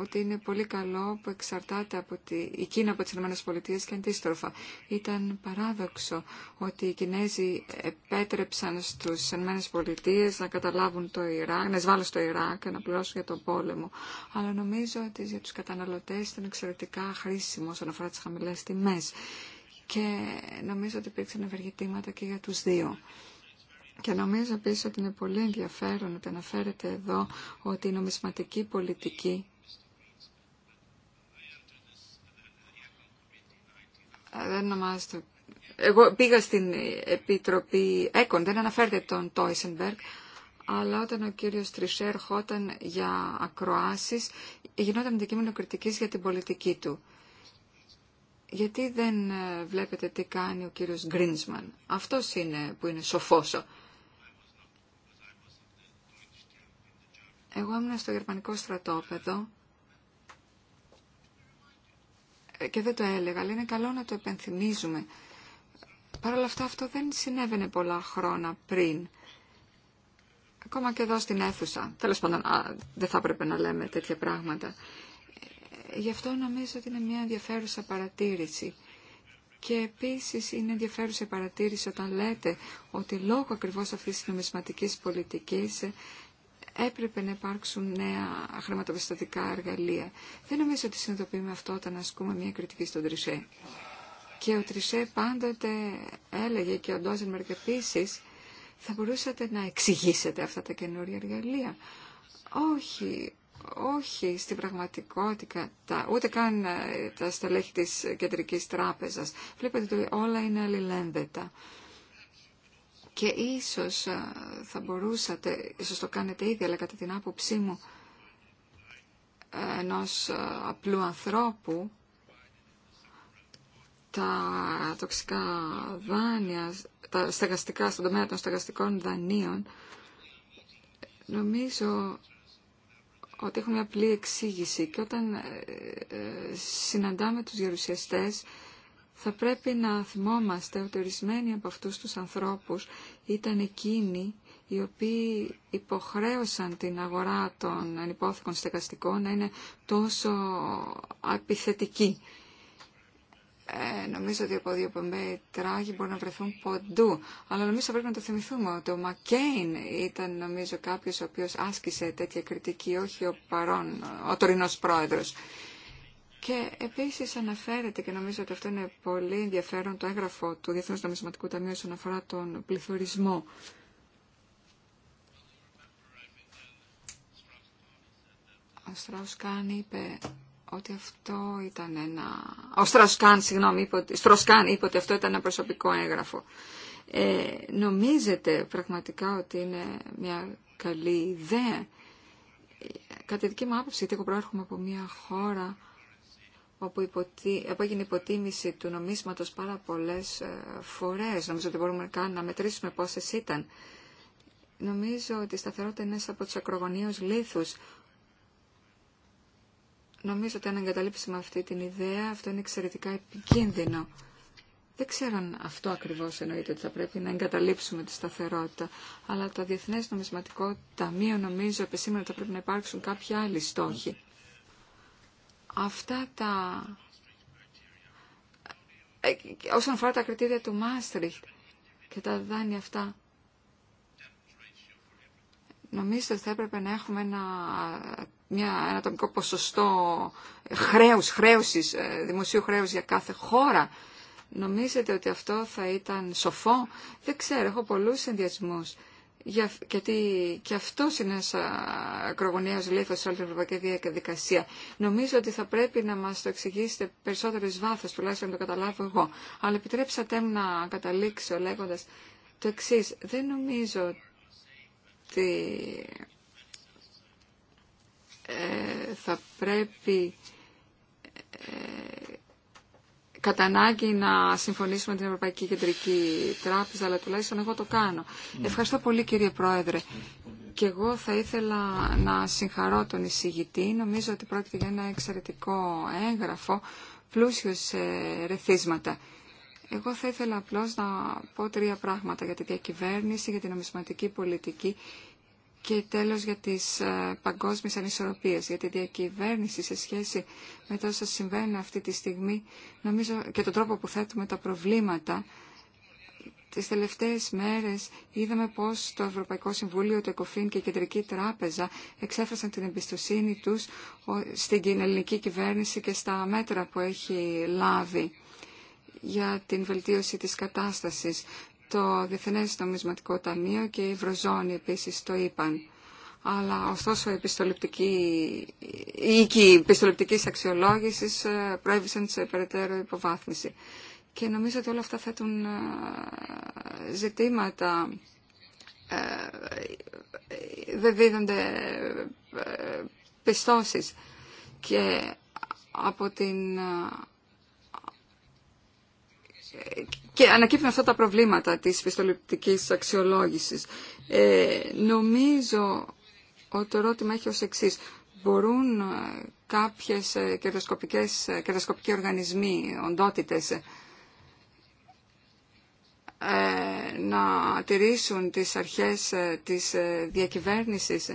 ότι είναι πολύ καλό που εξαρτάται από τη, η Κίνα από τις ΗΠΑ και αντίστροφα. Ήταν παράδοξο ότι οι Κινέζοι επέτρεψαν στους ΗΠΑ να καταλάβουν το Ιράκ, να εισβάλλουν στο Ιράκ και να πληρώσουν για τον πόλεμο. Αλλά νομίζω ότι για τους καταναλωτές ήταν εξαιρετικά χρήσιμο όσον αφορά τις χαμηλές τιμές. Και νομίζω ότι υπήρξαν ευεργετήματα και για τους δύο. Και νομίζω επίση ότι είναι πολύ ενδιαφέρον ότι αναφέρεται εδώ ότι η νομισματική πολιτική δεν ονομάζεται. Εγώ πήγα στην Επιτροπή ΕΚΟΝ, δεν αναφέρεται τον Τόισενμπεργκ, αλλά όταν ο κύριο Τρισέρ ερχόταν για ακροάσει, γινόταν αντικείμενο κριτική για την πολιτική του. Γιατί δεν ε, βλέπετε τι κάνει ο κύριος Γκρίνσμαν. Αυτός είναι που είναι σοφός. Εγώ ήμουν στο γερμανικό στρατόπεδο και δεν το έλεγα, αλλά είναι καλό να το επενθυμίζουμε. Παρ' όλα αυτά αυτό δεν συνέβαινε πολλά χρόνια πριν. Ακόμα και εδώ στην αίθουσα. Τέλο πάντων, α, δεν θα έπρεπε να λέμε τέτοια πράγματα. Ε, γι' αυτό νομίζω ότι είναι μια ενδιαφέρουσα παρατήρηση. Και επίσης είναι ενδιαφέρουσα παρατήρηση όταν λέτε ότι λόγω ακριβώς αυτής της νομισματικής πολιτικής ε, έπρεπε να υπάρξουν νέα χρηματοπιστωτικά εργαλεία. Δεν νομίζω ότι συνειδητοποιούμε αυτό όταν ασκούμε μια κριτική στον Τρισέ. Και ο Τρισέ πάντοτε έλεγε και ο Ντόζενμερκ επίση, θα μπορούσατε να εξηγήσετε αυτά τα καινούργια εργαλεία. Όχι, όχι στην πραγματικότητα, ούτε καν ε, τα στελέχη της Κεντρικής Τράπεζας. Βλέπετε ότι όλα είναι αλληλένδετα. Και ίσως θα μπορούσατε, ίσως το κάνετε ήδη, αλλά κατά την άποψή μου ε, ενός απλού ανθρώπου, τα τοξικά δάνεια, τα στεγαστικά, στον τομέα των στεγαστικών δανείων, νομίζω ότι έχουμε μια απλή εξήγηση και όταν ε, ε, συναντάμε τους γερουσιαστές θα πρέπει να θυμόμαστε ότι ορισμένοι από αυτούς τους ανθρώπους ήταν εκείνοι οι οποίοι υποχρέωσαν την αγορά των ανυπόθηκων στεγαστικών να είναι τόσο επιθετικοί. Ε, νομίζω ότι από δύο Πομπέι τράγοι μπορούν να βρεθούν ποντού. Αλλά νομίζω πρέπει να το θυμηθούμε ότι ο Μακέιν ήταν νομίζω κάποιος ο οποίος άσκησε τέτοια κριτική, όχι ο παρόν, ο τωρινός πρόεδρος. Και επίση αναφέρεται, και νομίζω ότι αυτό είναι πολύ ενδιαφέρον, το έγγραφο του Διεθνούς Νομισματικού Ταμείου όσον αφορά τον πληθωρισμό. Ο Στροσκάν είπε ότι αυτό ήταν ένα... Ο Στρασκαν, συγγνώμη, είπε ότι... αυτό ήταν ένα προσωπικό έγγραφο. Ε, νομίζετε πραγματικά ότι είναι μια καλή ιδέα. Ε, κατά δική μου άποψη, γιατί εγώ προέρχομαι από μια χώρα όπου, υποτί... όπου έγινε υποτίμηση του νομίσματος πάρα πολλές ε, φορές. Νομίζω ότι μπορούμε καν να μετρήσουμε πόσες ήταν. Νομίζω ότι η σταθερότητα είναι από τους ακρογωνίους λήθους. Νομίζω ότι αν εγκαταλείψουμε αυτή την ιδέα, αυτό είναι εξαιρετικά επικίνδυνο. Δεν ξέρω αν αυτό ακριβώς εννοείται ότι θα πρέπει να εγκαταλείψουμε τη σταθερότητα, αλλά το Διεθνές Νομισματικό Ταμείο νομίζω επισήμανα ότι θα πρέπει να υπάρξουν κάποια άλλη στόχοι. Αυτά τα... Ε, όσον αφορά τα κριτήρια του Μάστριχτ και τα δάνεια αυτά, νομίζω ότι θα έπρεπε να έχουμε ένα, μια, ένα ατομικό ποσοστό χρέους, χρέωσης, ε, δημοσίου χρέους για κάθε χώρα. Νομίζετε ότι αυτό θα ήταν σοφό. Δεν ξέρω, έχω πολλούς ενδιασμούς γιατί και αυτό είναι ένα ακρογωνιαίο λίθο σε όλη την ευρωπαϊκή διαδικασία. Νομίζω ότι θα πρέπει να μα το εξηγήσετε περισσότερο ει βάθο, τουλάχιστον να το καταλάβω εγώ. Αλλά επιτρέψατε μου να καταλήξω λέγοντας το εξή. Δεν νομίζω ότι ε, θα πρέπει ε, κατά ανάγκη να συμφωνήσουμε με την Ευρωπαϊκή Κεντρική Τράπεζα, αλλά τουλάχιστον εγώ το κάνω. Ευχαριστώ πολύ κύριε Πρόεδρε. Και εγώ θα ήθελα να συγχαρώ τον εισηγητή. Νομίζω ότι πρόκειται για ένα εξαιρετικό έγγραφο, πλούσιο σε ρεθίσματα. Εγώ θα ήθελα απλώς να πω τρία πράγματα για τη διακυβέρνηση, για την νομισματική πολιτική και τέλος για τις ε, παγκόσμιες ανισορροπίες, για τη διακυβέρνηση σε σχέση με το όσα συμβαίνουν αυτή τη στιγμή, νομίζω και τον τρόπο που θέτουμε τα προβλήματα. Τις τελευταίες μέρες είδαμε πώς το Ευρωπαϊκό Συμβούλιο, το ΕΚΟΦΗΝ και η Κεντρική Τράπεζα εξέφρασαν την εμπιστοσύνη τους στην ελληνική κυβέρνηση και στα μέτρα που έχει λάβει για την βελτίωση της κατάστασης το Διεθνές Νομισματικό Ταμείο και η Ευρωζώνη επίσης το είπαν. Αλλά ωστόσο η επιστολεπτική, η αξιολόγησης ε, προέβησαν σε περαιτέρω υποβάθμιση. Και νομίζω ότι όλα αυτά θέτουν ε, ζητήματα ε, δεν δίδονται πιστώσεις και από την και ανακύπτουν αυτά τα προβλήματα της πιστοληπτικής αξιολόγησης. Ε, νομίζω ότι το ερώτημα έχει ως εξής. Μπορούν ε, κάποιες ε, κερδοσκοπικές, κερδοσκοπικοί οργανισμοί, οντότητες, να τηρήσουν τις αρχές της διακυβέρνησης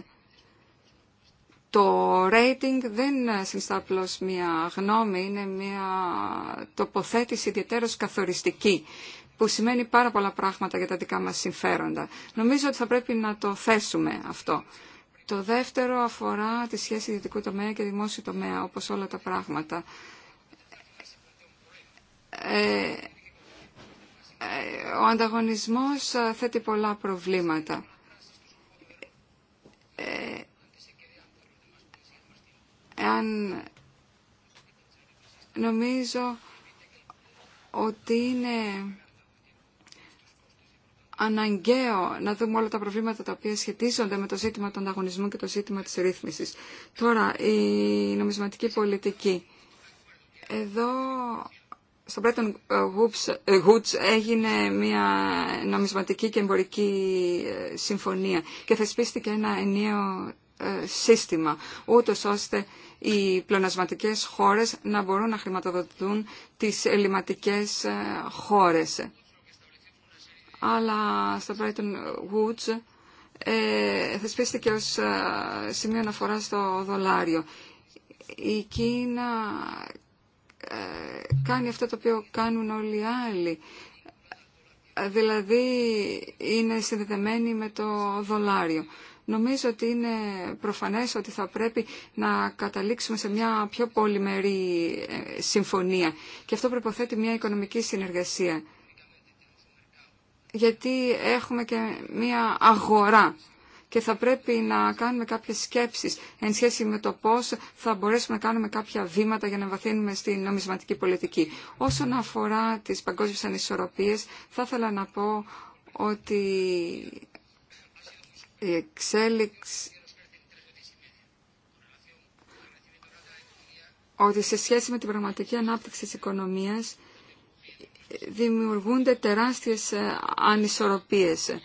το rating δεν συνιστά απλώ μία γνώμη, είναι μία τοποθέτηση ιδιαίτερω καθοριστική που σημαίνει πάρα πολλά πράγματα για τα δικά μας συμφέροντα. Νομίζω ότι θα πρέπει να το θέσουμε αυτό. Το δεύτερο αφορά τη σχέση ιδιωτικού τομέα και δημόσιου τομέα, όπως όλα τα πράγματα. Ε, ε, ο ανταγωνισμός ε, θέτει πολλά προβλήματα εάν νομίζω ότι είναι αναγκαίο να δούμε όλα τα προβλήματα τα οποία σχετίζονται με το ζήτημα του ανταγωνισμού και το ζήτημα της ρύθμισης. Τώρα, η νομισματική πολιτική. Εδώ, στο Bretton Woods ε, έγινε μια νομισματική και εμπορική ε, συμφωνία και θεσπίστηκε ένα ενίο. Ε, σύστημα, ούτως ώστε οι πλονασματικές χώρες να μπορούν να χρηματοδοτούν τις ελληματικές ε, χώρες. Αλλά στο Brighton Woods ε, θεσπίστηκε ως ε, σημείο αναφορά στο δολάριο. Η Κίνα κάνει αυτό το οποίο κάνουν όλοι οι άλλοι. Δηλαδή είναι συνδεδεμένη με το δολάριο. Νομίζω ότι είναι προφανές ότι θα πρέπει να καταλήξουμε σε μια πιο πολυμερή ε, συμφωνία και αυτό προποθέτει μια οικονομική συνεργασία. Γιατί έχουμε και μια αγορά και θα πρέπει να κάνουμε κάποιες σκέψεις εν σχέση με το πώς θα μπορέσουμε να κάνουμε κάποια βήματα για να βαθύνουμε στην νομισματική πολιτική. Όσον αφορά τις παγκόσμιες ανισορροπίες, θα ήθελα να πω ότι η εξέλιξη ότι σε σχέση με την πραγματική ανάπτυξη της οικονομίας δημιουργούνται τεράστιες ε, ανισορροπίες.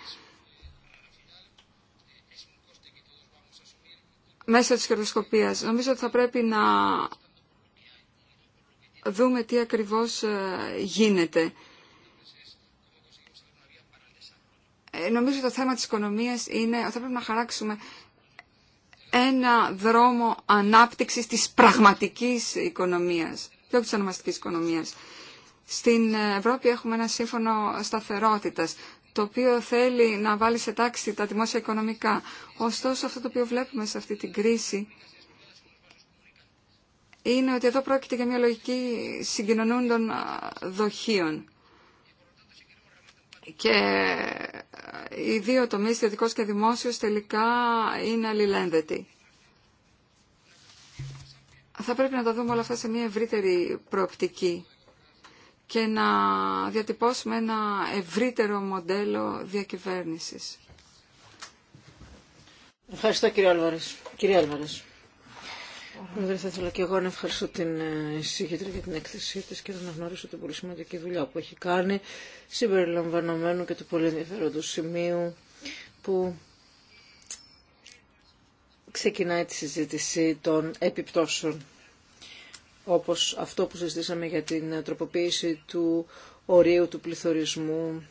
Μέσω της κερδοσκοπίας. Νομίζω ότι θα πρέπει να δούμε τι ακριβώς ε, γίνεται. Ε, νομίζω το θέμα της οικονομίας είναι ότι θα πρέπει να χαράξουμε ένα δρόμο ανάπτυξης της πραγματικής οικονομίας και όχι της ονομαστικής οικονομίας. Στην Ευρώπη έχουμε ένα σύμφωνο σταθερότητας το οποίο θέλει να βάλει σε τάξη τα δημόσια οικονομικά. Ωστόσο αυτό το οποίο βλέπουμε σε αυτή την κρίση είναι ότι εδώ πρόκειται για μια λογική συγκοινωνούν των δοχείων. Και οι δύο τομείς, ιδιωτικός και δημόσιος, τελικά είναι αλληλένδετοι. Θα πρέπει να τα δούμε όλα αυτά σε μια ευρύτερη προοπτική και να διατυπώσουμε ένα ευρύτερο μοντέλο διακυβέρνησης. Ευχαριστώ κύριε Άλβαρες. Κύριε Άλβαρες. Πρόεδρε, θα ήθελα και εγώ να ευχαριστώ την ε, εισηγήτρια για την έκθεσή τη και να αναγνωρίσω την πολύ σημαντική δουλειά που έχει κάνει, συμπεριλαμβανομένου και του πολύ ενδιαφέροντο σημείου που ξεκινάει τη συζήτηση των επιπτώσεων. Όπως αυτό που συζητήσαμε για την τροποποίηση του ορίου του πληθωρισμού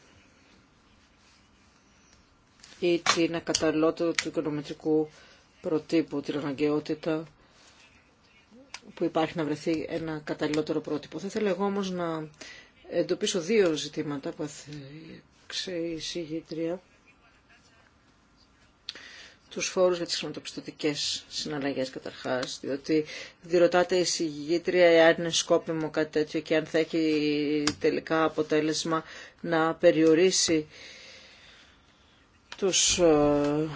ή την ακαταλότητα του οικονομετρικού προτύπου, την αναγκαιότητα που υπάρχει να βρεθεί ένα καταλληλότερο πρότυπο. Θα ήθελα εγώ όμως να εντοπίσω δύο ζητήματα που έθιξε η συγγήτρια. Τους φόρους για τις χρηματοπιστωτικές συναλλαγές καταρχάς, διότι διρωτάται η συγγήτρια εάν είναι σκόπιμο κάτι τέτοιο και αν θα έχει τελικά αποτέλεσμα να περιορίσει τους ε,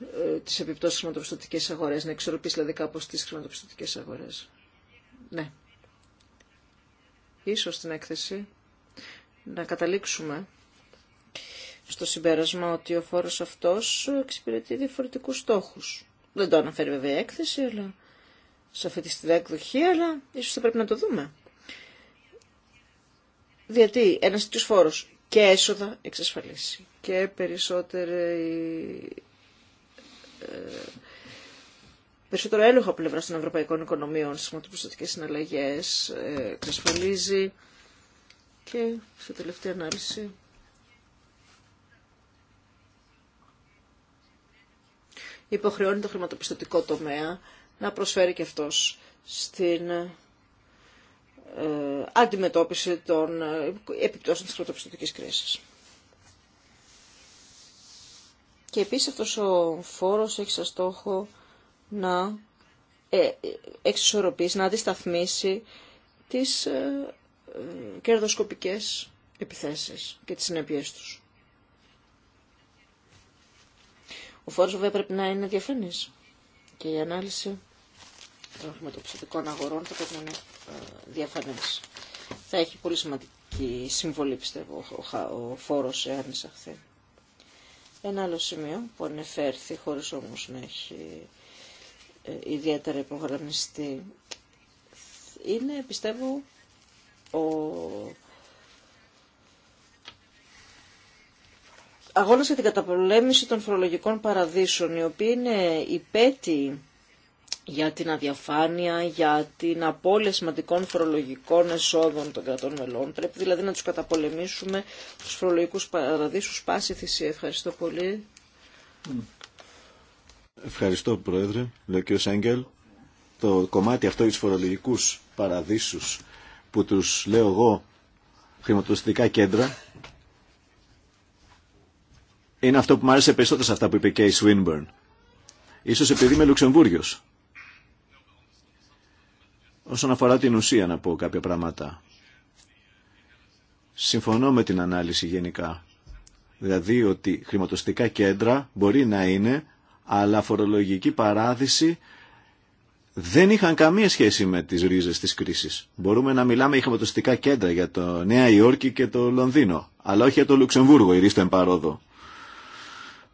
ε, τις επιπτώσεις χρηματοπιστωτικέ αγορέ. να εξορροπήσει δηλαδή κάπω τι χρηματοπιστωτικέ αγορές. Ναι. Ίσως στην έκθεση να καταλήξουμε στο συμπέρασμα ότι ο φόρος αυτός εξυπηρετεί διαφορετικούς στόχους. Δεν το αναφέρει βέβαια η έκθεση, αλλά σε αυτή τη στιγμή εκδοχή, αλλά ίσως θα πρέπει να το δούμε. Γιατί ένας τέτοιος φόρος και έσοδα εξασφαλίσει και περισσότερη ε, περισσότερο έλεγχο από πλευρά των ευρωπαϊκών οικονομιών στις χρηματοπιστωτικές συναλλαγές, ε, εξασφαλίζει και σε τελευταία ανάλυση υποχρεώνει το χρηματοπιστωτικό τομέα να προσφέρει και αυτός στην ε, αντιμετώπιση των επιπτώσεων της χρηματοπιστωτικής κρίσης. Και επίσης αυτός ο φόρος έχει σαν στόχο να ε, εξισορροπήσει, να αντισταθμίσει τις ε, ε κερδοσκοπικές επιθέσεις και τις συνέπειες τους. Ο φόρος βέβαια πρέπει να είναι διαφανής και η ανάλυση των χρηματοπιστωτικών αγορών θα πρέπει να είναι ε, διαφανής. Θα έχει πολύ σημαντική συμβολή πιστεύω ο, φόρο φόρος εάν εισαχθεί. Ένα άλλο σημείο που ανεφέρθη, χωρίς όμως να έχει ε, ιδιαίτερα υπογραμμιστεί, είναι, πιστεύω, ο αγώνας για την καταπολέμηση των φορολογικών παραδείσων, οι οποίοι είναι υπέτειοι για την αδιαφάνεια, για την απώλεια σημαντικών φορολογικών εσόδων των κρατών μελών. Πρέπει δηλαδή να τους καταπολεμήσουμε τους φορολογικούς παραδείσους πάση θυσία. Ευχαριστώ πολύ. Ευχαριστώ Πρόεδρε, λέει ο Σέγγελ. Το κομμάτι αυτό για τους φορολογικούς παραδείσους που τους λέω εγώ χρηματοδοτικά κέντρα είναι αυτό που μου άρεσε περισσότερο σε αυτά που είπε και η Σουίνμπερν. Ίσως επειδή είμαι Λουξεμβούργιος Όσον αφορά την ουσία να πω κάποια πράγματα. Συμφωνώ με την ανάλυση γενικά. Δηλαδή ότι χρηματοστικά κέντρα μπορεί να είναι, αλλά φορολογική παράδειση δεν είχαν καμία σχέση με τις ρίζες της κρίσης. Μπορούμε να μιλάμε για χρηματοστικά κέντρα για το Νέα Υόρκη και το Λονδίνο, αλλά όχι για το Λουξεμβούργο, η ρίστα εμπαρόδο.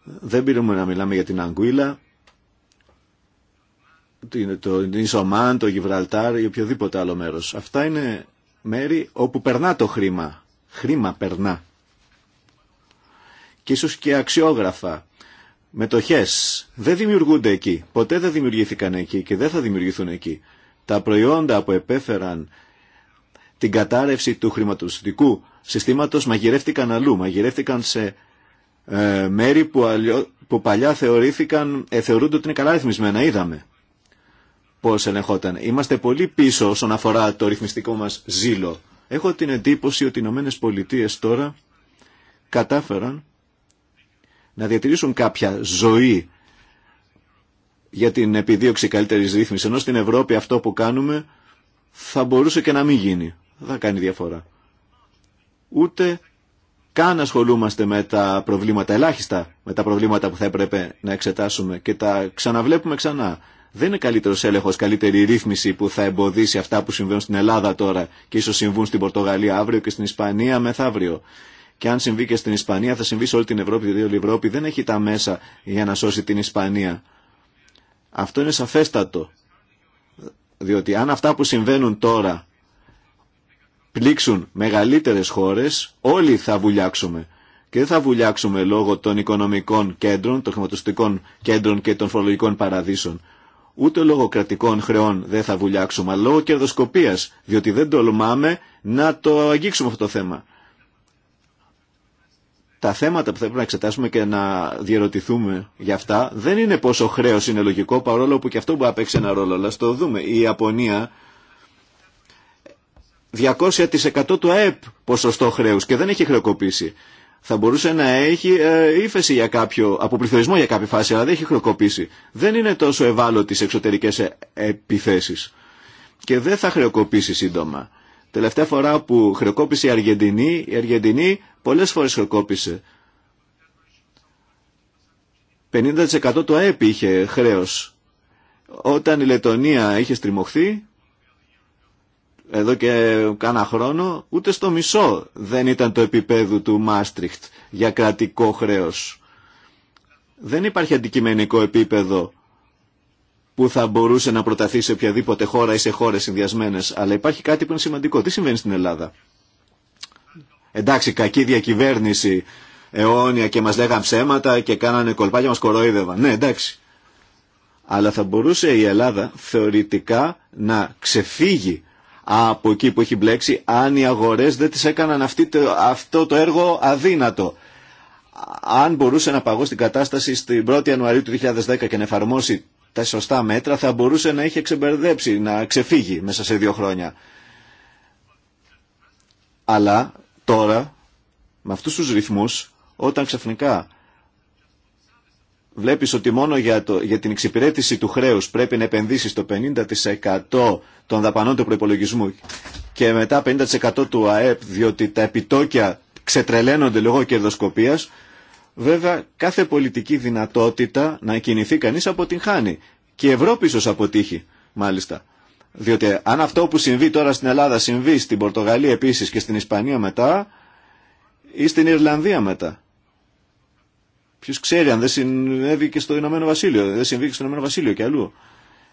Δεν πήραμε να μιλάμε για την Αγκουίλα, το Ισομάν, το Γιβραλτάρ ή οποιοδήποτε άλλο μέρος. Αυτά είναι μέρη όπου περνά το χρήμα. Χρήμα περνά. Και ίσως και αξιόγραφα. Μετοχές δεν δημιουργούνται εκεί. Ποτέ δεν δημιουργήθηκαν εκεί και δεν θα δημιουργηθούν εκεί. Τα προϊόντα που επέφεραν την κατάρρευση του χρηματοπιστικού συστήματος μαγειρεύτηκαν αλλού. Μαγειρεύτηκαν σε ε, μέρη που, που παλιά θεωρήθηκαν, ε, θεωρούνται ότι είναι καλά ρυθμισμένα. Είδαμε πώς ελεγχόταν. Είμαστε πολύ πίσω όσον αφορά το ρυθμιστικό μας ζήλο. Έχω την εντύπωση ότι οι Ηνωμένε Πολιτείε τώρα κατάφεραν να διατηρήσουν κάποια ζωή για την επιδίωξη καλύτερης ρύθμισης, ενώ στην Ευρώπη αυτό που κάνουμε θα μπορούσε και να μην γίνει. Δεν θα κάνει διαφορά. Ούτε καν ασχολούμαστε με τα προβλήματα, ελάχιστα με τα προβλήματα που θα έπρεπε να εξετάσουμε και τα ξαναβλέπουμε ξανά. Δεν είναι καλύτερο έλεγχο, καλύτερη ρύθμιση που θα εμποδίσει αυτά που συμβαίνουν στην Ελλάδα τώρα και ίσω συμβούν στην Πορτογαλία αύριο και στην Ισπανία μεθαύριο. Και αν συμβεί και στην Ισπανία, θα συμβεί σε όλη την Ευρώπη, διότι η Ευρώπη δεν έχει τα μέσα για να σώσει την Ισπανία. Αυτό είναι σαφέστατο. Διότι αν αυτά που συμβαίνουν τώρα πλήξουν μεγαλύτερες χώρες, όλοι θα βουλιάξουμε. Και δεν θα βουλιάξουμε λόγω των οικονομικών κέντρων, των χρηματοστικών κέντρων και των φορολογικών παραδείσων ούτε λόγω κρατικών χρεών δεν θα βουλιάξουμε, αλλά λόγω κερδοσκοπίας, διότι δεν τολμάμε να το αγγίξουμε αυτό το θέμα. Τα θέματα που θα πρέπει να εξετάσουμε και να διερωτηθούμε για αυτά δεν είναι πόσο χρέο είναι λογικό, παρόλο που και αυτό μπορεί να παίξει ένα ρόλο, αλλά το δούμε. Η Ιαπωνία 200% του ΑΕΠ ποσοστό χρέους και δεν έχει χρεοκοπήσει θα μπορούσε να έχει ε, ύφεση για κάποιο, αποπληθωρισμό για κάποια φάση, αλλά δεν έχει χρεοκοπήσει. Δεν είναι τόσο ευάλωτη σε εξωτερικές ε, επιθέσεις και δεν θα χρεοκοπήσει σύντομα. Τελευταία φορά που χρεοκόπησε η Αργεντινή, η Αργεντινή πολλές φορές χρεοκόπησε. 50% το ΑΕΠ είχε χρέος. Όταν η Λετωνία είχε στριμωχθεί, εδώ και κάνα χρόνο, ούτε στο μισό δεν ήταν το επίπεδο του Μάστριχτ για κρατικό χρέος. Δεν υπάρχει αντικειμενικό επίπεδο που θα μπορούσε να προταθεί σε οποιαδήποτε χώρα ή σε χώρες συνδυασμένε, αλλά υπάρχει κάτι που είναι σημαντικό. Τι συμβαίνει στην Ελλάδα. Εντάξει, κακή διακυβέρνηση αιώνια και μας λέγαν ψέματα και κάνανε κολπάκια μας κοροϊδεύαν. Ναι, εντάξει. Αλλά θα μπορούσε η Ελλάδα θεωρητικά να ξεφύγει από εκεί που έχει μπλέξει αν οι αγορές δεν τις έκαναν αυτή, αυτό το έργο αδύνατο. Αν μπορούσε να παγώσει την κατάσταση στην 1η Ιανουαρίου του 2010 και να εφαρμόσει τα σωστά μέτρα θα μπορούσε να είχε ξεμπερδέψει, να ξεφύγει μέσα σε δύο χρόνια. Αλλά τώρα με αυτούς τους ρυθμούς όταν ξαφνικά βλέπεις ότι μόνο για, το, για την εξυπηρέτηση του χρέους πρέπει να επενδύσεις το 50% των δαπανών του προϋπολογισμού και μετά 50% του ΑΕΠ διότι τα επιτόκια ξετρελαίνονται λόγω κερδοσκοπίας, βέβαια κάθε πολιτική δυνατότητα να κινηθεί κανείς από την χάνη Και η Ευρώπη ίσως αποτύχει μάλιστα. Διότι αν αυτό που συμβεί τώρα στην Ελλάδα συμβεί στην Πορτογαλία επίσης και στην Ισπανία μετά ή στην Ιρλανδία μετά Ποιο ξέρει αν δεν συνέβη και στο Ηνωμένο Βασίλειο, δεν συμβεί και στο Ηνωμένο Βασίλειο και αλλού.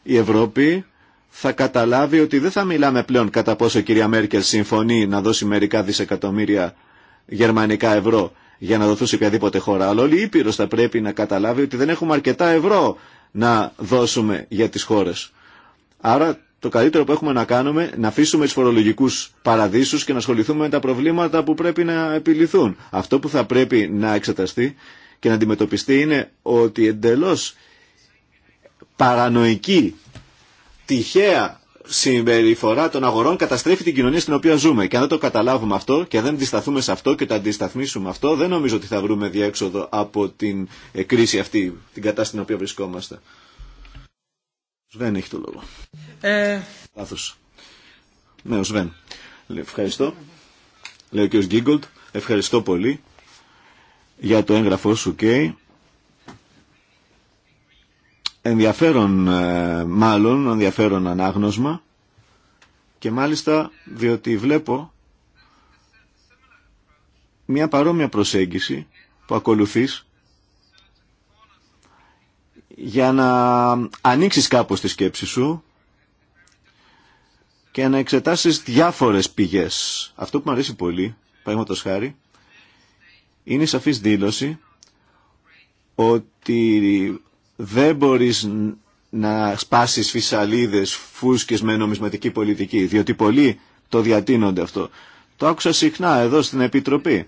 Η Ευρώπη θα καταλάβει ότι δεν θα μιλάμε πλέον κατά πόσο η κυρία Μέρκελ συμφωνεί να δώσει μερικά δισεκατομμύρια γερμανικά ευρώ για να δοθούν σε οποιαδήποτε χώρα. Αλλά όλη η Ήπειρος θα πρέπει να καταλάβει ότι δεν έχουμε αρκετά ευρώ να δώσουμε για τις χώρες. Άρα το καλύτερο που έχουμε να κάνουμε να αφήσουμε του φορολογικούς παραδείσους και να ασχοληθούμε με τα προβλήματα που πρέπει να επιληθούν. Αυτό που θα πρέπει να εξεταστεί και να αντιμετωπιστεί είναι ότι εντελώς παρανοϊκή, τυχαία συμπεριφορά των αγορών καταστρέφει την κοινωνία στην οποία ζούμε. Και αν δεν το καταλάβουμε αυτό και δεν αντισταθούμε σε αυτό και το αντισταθμίσουμε αυτό, δεν νομίζω ότι θα βρούμε διέξοδο από την κρίση αυτή, την κατάσταση στην οποία βρισκόμαστε. Σβέν έχει το λόγο. Ε... Ναι, ο Σβέν. Ευχαριστώ. Λέω και Ευχαριστώ πολύ για το έγγραφό σου, Κέι. Ενδιαφέρον, ε, μάλλον, ενδιαφέρον ανάγνωσμα και μάλιστα διότι βλέπω μια παρόμοια προσέγγιση που ακολουθείς για να ανοίξεις κάπως τη σκέψη σου και να εξετάσεις διάφορες πηγές. Αυτό που μου αρέσει πολύ, παραδείγματος χάρη, είναι σαφής δήλωση ότι δεν μπορείς να σπάσεις φυσαλίδες φούσκες με νομισματική πολιτική, διότι πολλοί το διατείνονται αυτό. Το άκουσα συχνά εδώ στην Επιτροπή.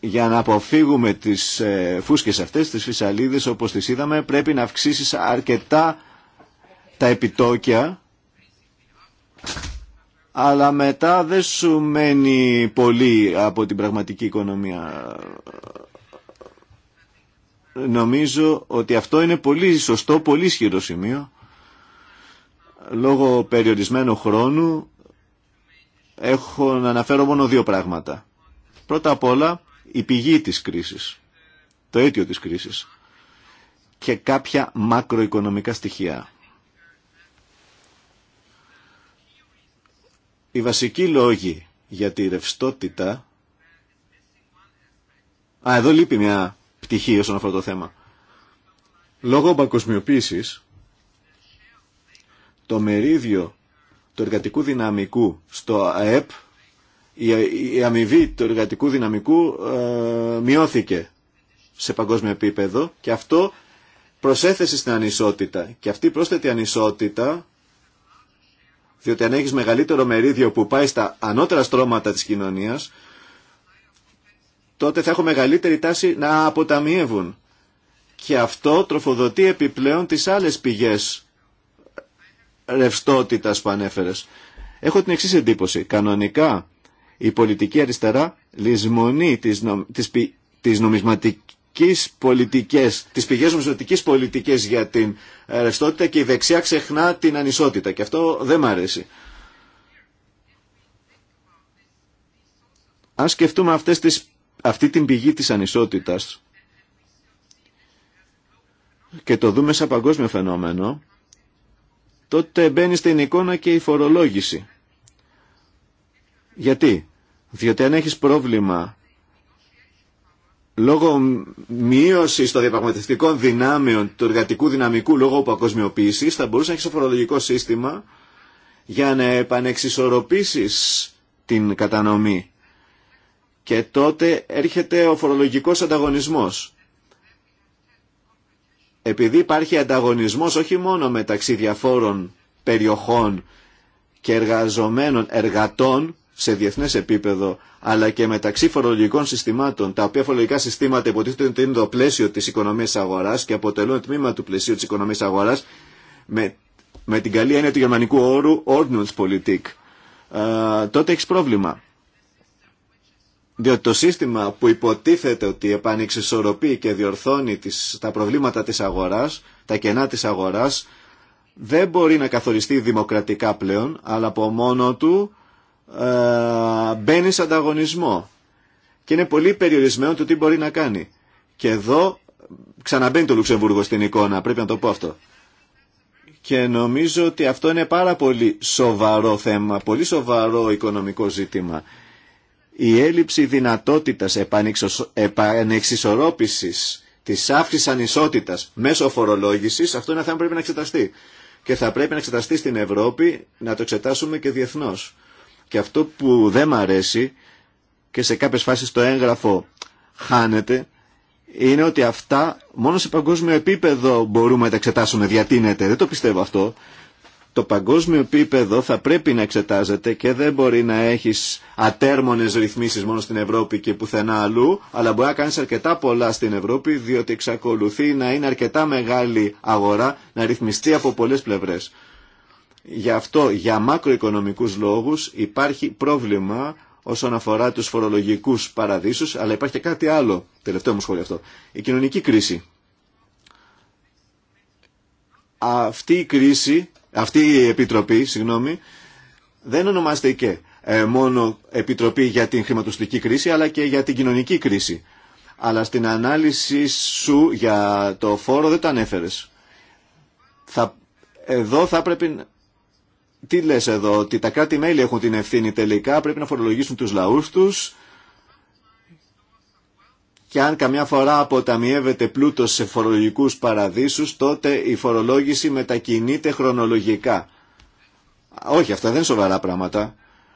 Για να αποφύγουμε τις ε, φούσκες αυτές, τις φυσαλίδες όπως τις είδαμε, πρέπει να αυξήσεις αρκετά τα επιτόκια αλλά μετά δεν σου μένει πολύ από την πραγματική οικονομία. Νομίζω ότι αυτό είναι πολύ σωστό, πολύ ισχυρό σημείο. Λόγω περιορισμένου χρόνου έχω να αναφέρω μόνο δύο πράγματα. Πρώτα απ' όλα η πηγή της κρίσης, το αίτιο της κρίσης και κάποια μακροοικονομικά στοιχεία. Οι βασικοί λόγοι για τη ρευστότητα... Α, εδώ λείπει μια πτυχή όσον αφορά το θέμα. Λόγω παγκοσμιοποίησης, το μερίδιο του εργατικού δυναμικού στο ΑΕΠ, η αμοιβή του εργατικού δυναμικού ε, μειώθηκε σε παγκόσμιο επίπεδο και αυτό προσέθεσε στην ανισότητα. Και αυτή η πρόσθετη ανισότητα διότι αν έχεις μεγαλύτερο μερίδιο που πάει στα ανώτερα στρώματα της κοινωνίας, τότε θα έχω μεγαλύτερη τάση να αποταμιεύουν. Και αυτό τροφοδοτεί επιπλέον τις άλλες πηγές ρευστότητας που ανέφερες. Έχω την εξής εντύπωση. Κανονικά η πολιτική αριστερά λησμονεί τις, νομ... νομισματικές πολιτικής πολιτικές, τις πηγές πολιτική για την ρευστότητα και η δεξιά ξεχνά την ανισότητα και αυτό δεν μ' αρέσει. Αν σκεφτούμε αυτές τις, αυτή την πηγή της ανισότητας και το δούμε σαν παγκόσμιο φαινόμενο, τότε μπαίνει στην εικόνα και η φορολόγηση. Γιατί, διότι αν έχεις πρόβλημα λόγω μείωση των διαπραγματευτικών δυνάμεων του εργατικού δυναμικού λόγω παγκοσμιοποίηση, θα μπορούσε να έχει φορολογικό σύστημα για να επανεξισορροπήσει την κατανομή. Και τότε έρχεται ο φορολογικός ανταγωνισμός. Επειδή υπάρχει ανταγωνισμός όχι μόνο μεταξύ διαφόρων περιοχών και εργαζομένων εργατών, σε διεθνέ επίπεδο, αλλά και μεταξύ φορολογικών συστημάτων, τα οποία φορολογικά συστήματα υποτίθεται ότι είναι το πλαίσιο τη οικονομία αγορά και αποτελούν τμήμα του πλαισίου τη οικονομία αγορά, με, με την καλή έννοια του γερμανικού όρου Ordnungspolitik, ε, τότε έχει πρόβλημα. Διότι το σύστημα που υποτίθεται ότι επανεξισορροπεί και διορθώνει τις, τα προβλήματα της αγοράς, τα κενά της αγοράς, δεν μπορεί να καθοριστεί δημοκρατικά πλέον, αλλά από μόνο του ε, μπαίνει σε ανταγωνισμό και είναι πολύ περιορισμένο το τι μπορεί να κάνει. Και εδώ ξαναμπαίνει το Λουξεμβούργο στην εικόνα, πρέπει να το πω αυτό. Και νομίζω ότι αυτό είναι πάρα πολύ σοβαρό θέμα, πολύ σοβαρό οικονομικό ζήτημα. Η έλλειψη δυνατότητας επανεξισορρόπησης της αύξησης ανισότητας μέσω φορολόγησης, αυτό είναι ένα θέμα που πρέπει να εξεταστεί. Και θα πρέπει να εξεταστεί στην Ευρώπη, να το εξετάσουμε και διεθνώς. Και αυτό που δεν μ' αρέσει και σε κάποιες φάσεις το έγγραφο χάνεται είναι ότι αυτά μόνο σε παγκόσμιο επίπεδο μπορούμε να τα εξετάσουμε, διατείνεται. Δεν το πιστεύω αυτό. Το παγκόσμιο επίπεδο θα πρέπει να εξετάζεται και δεν μπορεί να έχεις ατέρμονες ρυθμίσεις μόνο στην Ευρώπη και πουθενά αλλού, αλλά μπορεί να κάνεις αρκετά πολλά στην Ευρώπη, διότι εξακολουθεί να είναι αρκετά μεγάλη αγορά, να ρυθμιστεί από πολλές πλευρές. Γι' αυτό, για μακροοικονομικούς λόγους, υπάρχει πρόβλημα όσον αφορά τους φορολογικούς παραδείσους, αλλά υπάρχει και κάτι άλλο, τελευταίο μου σχόλιο αυτό, η κοινωνική κρίση. Αυτή η κρίση, αυτή η επιτροπή, συγγνώμη, δεν ονομάστηκε ε, μόνο επιτροπή για την χρηματοστική κρίση, αλλά και για την κοινωνική κρίση. Αλλά στην ανάλυση σου για το φόρο δεν το ανέφερες. Θα, εδώ θα πρέπει τι λες εδώ, ότι τα κράτη-μέλη έχουν την ευθύνη τελικά, πρέπει να φορολογήσουν τους λαούς τους και αν καμιά φορά αποταμιεύεται πλούτος σε φορολογικούς παραδείσους, τότε η φορολόγηση μετακινείται χρονολογικά. Όχι, αυτά δεν είναι σοβαρά πράγματα,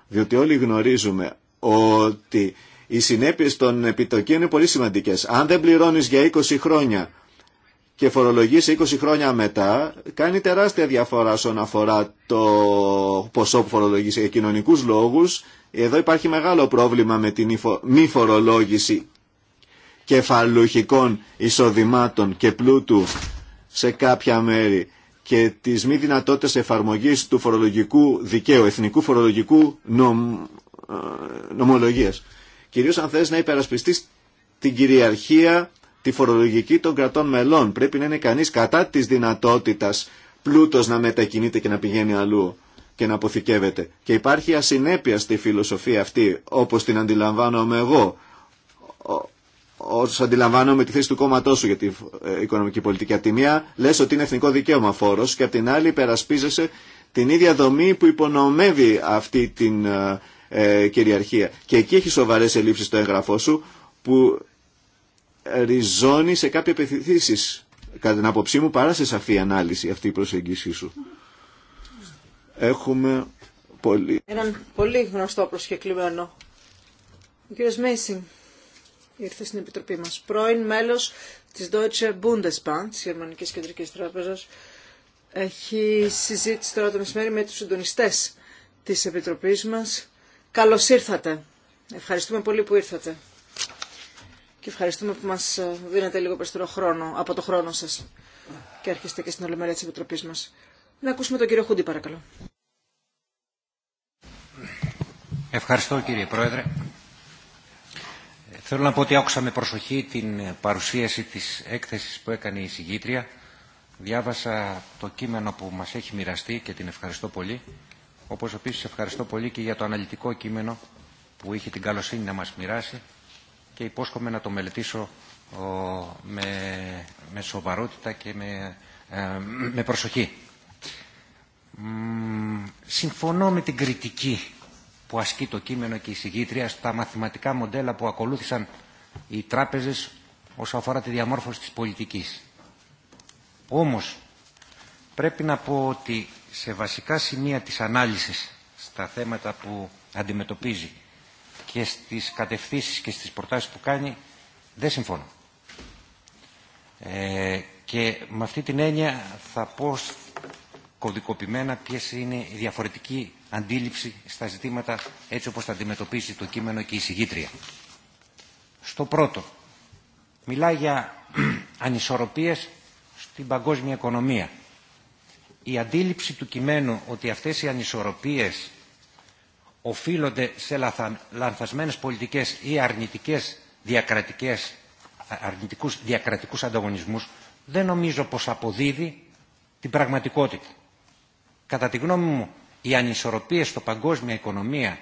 διότι όλοι γνωρίζουμε ότι οι συνέπειες των επιτοκίων είναι πολύ σημαντικές. Αν δεν πληρώνεις για 20 χρόνια και φορολογεί 20 χρόνια μετά, κάνει τεράστια διαφορά όσον αφορά το ποσό που φορολογεί για κοινωνικούς λόγους. Εδώ υπάρχει μεγάλο πρόβλημα με την μη φορολόγηση κεφαλουχικών εισοδημάτων και πλούτου σε κάποια μέρη και τις μη δυνατότητες εφαρμογής του φορολογικού δικαίου, εθνικού φορολογικού νομ, ε, νομολογίας. Κυρίως αν θες να υπερασπιστείς την κυριαρχία τη φορολογική των κρατών μελών. Πρέπει να είναι κανεί κατά τη δυνατότητα πλούτο να μετακινείται και να πηγαίνει αλλού και να αποθηκεύεται. Και υπάρχει ασυνέπεια στη φιλοσοφία αυτή, όπω την αντιλαμβάνομαι εγώ, όσο αντιλαμβάνομαι τη θέση του κόμματό σου για την ε, οικονομική πολιτική. Απ' τη μία λες ότι είναι εθνικό δικαίωμα φόρος και από την άλλη υπερασπίζεσαι την ίδια δομή που υπονομεύει αυτή την ε, ε, κυριαρχία. Και εκεί έχει σοβαρέ ελλείψει στο έγγραφό σου που ριζώνει σε κάποια πεθυθήσεις κατά την άποψή μου παρά σε σαφή ανάλυση αυτή η προσεγγίση σου. Έχουμε πολύ... Έναν πολύ γνωστό προσκεκλημένο. Ο κύριος Μέισιν ήρθε στην Επιτροπή μας. Πρώην μέλος της Deutsche Bundesbank, της Γερμανικής Κεντρικής Τράπεζας, έχει συζήτηση τώρα το μεσημέρι με τους συντονιστές της Επιτροπής μας. Καλώς ήρθατε. Ευχαριστούμε πολύ που ήρθατε ευχαριστούμε που μας ε, δίνετε λίγο περισσότερο χρόνο από το χρόνο σας και έρχεστε και στην ολομέλεια της Επιτροπής μας. Να ακούσουμε τον κύριο Χούντι παρακαλώ. Ευχαριστώ κύριε Πρόεδρε. Θέλω να πω ότι άκουσα με προσοχή την παρουσίαση της έκθεσης που έκανε η συγγήτρια. Διάβασα το κείμενο που μας έχει μοιραστεί και την ευχαριστώ πολύ. Όπως επίσης ευχαριστώ πολύ και για το αναλυτικό κείμενο που είχε την καλοσύνη να μας μοιράσει και υπόσχομαι να το μελετήσω με, με σοβαρότητα και με, ε, με προσοχή. Συμφωνώ με την κριτική που ασκεί το κείμενο και η συγκήτρια στα μαθηματικά μοντέλα που ακολούθησαν οι τράπεζες όσο αφορά τη διαμόρφωση της πολιτικής. Όμως, πρέπει να πω ότι σε βασικά σημεία της ανάλυσης στα θέματα που αντιμετωπίζει και στις κατευθύνσεις και στις προτάσεις που κάνει δεν συμφωνώ. Ε, και με αυτή την έννοια θα πω κωδικοποιημένα ποιε είναι η διαφορετική αντίληψη στα ζητήματα έτσι όπως τα αντιμετωπίζει το κείμενο και η συγγήτρια. Στο πρώτο, μιλάει για ανισορροπίες στην παγκόσμια οικονομία. Η αντίληψη του κειμένου ότι αυτές οι ανισορροπίες οφείλονται σε λανθασμένε λανθασμένες πολιτικές ή αρνητικές διακρατικές, αρνητικούς διακρατικούς ανταγωνισμούς, δεν νομίζω πως αποδίδει την πραγματικότητα. Κατά τη γνώμη μου, οι ανισορροπίες στο παγκόσμια οικονομία,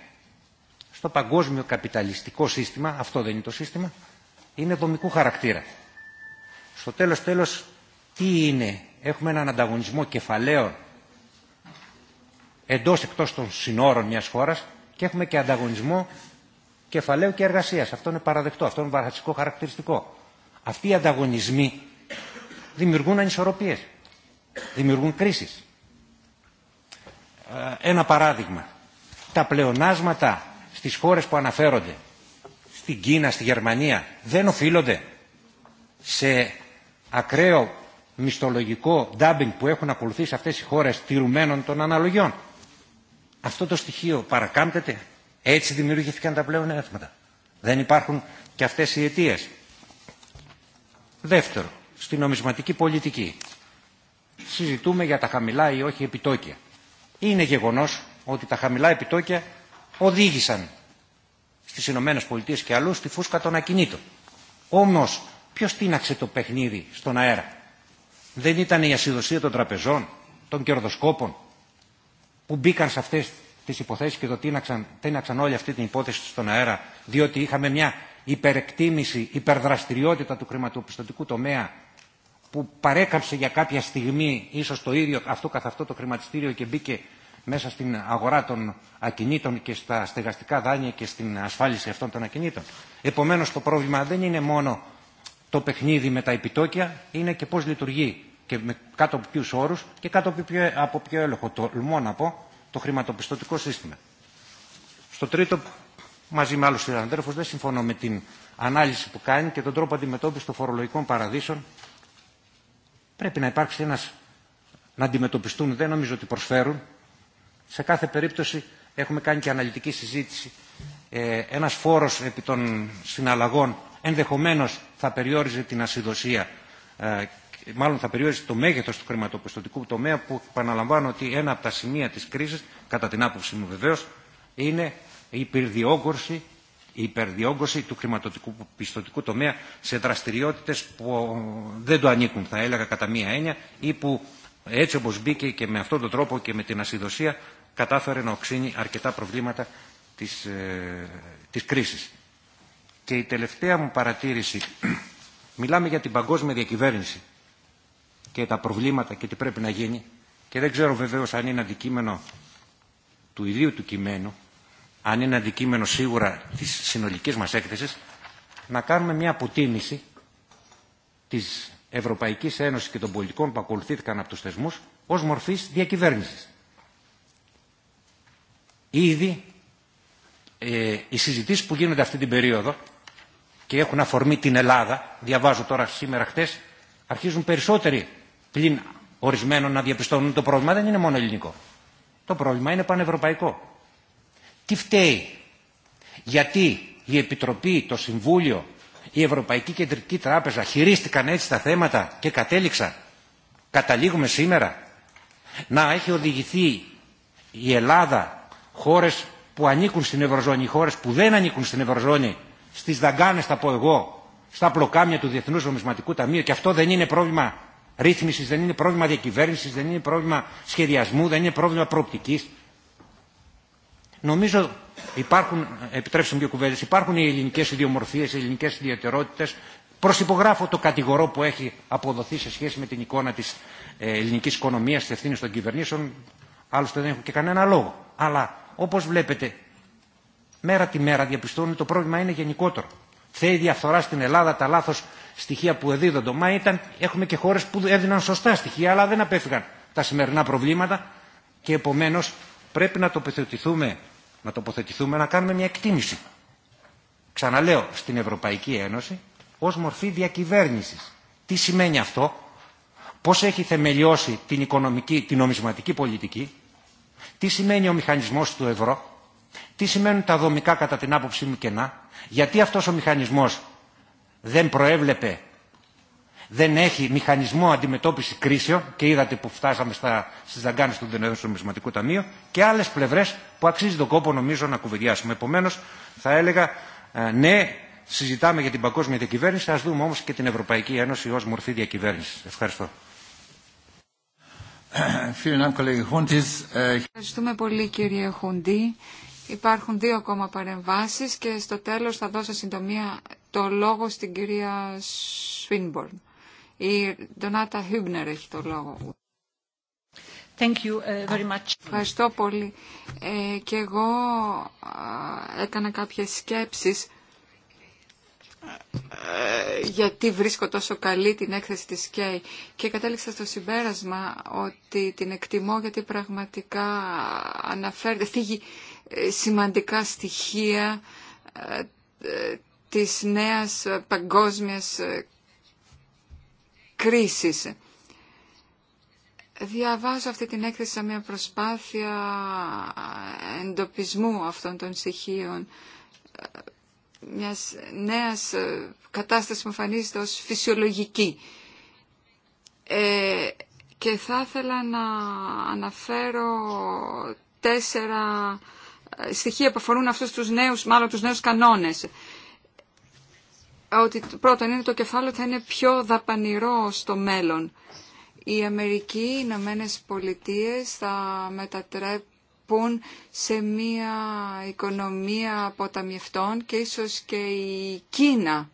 στο παγκόσμιο καπιταλιστικό σύστημα, αυτό δεν είναι το σύστημα, είναι δομικού χαρακτήρα. Στο τέλος τέλος, τι είναι, έχουμε έναν ανταγωνισμό κεφαλαίων Εντό εκτό των συνόρων μιας χώρας και έχουμε και ανταγωνισμό κεφαλαίου και εργασία. Αυτό είναι παραδεκτό, αυτό είναι βασικό χαρακτηριστικό. Αυτοί οι ανταγωνισμοί δημιουργούν ανισορροπίες, δημιουργούν κρίσεις. Ε, ένα παράδειγμα, τα πλεονάσματα στις χώρες που αναφέρονται, στην Κίνα, στη Γερμανία, δεν οφείλονται σε ακραίο μισθολογικό ντάμπινγκ που έχουν ακολουθήσει αυτές οι χώρες τηρουμένων των αναλογιών. Αυτό το στοιχείο παρακάμπτεται. Έτσι δημιουργήθηκαν τα πλέον έθματα. Δεν υπάρχουν και αυτές οι αιτίε. Δεύτερο, στη νομισματική πολιτική. Συζητούμε για τα χαμηλά ή όχι επιτόκια. Είναι γεγονός ότι τα χαμηλά επιτόκια οδήγησαν στις Ηνωμένε Πολιτείες και αλλού στη φούσκα των ακινήτων. Όμως, ποιος τίναξε το παιχνίδι στον αέρα. Δεν ήταν η οχι επιτοκια ειναι γεγονος οτι τα χαμηλα επιτοκια οδηγησαν στις ΗΠΑ και αλλου στη φουσκα των τραπεζών, των κερδοσκόπων, που μπήκαν σε αυτές τις υποθέσεις και το τίναξαν, τίναξαν όλη αυτή την υπόθεση στον αέρα, διότι είχαμε μια υπερεκτίμηση, υπερδραστηριότητα του χρηματοπιστωτικού τομέα που παρέκαψε για κάποια στιγμή ίσως το ίδιο αυτό καθ' αυτό το χρηματιστήριο και μπήκε μέσα στην αγορά των ακινήτων και στα στεγαστικά δάνεια και στην ασφάλιση αυτών των ακινήτων. Επομένως το πρόβλημα δεν είναι μόνο το παιχνίδι με τα επιτόκια, είναι και πώς λειτουργεί και με κάτω από ποιου όρου και κάτω από ποιο έλεγχο. Τολμώ να πω το χρηματοπιστωτικό σύστημα. Στο τρίτο, μαζί με άλλου συναδέλφου, δεν συμφωνώ με την ανάλυση που κάνει και τον τρόπο αντιμετώπιση των φορολογικών παραδείσων. Πρέπει να υπάρξει ένα να αντιμετωπιστούν. Δεν νομίζω ότι προσφέρουν. Σε κάθε περίπτωση έχουμε κάνει και αναλυτική συζήτηση. Ε, ένας φόρος επί των συναλλαγών ενδεχομένως θα περιόριζε την ασυδοσία ε, μάλλον θα περιόρισε το μέγεθο του χρηματοπιστωτικού τομέα, που επαναλαμβάνω ότι ένα από τα σημεία τη κρίση, κατά την άποψή μου βεβαίω, είναι η υπερδιόγκωση, η υπερδιόγκωση του χρηματοπιστωτικού τομέα σε δραστηριότητε που δεν το ανήκουν, θα έλεγα κατά μία έννοια, ή που έτσι όπω μπήκε και με αυτόν τον τρόπο και με την ασυδοσία, κατάφερε να οξύνει αρκετά προβλήματα της, ε, της κρίσης. Και η τελευταία μου παρατήρηση, μιλάμε για την παγκόσμια διακυβέρνηση και τα προβλήματα και τι πρέπει να γίνει και δεν ξέρω βεβαίως αν είναι αντικείμενο του ιδίου του κειμένου, αν είναι αντικείμενο σίγουρα της συνολικής μας έκθεσης, να κάνουμε μια αποτίμηση της Ευρωπαϊκής Ένωσης και των πολιτικών που ακολουθήθηκαν από τους θεσμούς ως μορφής διακυβέρνησης. Ήδη ε, οι συζητήσεις που γίνονται αυτή την περίοδο και έχουν αφορμή την Ελλάδα, διαβάζω τώρα σήμερα χτες, αρχίζουν περισσότεροι πλην ορισμένων να διαπιστώνουν το πρόβλημα δεν είναι μόνο ελληνικό. Το πρόβλημα είναι πανευρωπαϊκό. Τι φταίει. Γιατί η Επιτροπή, το Συμβούλιο, η Ευρωπαϊκή Κεντρική Τράπεζα χειρίστηκαν έτσι τα θέματα και κατέληξαν. Καταλήγουμε σήμερα να έχει οδηγηθεί η Ελλάδα, χώρες που ανήκουν στην Ευρωζώνη, οι χώρες που δεν ανήκουν στην Ευρωζώνη, στις δαγκάνες θα πω εγώ, στα πλοκάμια του Διεθνούς Νομισματικού Ταμείου και αυτό δεν είναι πρόβλημα ρύθμιση, δεν είναι πρόβλημα διακυβέρνηση, δεν είναι πρόβλημα σχεδιασμού, δεν είναι πρόβλημα προοπτική. Νομίζω υπάρχουν, επιτρέψτε μου δύο κουβέντε, υπάρχουν οι ελληνικέ ιδιομορφίε, οι ελληνικέ ιδιαιτερότητε. Προσυπογράφω το κατηγορό που έχει αποδοθεί σε σχέση με την εικόνα τη ε, ελληνική οικονομία, τη ευθύνη των κυβερνήσεων. Άλλωστε δεν έχω και κανένα λόγο. Αλλά όπω βλέπετε, μέρα τη μέρα διαπιστώνουν το πρόβλημα είναι γενικότερο. Θέει διαφθορά στην Ελλάδα, τα λάθο στοιχεία που εδίδονται. Μα ήταν, έχουμε και χώρε που έδιναν σωστά στοιχεία, αλλά δεν απέφυγαν τα σημερινά προβλήματα και επομένω πρέπει να τοποθετηθούμε, να τοποθετηθούμε, να κάνουμε μια εκτίμηση. Ξαναλέω, στην Ευρωπαϊκή Ένωση ω μορφή διακυβέρνηση. Τι σημαίνει αυτό, πώ έχει θεμελιώσει την, οικονομική, την νομισματική πολιτική, τι σημαίνει ο μηχανισμό του ευρώ, τι σημαίνουν τα δομικά κατά την άποψή μου κενά, γιατί αυτό ο μηχανισμό δεν προέβλεπε, δεν έχει μηχανισμό αντιμετώπιση κρίσεων και είδατε που φτάσαμε στα, στις δαγκάνες του Διεθνούς και άλλες πλευρές που αξίζει τον κόπο νομίζω να κουβεντιάσουμε. Επομένως θα έλεγα ε, ναι, συζητάμε για την παγκόσμια διακυβέρνηση, ας δούμε όμως και την Ευρωπαϊκή Ένωση ως μορφή διακυβέρνηση. Ευχαριστώ. Ε, Ευχαριστούμε πολύ κύριε Χουντή. Υπάρχουν δύο ακόμα παρεμβάσεις και στο τέλος θα δώσω συντομία το λόγο στην κυρία Σφίνμπορν. Η Ντονάτα Χίμπνερ έχει το λόγο. Thank you uh, very much. Ευχαριστώ πολύ. Ε, και εγώ έκανα κάποιες σκέψεις ε, γιατί βρίσκω τόσο καλή την έκθεση της ΚΕΙ και κατέληξα στο συμπέρασμα ότι την εκτιμώ γιατί πραγματικά αναφέρεται, θίγει ε, σημαντικά στοιχεία της νέας παγκόσμιας ε, κρίσης. Διαβάζω αυτή την έκθεση σαν μια προσπάθεια ε, εντοπισμού αυτών των στοιχείων, ε, μιας νέας κατάστασης που εμφανίζεται ως φυσιολογική. και θα ήθελα να αναφέρω τέσσερα στοιχεία που αφορούν αυτούς τους νέους, μάλλον τους νέους κανόνες ότι πρώτον είναι το κεφάλαιο θα είναι πιο δαπανηρό στο μέλλον. Οι Αμερικοί, οι Ηνωμένε Πολιτείε θα μετατρέπουν σε μια οικονομία αποταμιευτών και ίσως και η Κίνα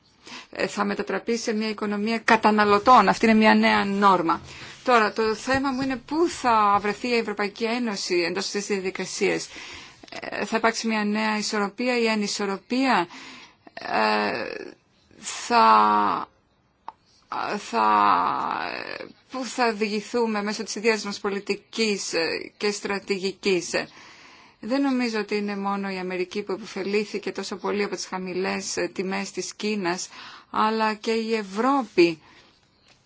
ε, θα μετατραπεί σε μια οικονομία καταναλωτών. Αυτή είναι μια νέα νόρμα. Τώρα, το θέμα μου είναι πού θα βρεθεί η Ευρωπαϊκή Ένωση εντός αυτής της ε, Θα υπάρξει μια νέα ισορροπία ή ανισορροπία. Ε, θα, θα, που θα διηγηθούμε μέσω της ιδιαίτερης μας πολιτικής ε, και στρατηγικής. Δεν νομίζω ότι είναι μόνο η Αμερική που επιφελήθηκε τόσο πολύ από τις χαμηλές ε, τιμές της Κίνας, αλλά και η Ευρώπη,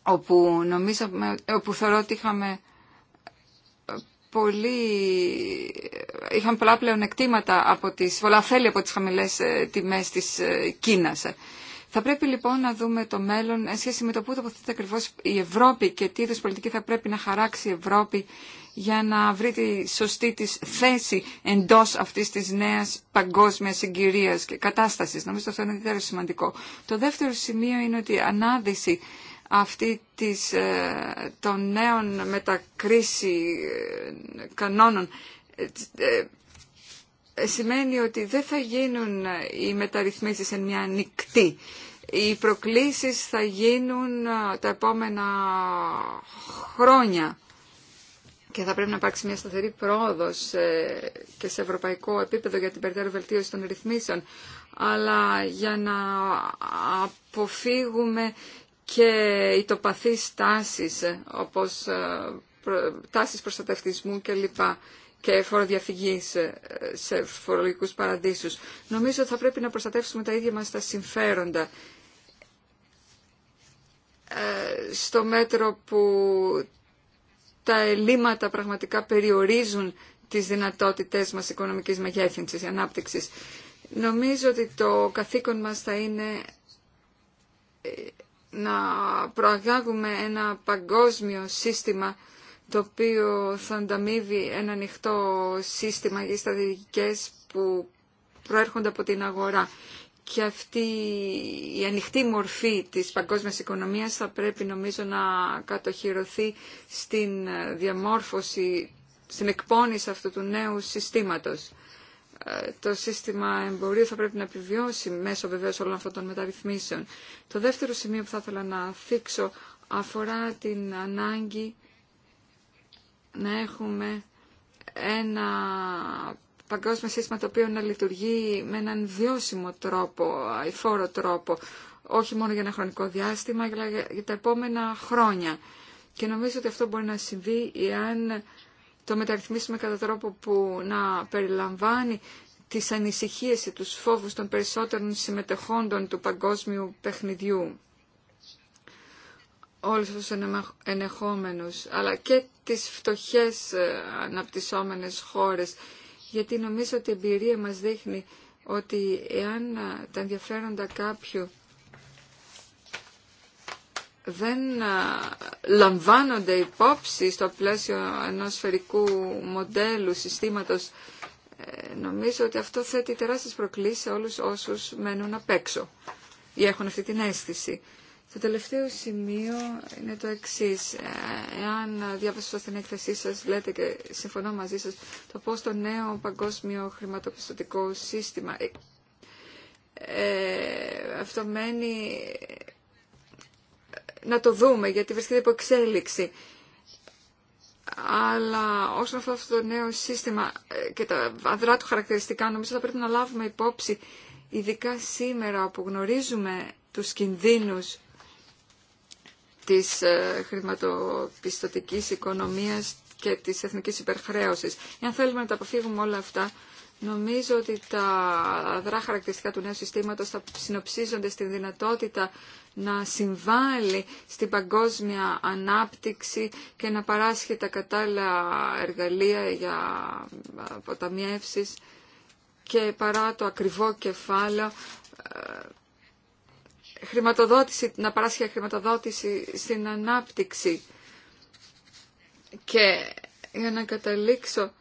όπου, νομίζω, όπου θεωρώ ότι είχαμε ε, πολύ, είχαν πολλά πλεονεκτήματα από τις, πολλά από τις χαμηλές τιμές της Κίνας. Θα πρέπει λοιπόν να δούμε το μέλλον εν σχέση με το πού τοποθετείται ακριβώ η Ευρώπη και τι είδου πολιτική θα πρέπει να χαράξει η Ευρώπη για να βρει τη σωστή της θέση εντός αυτής της νέας παγκόσμιας συγκυρίας και κατάστασης. Νομίζω αυτό είναι ιδιαίτερα σημαντικό. Το δεύτερο σημείο είναι ότι η ανάδυση αυτή της, ε, των νέων μετακρίση ε, κανόνων ε, σημαίνει ότι δεν θα γίνουν οι μεταρρυθμίσεις σε μια ανοιχτή οι προκλήσεις θα γίνουν τα επόμενα χρόνια και θα πρέπει να υπάρξει μια σταθερή πρόοδος ε, και σε ευρωπαϊκό επίπεδο για την περαιτέρω βελτίωση των ρυθμίσεων. Αλλά για να αποφύγουμε και οι τοπαθείς τάσεις, ε, όπως ε, τάσεις προστατευτισμού κλπ και φοροδιαφυγής σε φορολογικούς παραδείσους. Νομίζω ότι θα πρέπει να προστατεύσουμε τα ίδια μας τα συμφέροντα ε, στο μέτρο που τα ελλείμματα πραγματικά περιορίζουν τις δυνατότητές μας οικονομικής μεγέθυνσης, ανάπτυξης. Νομίζω ότι το καθήκον μας θα είναι ε, να προαγάγουμε ένα παγκόσμιο σύστημα το οποίο θα ανταμείβει ένα ανοιχτό σύστημα για στρατηγικές που προέρχονται από την αγορά και αυτή η ανοιχτή μορφή της παγκόσμιας οικονομίας θα πρέπει νομίζω να κατοχυρωθεί στην διαμόρφωση, στην εκπόνηση αυτού του νέου συστήματος. Ε, το σύστημα εμπορίου θα πρέπει να επιβιώσει μέσω βεβαίω όλων αυτών των μεταρρυθμίσεων. Το δεύτερο σημείο που θα ήθελα να θίξω αφορά την ανάγκη να έχουμε ένα παγκόσμιο σύστημα το οποίο να λειτουργεί με έναν βιώσιμο τρόπο, αηφόρο τρόπο, όχι μόνο για ένα χρονικό διάστημα, αλλά για τα επόμενα χρόνια. Και νομίζω ότι αυτό μπορεί να συμβεί εάν το μεταρρυθμίσουμε κατά τρόπο που να περιλαμβάνει τις ανησυχίες ή τους φόβους των περισσότερων συμμετεχόντων του παγκόσμιου παιχνιδιού όλους τους ενεχόμενους, αλλά και τις φτωχές ε, αναπτυσσόμενες χώρες γιατί νομίζω ότι η εμπειρία μας δείχνει ότι εάν τα ενδιαφέροντα κάποιου δεν λαμβάνονται υπόψη στο πλαίσιο ενός σφαιρικού μοντέλου συστήματος, ε, νομίζω ότι αυτό θέτει τεράστιες προκλήσεις σε όλους όσους μένουν απ' έξω ή έχουν αυτή την αίσθηση. Το τελευταίο σημείο είναι το εξή. Εάν διάβασα στην την έκθεσή σα, λέτε και συμφωνώ μαζί σα, το πώ το νέο παγκόσμιο χρηματοπιστωτικό σύστημα ε, ε αυτό μένει ε, να το δούμε, γιατί βρίσκεται υπό εξέλιξη. Αλλά όσον αφορά αυτό το νέο σύστημα ε, και τα αδρά του χαρακτηριστικά, νομίζω θα πρέπει να λάβουμε υπόψη, ειδικά σήμερα όπου γνωρίζουμε τους κινδύνους της ε, χρηματοπιστωτικής οικονομίας και της εθνικής υπερχρέωσης. Εάν θέλουμε να τα αποφύγουμε όλα αυτά, νομίζω ότι τα αδρά χαρακτηριστικά του νέου συστήματος θα συνοψίζονται στην δυνατότητα να συμβάλλει στην παγκόσμια ανάπτυξη και να παράσχει τα κατάλληλα εργαλεία για αποταμιεύσεις και παρά το ακριβό κεφάλαιο ε, χρηματοδότηση, να παράσχει χρηματοδότηση στην ανάπτυξη. Και για να καταλήξω,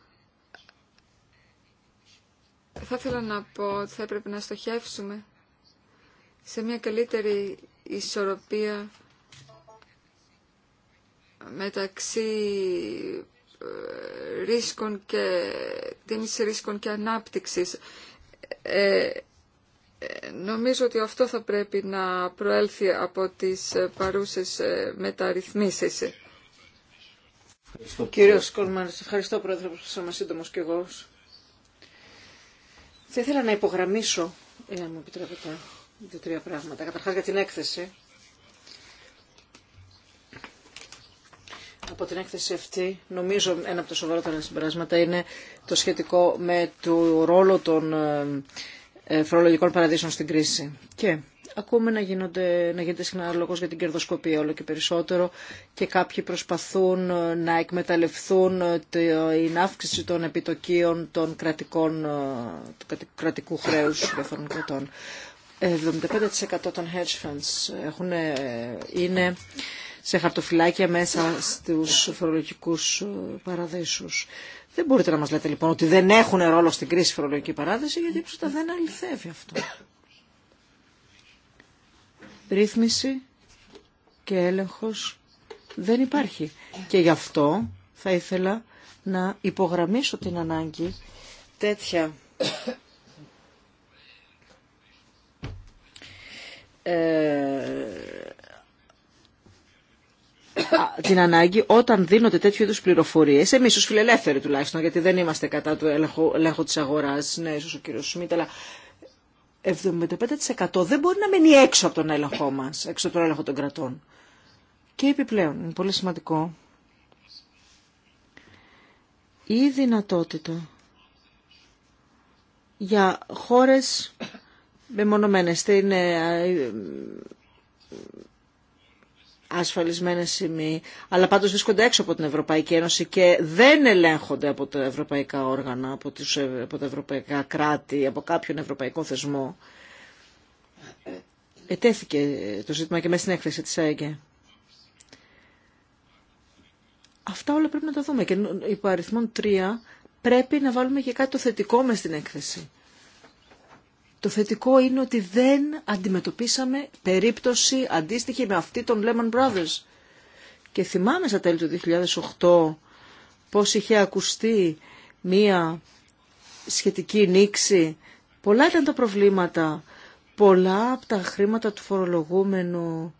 θα ήθελα να πω ότι θα έπρεπε να στοχεύσουμε σε μια καλύτερη ισορροπία μεταξύ ε, ρίσκων και τίμηση ρίσκων και ανάπτυξης. Ε, νομίζω ότι αυτό θα πρέπει να προέλθει από τις παρούσες ε, μεταρρυθμίσεις. Κύριο σας ευχαριστώ πρόεδρε που μας σύντομο κι εγώ. Θα ήθελα να υπογραμμίσω, εάν μου επιτρέπετε, δύο-τρία πράγματα. Καταρχάς για την έκθεση. Από την έκθεση αυτή, νομίζω ένα από τα σοβαρότερα συμπεράσματα είναι το σχετικό με το ρόλο των ε, ε, φορολογικών παραδείσων στην κρίση. Και ακούμε να, γίνονται, να γίνεται συχνά λόγος για την κερδοσκοπία όλο και περισσότερο και κάποιοι προσπαθούν ε, να εκμεταλλευτούν ε, την αύξηση των επιτοκίων των κρατικών, του κρατικού χρέους διαφορών κρατών. 75% των hedge funds έχουν, είναι σε χαρτοφυλάκια μέσα στους φορολογικούς παραδείσους. Δεν μπορείτε να μας λέτε λοιπόν ότι δεν έχουν ρόλο στην κρίση φορολογική παράδοση γιατί ψωτα δεν αληθεύει αυτό. Ρύθμιση και έλεγχος δεν υπάρχει. Και γι' αυτό θα ήθελα να υπογραμμίσω την ανάγκη τέτοια ε, την ανάγκη όταν δίνονται τέτοιου είδου πληροφορίε, εμεί ω φιλελεύθεροι τουλάχιστον, γιατί δεν είμαστε κατά του έλεγχου, έλεγχου τη αγορά, ναι, ίσω ο κύριο Σμίτ, αλλά 75% δεν μπορεί να μείνει έξω από τον έλεγχό μα, έξω από τον έλεγχο των κρατών. Και επιπλέον, είναι πολύ σημαντικό, η δυνατότητα για χώρες μεμονωμένες στην ε, ε, ασφαλισμένες σημεία, αλλά πάντως βρίσκονται έξω από την Ευρωπαϊκή Ένωση και δεν ελέγχονται από τα ευρωπαϊκά όργανα, από, τις, ε, από τα ευρωπαϊκά κράτη, από κάποιον ευρωπαϊκό θεσμό. Ε, ετέθηκε το ζήτημα και μέσα στην έκθεση της ΑΕΚΕ. Αυτά όλα πρέπει να τα δούμε και υπό αριθμόν 3 πρέπει να βάλουμε και κάτι το θετικό με στην έκθεση. Το θετικό είναι ότι δεν αντιμετωπίσαμε περίπτωση αντίστοιχη με αυτή των Lehman Brothers. Και θυμάμαι στα τέλη του 2008 πώς είχε ακουστεί μία σχετική νήξη. Πολλά ήταν τα προβλήματα. Πολλά από τα χρήματα του φορολογούμενου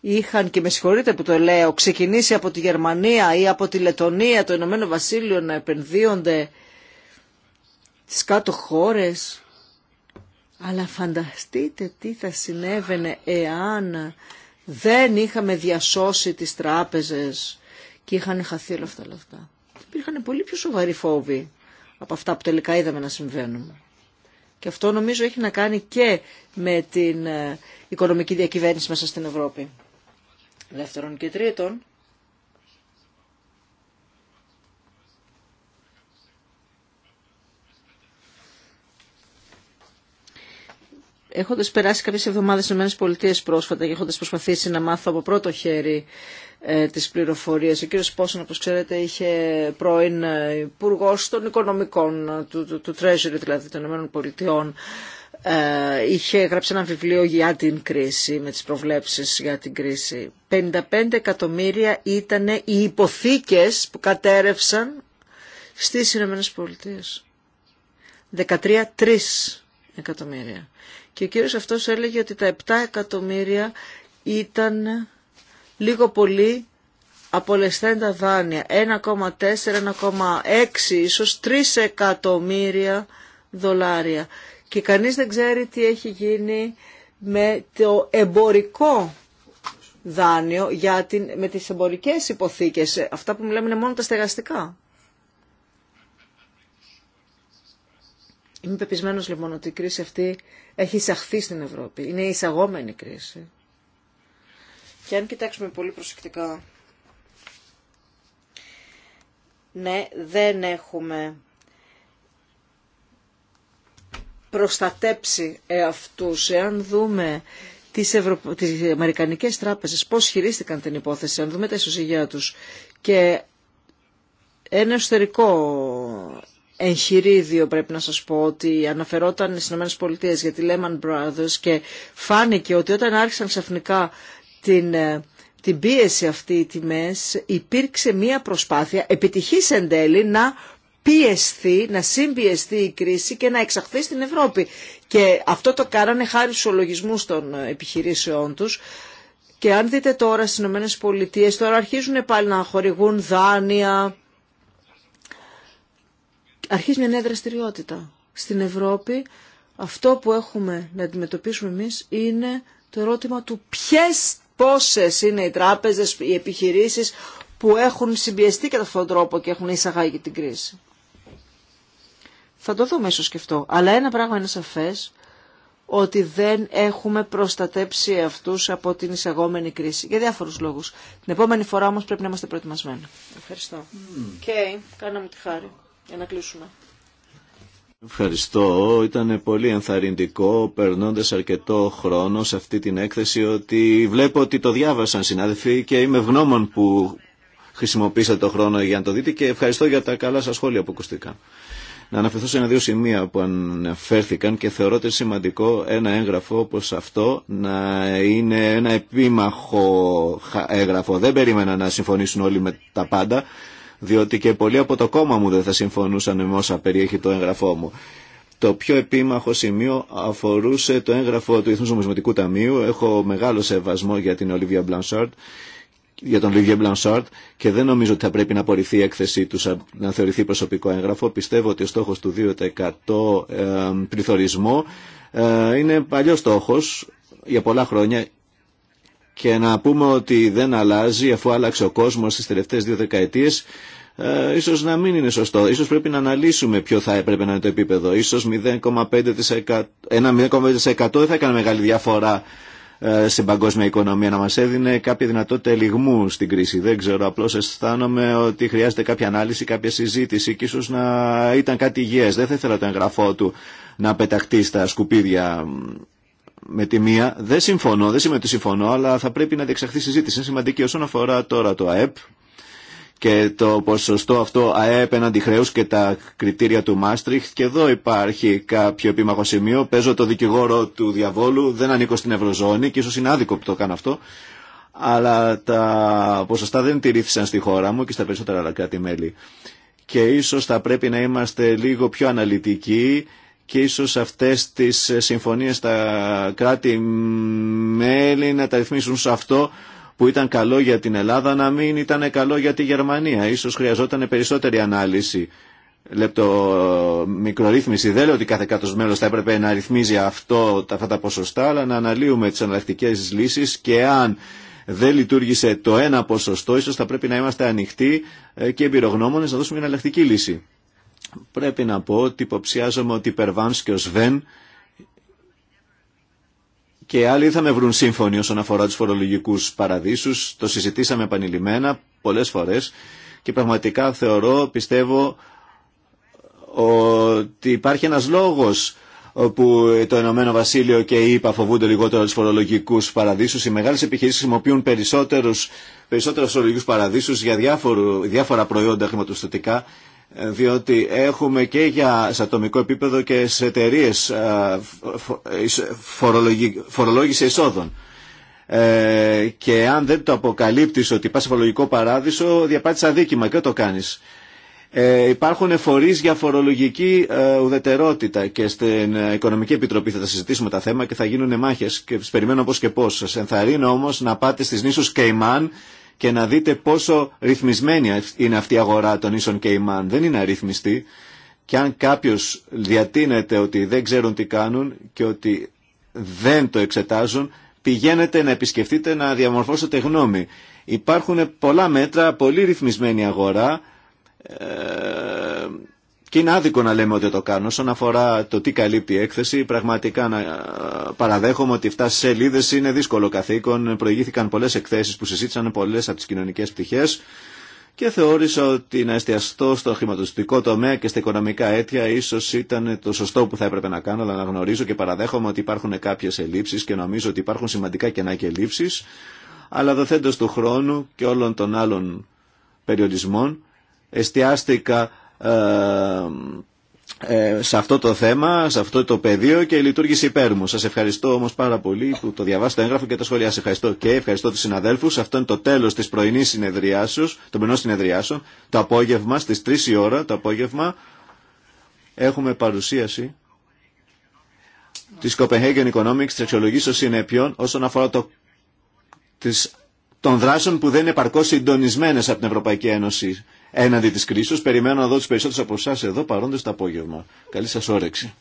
είχαν, και με συγχωρείτε που το λέω, ξεκινήσει από τη Γερμανία ή από τη Λετωνία, το Ηνωμένο Βασίλειο να επενδύονται στις κάτω χώρες αλλά φανταστείτε τι θα συνέβαινε εάν δεν είχαμε διασώσει τις τράπεζες και είχαν χαθεί όλα αυτά. Όλα Υπήρχαν πολύ πιο σοβαροί φόβοι από αυτά που τελικά είδαμε να συμβαίνουν. Και αυτό νομίζω έχει να κάνει και με την ε, οικονομική διακυβέρνηση μέσα στην Ευρώπη. Δεύτερον και τρίτον, έχοντας περάσει κάποιες εβδομάδες στις ΗΠΑ πρόσφατα και έχοντας προσπαθήσει να μάθω από πρώτο χέρι ε, τις πληροφορίες, ο κύριος Πόσον, όπως ξέρετε, είχε πρώην ε, υπουργό των οικονομικών, ε, του, του, Treasury δηλαδή των ΗΠΑ, ε, είχε γράψει ένα βιβλίο για την κρίση, με τις προβλέψεις για την κρίση. 55 εκατομμύρια ήταν οι υποθήκες που κατέρευσαν στις ΗΠΑ. πολιτειες Πολιτείες. 13-3 εκατομμύρια και ο κύριος αυτός έλεγε ότι τα 7 εκατομμύρια ήταν λίγο πολύ απολεσθέντα δάνεια. 1,4, 1,6 ίσως 3 εκατομμύρια δολάρια. Και κανείς δεν ξέρει τι έχει γίνει με το εμπορικό δάνειο για την, με τις εμπορικές υποθήκες. Αυτά που μιλάμε είναι μόνο τα στεγαστικά. Είμαι πεπισμένος λοιπόν ότι η κρίση αυτή έχει εισαχθεί στην Ευρώπη. Είναι η εισαγόμενη κρίση. Και αν κοιτάξουμε πολύ προσεκτικά, ναι, δεν έχουμε προστατέψει εαυτούς. Εάν δούμε τις, Ευρω... τις Αμερικανικές τράπεζες πώς χειρίστηκαν την υπόθεση, αν δούμε τα ισοζυγιά τους και ένα εσωτερικό εγχειρίδιο πρέπει να σας πω ότι αναφερόταν στις ΗΠΑ για τη Lehman Brothers και φάνηκε ότι όταν άρχισαν ξαφνικά την, ε, την πίεση αυτή οι τιμές υπήρξε μία προσπάθεια επιτυχής εν τέλει να πιεστεί, να συμπιεστεί η κρίση και να εξαχθεί στην Ευρώπη. Και αυτό το κάνανε χάρη στους ολογισμούς των επιχειρήσεών τους. Και αν δείτε τώρα στις Ηνωμένες Πολιτείες, τώρα αρχίζουν πάλι να χορηγούν δάνεια, αρχίζει μια νέα δραστηριότητα. Στην Ευρώπη αυτό που έχουμε να αντιμετωπίσουμε εμείς είναι το ερώτημα του ποιες πόσες είναι οι τράπεζες, οι επιχειρήσεις που έχουν συμπιεστεί κατά αυτόν τον τρόπο και έχουν εισαγάγει την κρίση. Θα το δούμε ίσως και αυτό. Αλλά ένα πράγμα είναι σαφές, ότι δεν έχουμε προστατέψει αυτούς από την εισαγόμενη κρίση. Για διάφορους λόγους. Την επόμενη φορά όμως πρέπει να είμαστε προετοιμασμένοι. Ευχαριστώ. Οκ. mm. κάναμε τη χάρη. Ευχαριστώ. Ήταν πολύ ενθαρρυντικό περνώντας αρκετό χρόνο σε αυτή την έκθεση ότι βλέπω ότι το διάβασαν συνάδελφοι και είμαι ευγνώμων που χρησιμοποίησατε το χρόνο για να το δείτε και ευχαριστώ για τα καλά σας σχόλια που ακούστηκαν. Να αναφερθώ σε ένα-δύο σημεία που αναφέρθηκαν και θεωρώ ότι σημαντικό ένα έγγραφο όπως αυτό να είναι ένα επίμαχο έγγραφο. Δεν περίμενα να συμφωνήσουν όλοι με τα πάντα διότι και πολλοί από το κόμμα μου δεν θα συμφωνούσαν με όσα περιέχει το έγγραφό μου. Το πιο επίμαχο σημείο αφορούσε το έγγραφο του Ιθνούς Νομισματικού Ταμείου. Έχω μεγάλο σεβασμό για την για τον Λίβιε Μπλανσάρτ και δεν νομίζω ότι θα πρέπει να απορριφθεί η έκθεσή του να θεωρηθεί προσωπικό έγγραφο. Πιστεύω ότι ο στόχος του 2% ε, πληθωρισμό ε, είναι παλιό στόχος για πολλά χρόνια και να πούμε ότι δεν αλλάζει αφού άλλαξε ο κόσμος στις τελευταίες δύο δεκαετίες ε, ίσως να μην είναι σωστό. Ίσως πρέπει να αναλύσουμε ποιο θα έπρεπε να είναι το επίπεδο. Ίσως 0,5% ένα 0,5% δεν θα έκανε μεγάλη διαφορά ε, στην παγκόσμια οικονομία να μας έδινε κάποια δυνατότητα ελιγμού στην κρίση. Δεν ξέρω, απλώς αισθάνομαι ότι χρειάζεται κάποια ανάλυση, κάποια συζήτηση και ίσως να ήταν κάτι υγιές. Δεν θα ήθελα το εγγραφό του να πεταχτεί στα σκουπίδια με τη μία. Δεν συμφωνώ, δεν σημαίνει ότι συμφωνώ, αλλά θα πρέπει να διεξαχθεί συζήτηση. Είναι σημαντική όσον αφορά τώρα το ΑΕΠ και το ποσοστό αυτό ΑΕΠ έναντι χρέου και τα κριτήρια του Μάστριχτ. Και εδώ υπάρχει κάποιο επίμαχο σημείο. Παίζω το δικηγόρο του διαβόλου, δεν ανήκω στην Ευρωζώνη και ίσω είναι άδικο που το κάνω αυτό. Αλλά τα ποσοστά δεν τηρήθησαν στη χώρα μου και στα περισσότερα άλλα κράτη-μέλη. Και ίσως θα πρέπει να είμαστε λίγο πιο αναλυτικοί και ίσως αυτές τις συμφωνίες στα κράτη-μέλη να τα ρυθμίσουν σε αυτό που ήταν καλό για την Ελλάδα να μην ήταν καλό για τη Γερμανία. Ίσως χρειαζόταν περισσότερη ανάλυση, λεπτο, μικρορύθμιση. Δεν λέω ότι κάθε κάτω μέλος θα έπρεπε να ρυθμίζει αυτό, αυτά τα ποσοστά, αλλά να αναλύουμε τις αναλλακτικές λύσεις και αν δεν λειτουργήσε το ένα ποσοστό, ίσως θα πρέπει να είμαστε ανοιχτοί ε, και εμπειρογνώμονες να δώσουμε μια αναλλακτική λύση. Πρέπει να πω ότι υποψιάζομαι ότι υπερβάνς και ο Σβέν και άλλοι θα με βρουν σύμφωνοι όσον αφορά τους φορολογικούς παραδείσους. Το συζητήσαμε επανειλημμένα πολλές φορές και πραγματικά θεωρώ, πιστεύω ότι υπάρχει ένας λόγος όπου το Ηνωμένο Βασίλειο και η ΕΕ φοβούνται λιγότερο του φορολογικού παραδείσου. Οι μεγάλε επιχειρήσει χρησιμοποιούν περισσότερου φορολογικού παραδείσου για διάφορο, διάφορα προϊόντα χρηματοστατικά διότι έχουμε και για σε ατομικό επίπεδο και σε εταιρείε ε, φορολόγηση εισόδων. Ε, και αν δεν το αποκαλύπτεις ότι πας σε φορολογικό παράδεισο, διαπάτης αδίκημα και το κάνεις. Ε, υπάρχουν φορείς για φορολογική ε, ουδετερότητα και στην Οικονομική Επιτροπή θα τα συζητήσουμε τα θέματα και θα γίνουν μάχες και περιμένω πώς και πώς. Σας ενθαρρύνω όμως να πάτε στις νήσους Κεϊμάν και να δείτε πόσο ρυθμισμένη είναι αυτή η αγορά των ίσων και ημάν. Δεν είναι αρρυθμιστή και αν κάποιος διατείνεται ότι δεν ξέρουν τι κάνουν και ότι δεν το εξετάζουν, πηγαίνετε να επισκεφτείτε να διαμορφώσετε γνώμη. Υπάρχουν πολλά μέτρα, πολύ ρυθμισμένη αγορά, ε, και είναι άδικο να λέμε ότι το κάνω Όσον αφορά το τι καλύπτει η έκθεση, πραγματικά να ε, παραδέχομαι ότι φτάσει σε σελίδε είναι δύσκολο καθήκον. Προηγήθηκαν πολλέ εκθέσει που συζήτησαν πολλέ από τι κοινωνικέ πτυχέ και θεώρησα ότι να εστιαστώ στο χρηματοδοτικό τομέα και στα οικονομικά αίτια ίσω ήταν το σωστό που θα έπρεπε να κάνω, αλλά να γνωρίζω και παραδέχομαι ότι υπάρχουν κάποιε ελλείψει και νομίζω ότι υπάρχουν σημαντικά κενά και ελλείψει. Αλλά δοθέντω του χρόνου και όλων των άλλων περιορισμών, εστιάστηκα ε, ε, σε αυτό το θέμα, σε αυτό το πεδίο και η λειτουργήσε υπέρ μου. Σας ευχαριστώ όμως πάρα πολύ που το διαβάσατε το έγγραφο και τα σχόλιά σας ευχαριστώ και ευχαριστώ τους συναδέλφους. Αυτό είναι το τέλος της πρωινής συνεδριάσεως, των πρωινών συνεδριάσεων, το απόγευμα, στις 3 η ώρα το απόγευμα, έχουμε παρουσίαση της Copenhagen Economics, της αξιολογής των συνεπειών όσον αφορά της, των δράσεων που δεν είναι παρκώς συντονισμένες από την Ευρωπαϊκή Ένωση έναντι της κρίσης. Περιμένω να δω τους περισσότερους από εσά εδώ παρόντες το απόγευμα. Καλή σας όρεξη.